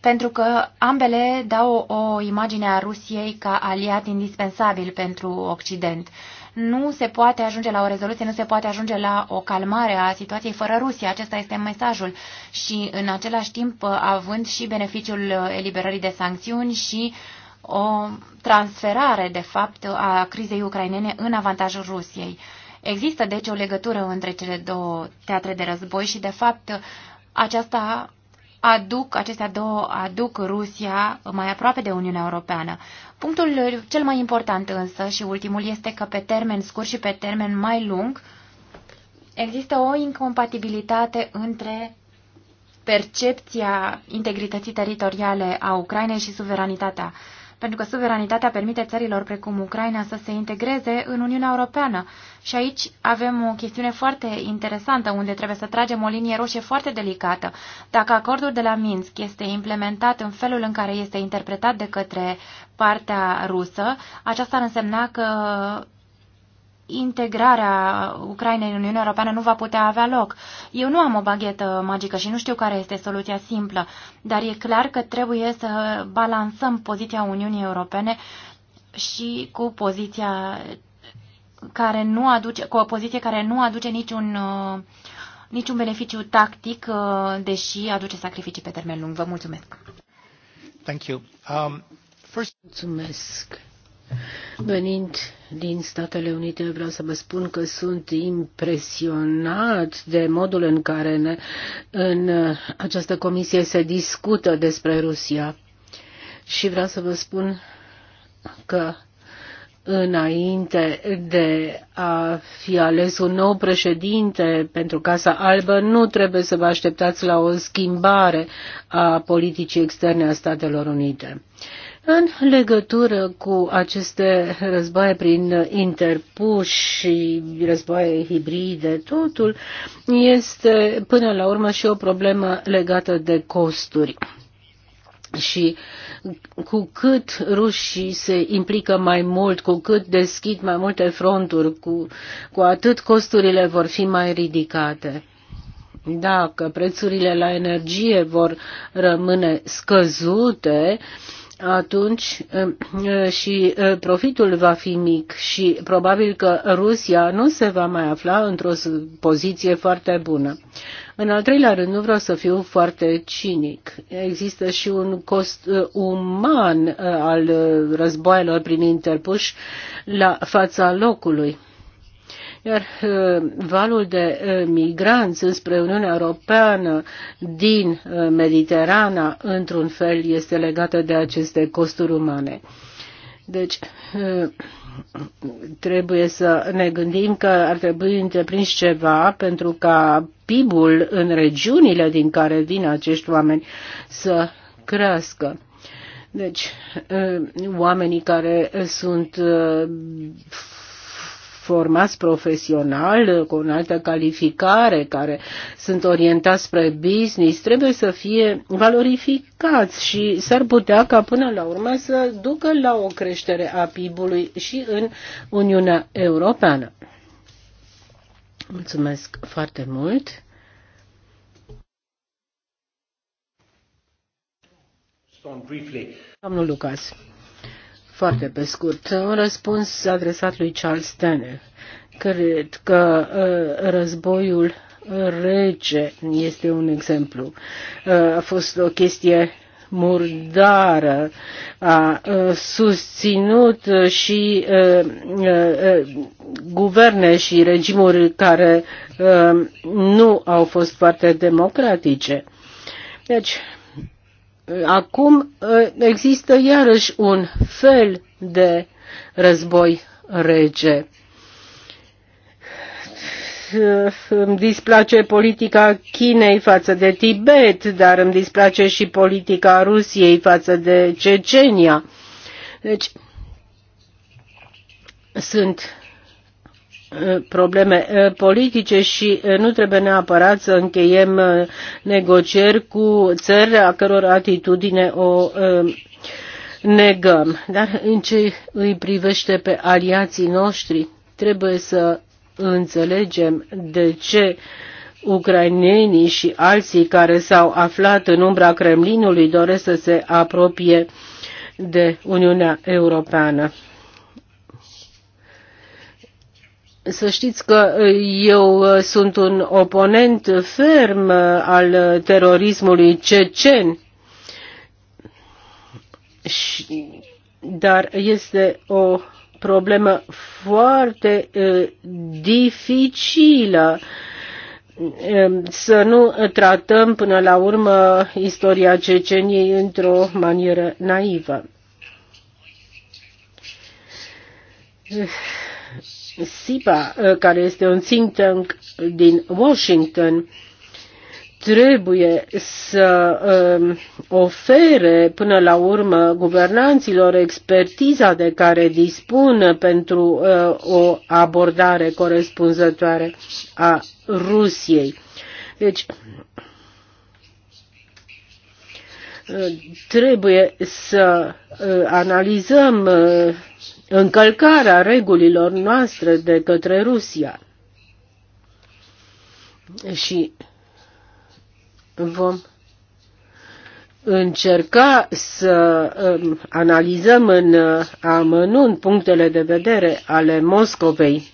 Pentru că ambele dau o imagine a Rusiei ca aliat indispensabil pentru Occident. Uh, nu se poate ajunge la o rezoluție, nu se poate ajunge la o calmare a situației fără Rusia. Acesta este mesajul. Și în același timp având și beneficiul eliberării de sancțiuni și o transferare, de fapt, a crizei ucrainene în avantajul Rusiei. Există, deci, o legătură între cele două teatre de război și, de fapt, aceasta aduc, acestea două aduc Rusia mai aproape de Uniunea Europeană. Punctul cel mai important însă și ultimul este că pe termen scurt și pe termen mai lung există o incompatibilitate între percepția integrității teritoriale a Ucrainei și suveranitatea uh, pentru că suveranitatea permite țărilor precum Ucraina să se integreze în Uniunea Europeană. Și aici avem o chestiune foarte interesantă, unde trebuie să tragem o linie roșie foarte delicată. Dacă acordul de la Minsk este implementat în felul în care este interpretat de către partea rusă, aceasta ar însemna că integrarea Ucrainei în Uniunea Europeană nu va putea avea loc. Eu nu am o baghetă magică și nu știu care este soluția simplă, dar e clar că trebuie să balansăm poziția Uniunii Europene și cu poziția care nu aduce, cu o poziție care nu aduce niciun, uh, niciun beneficiu tactic, uh, deși aduce sacrificii pe termen lung. Vă mulțumesc. Thank you. Um, first... Mulțumesc. Venind din Statele Unite, vreau să vă spun că sunt impresionat de modul în care ne, în această comisie se discută despre Rusia. Și vreau să vă spun că înainte de a fi ales un nou președinte pentru Casa Albă, nu trebuie să vă așteptați la o schimbare a politicii externe a Statelor Unite. Uh, în legătură cu aceste războaie prin interpuși și războaie hibride, totul este până la urmă și o problemă legată de costuri. Și cu cât rușii se implică mai mult, cu cât deschid mai multe fronturi, cu, cu atât costurile vor fi mai ridicate. Dacă prețurile la energie vor rămâne scăzute, uh, atunci eh, eh, și eh, profitul va fi mic și probabil că Rusia nu se va mai afla într-o poziție foarte bună. În al treilea rând, nu vreau să fiu foarte cinic. Există și un cost uman al războaielor prin interpuși la fața locului. Iar uh, valul de uh, migranți înspre Uniunea Europeană din uh, Mediterana, într-un fel, este legată de aceste costuri umane. Deci, trebuie să ne gândim că ar trebui întreprins ceva pentru ca PIB-ul în regiunile din care vin acești oameni să crească. Deci, oamenii care sunt formați profesional, cu o altă calificare, care sunt orientați spre business, trebuie să fie valorificați și s-ar putea ca până la urmă să ducă la o creștere a PIB-ului și în Uniunea Europeană. Mulțumesc foarte mult! Domnul Lucas. Foarte pe scurt, un răspuns adresat lui Charles Tanner. Cred că uh, războiul rece este un exemplu. Uh, a fost o chestie murdară, a uh, susținut și guverne și regimuri care nu au fost foarte democratice. Deci, acum ă, există iarăși un fel de război rege. Îmi displace politica Chinei față de Tibet, dar îmi displace și politica Rusiei față de Cecenia. Deci, sunt Uh, probleme uh, politice și uh, nu trebuie neapărat să încheiem negocieri cu țări a căror atitudine o negăm. Dar în ce îi privește pe aliații noștri, trebuie să înțelegem de ce ucrainenii și alții care s-au aflat în umbra Kremlinului doresc să se apropie de Uniunea Europeană. Să știți că uh, eu uh, sunt un oponent ferm uh, al terorismului cecen, dar este o problemă foarte dificilă um, să nu tratăm până la urmă istoria Ceceniei într-o manieră naivă. SIPA, eh, care este un think tank din Washington, trebuie să ehm, ofere până la urmă guvernanților expertiza de care dispun pentru eh, o abordare corespunzătoare a Rusiei. Deci, eh, trebuie să analizăm încălcarea regulilor noastre de către Rusia. Și vom încerca să um, analizăm în amănunt punctele de vedere ale Moscovei.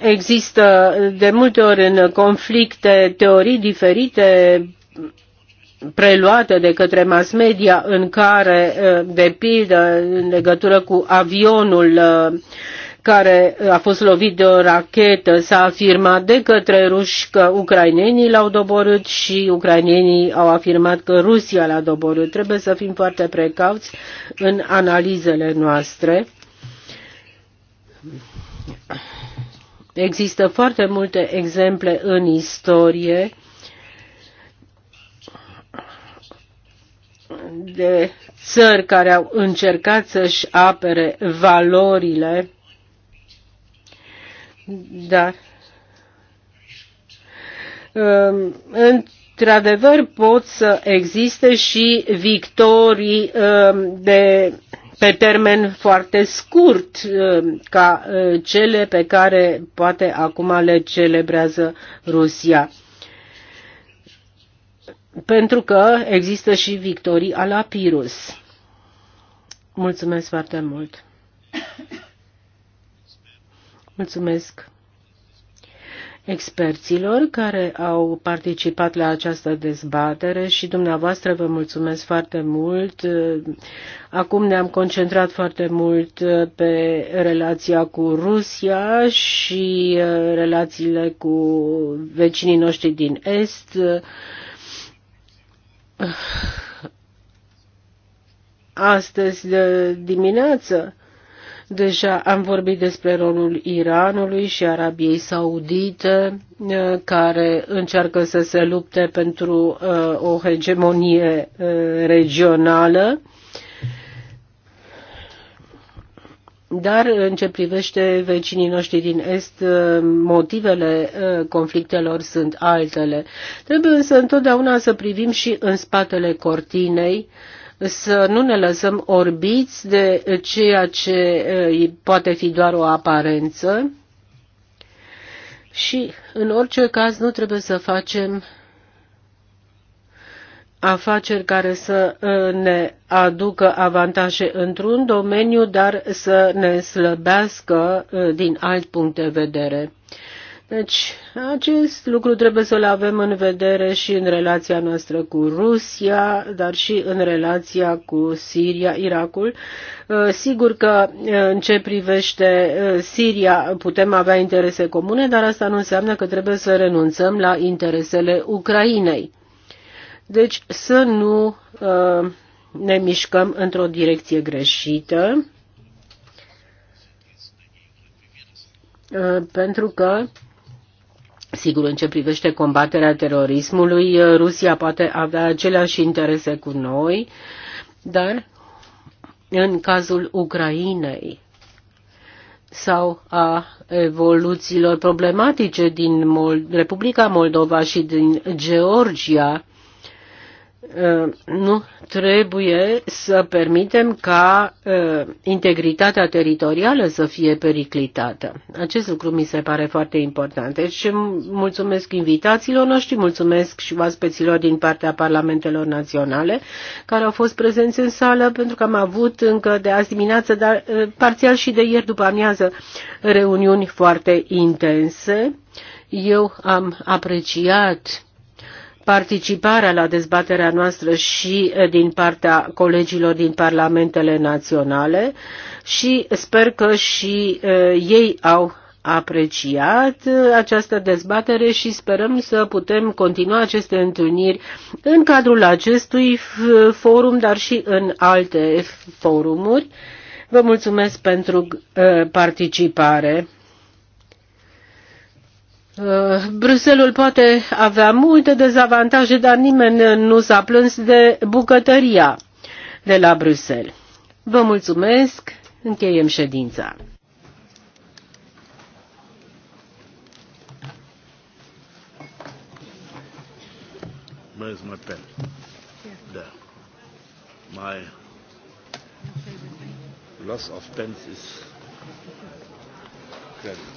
Există de multe ori în conflicte teorii diferite preluate de către mass media în care, eh, de pildă, în legătură cu avionul eh, care a fost lovit de o rachetă, s-a afirmat de către ruși că ucrainenii l-au doborât și ucrainenii au afirmat că Rusia l-a doborât. Trebuie să fim foarte precauți în analizele noastre. Există foarte multe exemple în istorie de țări care au încercat să-și apere valorile, dar um, într-adevăr pot să existe și victorii um, de pe termen foarte scurt um, ca uh, cele pe care poate acum le celebrează Rusia pentru că există și victorii ala Pirus. Mulțumesc foarte mult! Mulțumesc experților care au participat la această dezbatere și dumneavoastră vă mulțumesc foarte mult. Acum ne-am concentrat foarte mult pe relația cu Rusia și relațiile cu vecinii noștri din Est. Astăzi de dimineață deja am vorbit despre rolul Iranului și Arabiei Saudite, eh, care încearcă să se lupte pentru eh, o hegemonie eh, regională Dar în ce privește vecinii noștri din Est, uh, motivele uh, conflictelor sunt altele. Trebuie însă întotdeauna să privim și în spatele cortinei, să nu ne lăsăm orbiți de ceea ce uh, poate fi doar o aparență și, în orice caz, nu trebuie să facem afaceri care să uh, ne aducă avantaje într-un domeniu, dar să ne slăbească uh, din alt punct de vedere. Deci, acest lucru trebuie să-l avem în vedere și în relația noastră cu Rusia, dar și în relația cu Siria, Irakul. Uh, sigur că în ce privește Siria putem avea interese comune, dar asta nu înseamnă că trebuie să renunțăm la interesele Ucrainei. Deci să nu uh, ne mișcăm într-o direcție greșită, uh, pentru că Sigur, în ce privește combaterea terorismului, uh, Rusia poate avea aceleași interese cu noi, dar în cazul Ucrainei sau a evoluțiilor problematice din Republica Moldova și din Georgia, Ă, nu trebuie să permitem ca ă, integritatea teritorială să fie periclitată. Acest lucru mi se pare foarte important. Deci mulțumesc invitațiilor noștri, mulțumesc și oaspeților din partea Parlamentelor Naționale care au fost prezenți în sală pentru că am avut încă de azi dimineață, dar ă, parțial și de ieri după amiază, reuniuni foarte intense. Eu am apreciat participarea la dezbaterea noastră și eh, din partea colegilor din parlamentele naționale și sper că și eh, ei au apreciat eh, această dezbatere și sperăm să putem continua aceste întâlniri în cadrul acestui forum, dar și în alte forumuri. Vă mulțumesc pentru participare. Eh, Bruselul poate avea multe dezavantaje, dar nimeni nu s-a plâns de bucătăria de la Bruxelles. Vă mulțumesc, încheiem ședința. Where's My da. loss of pens is. Credit.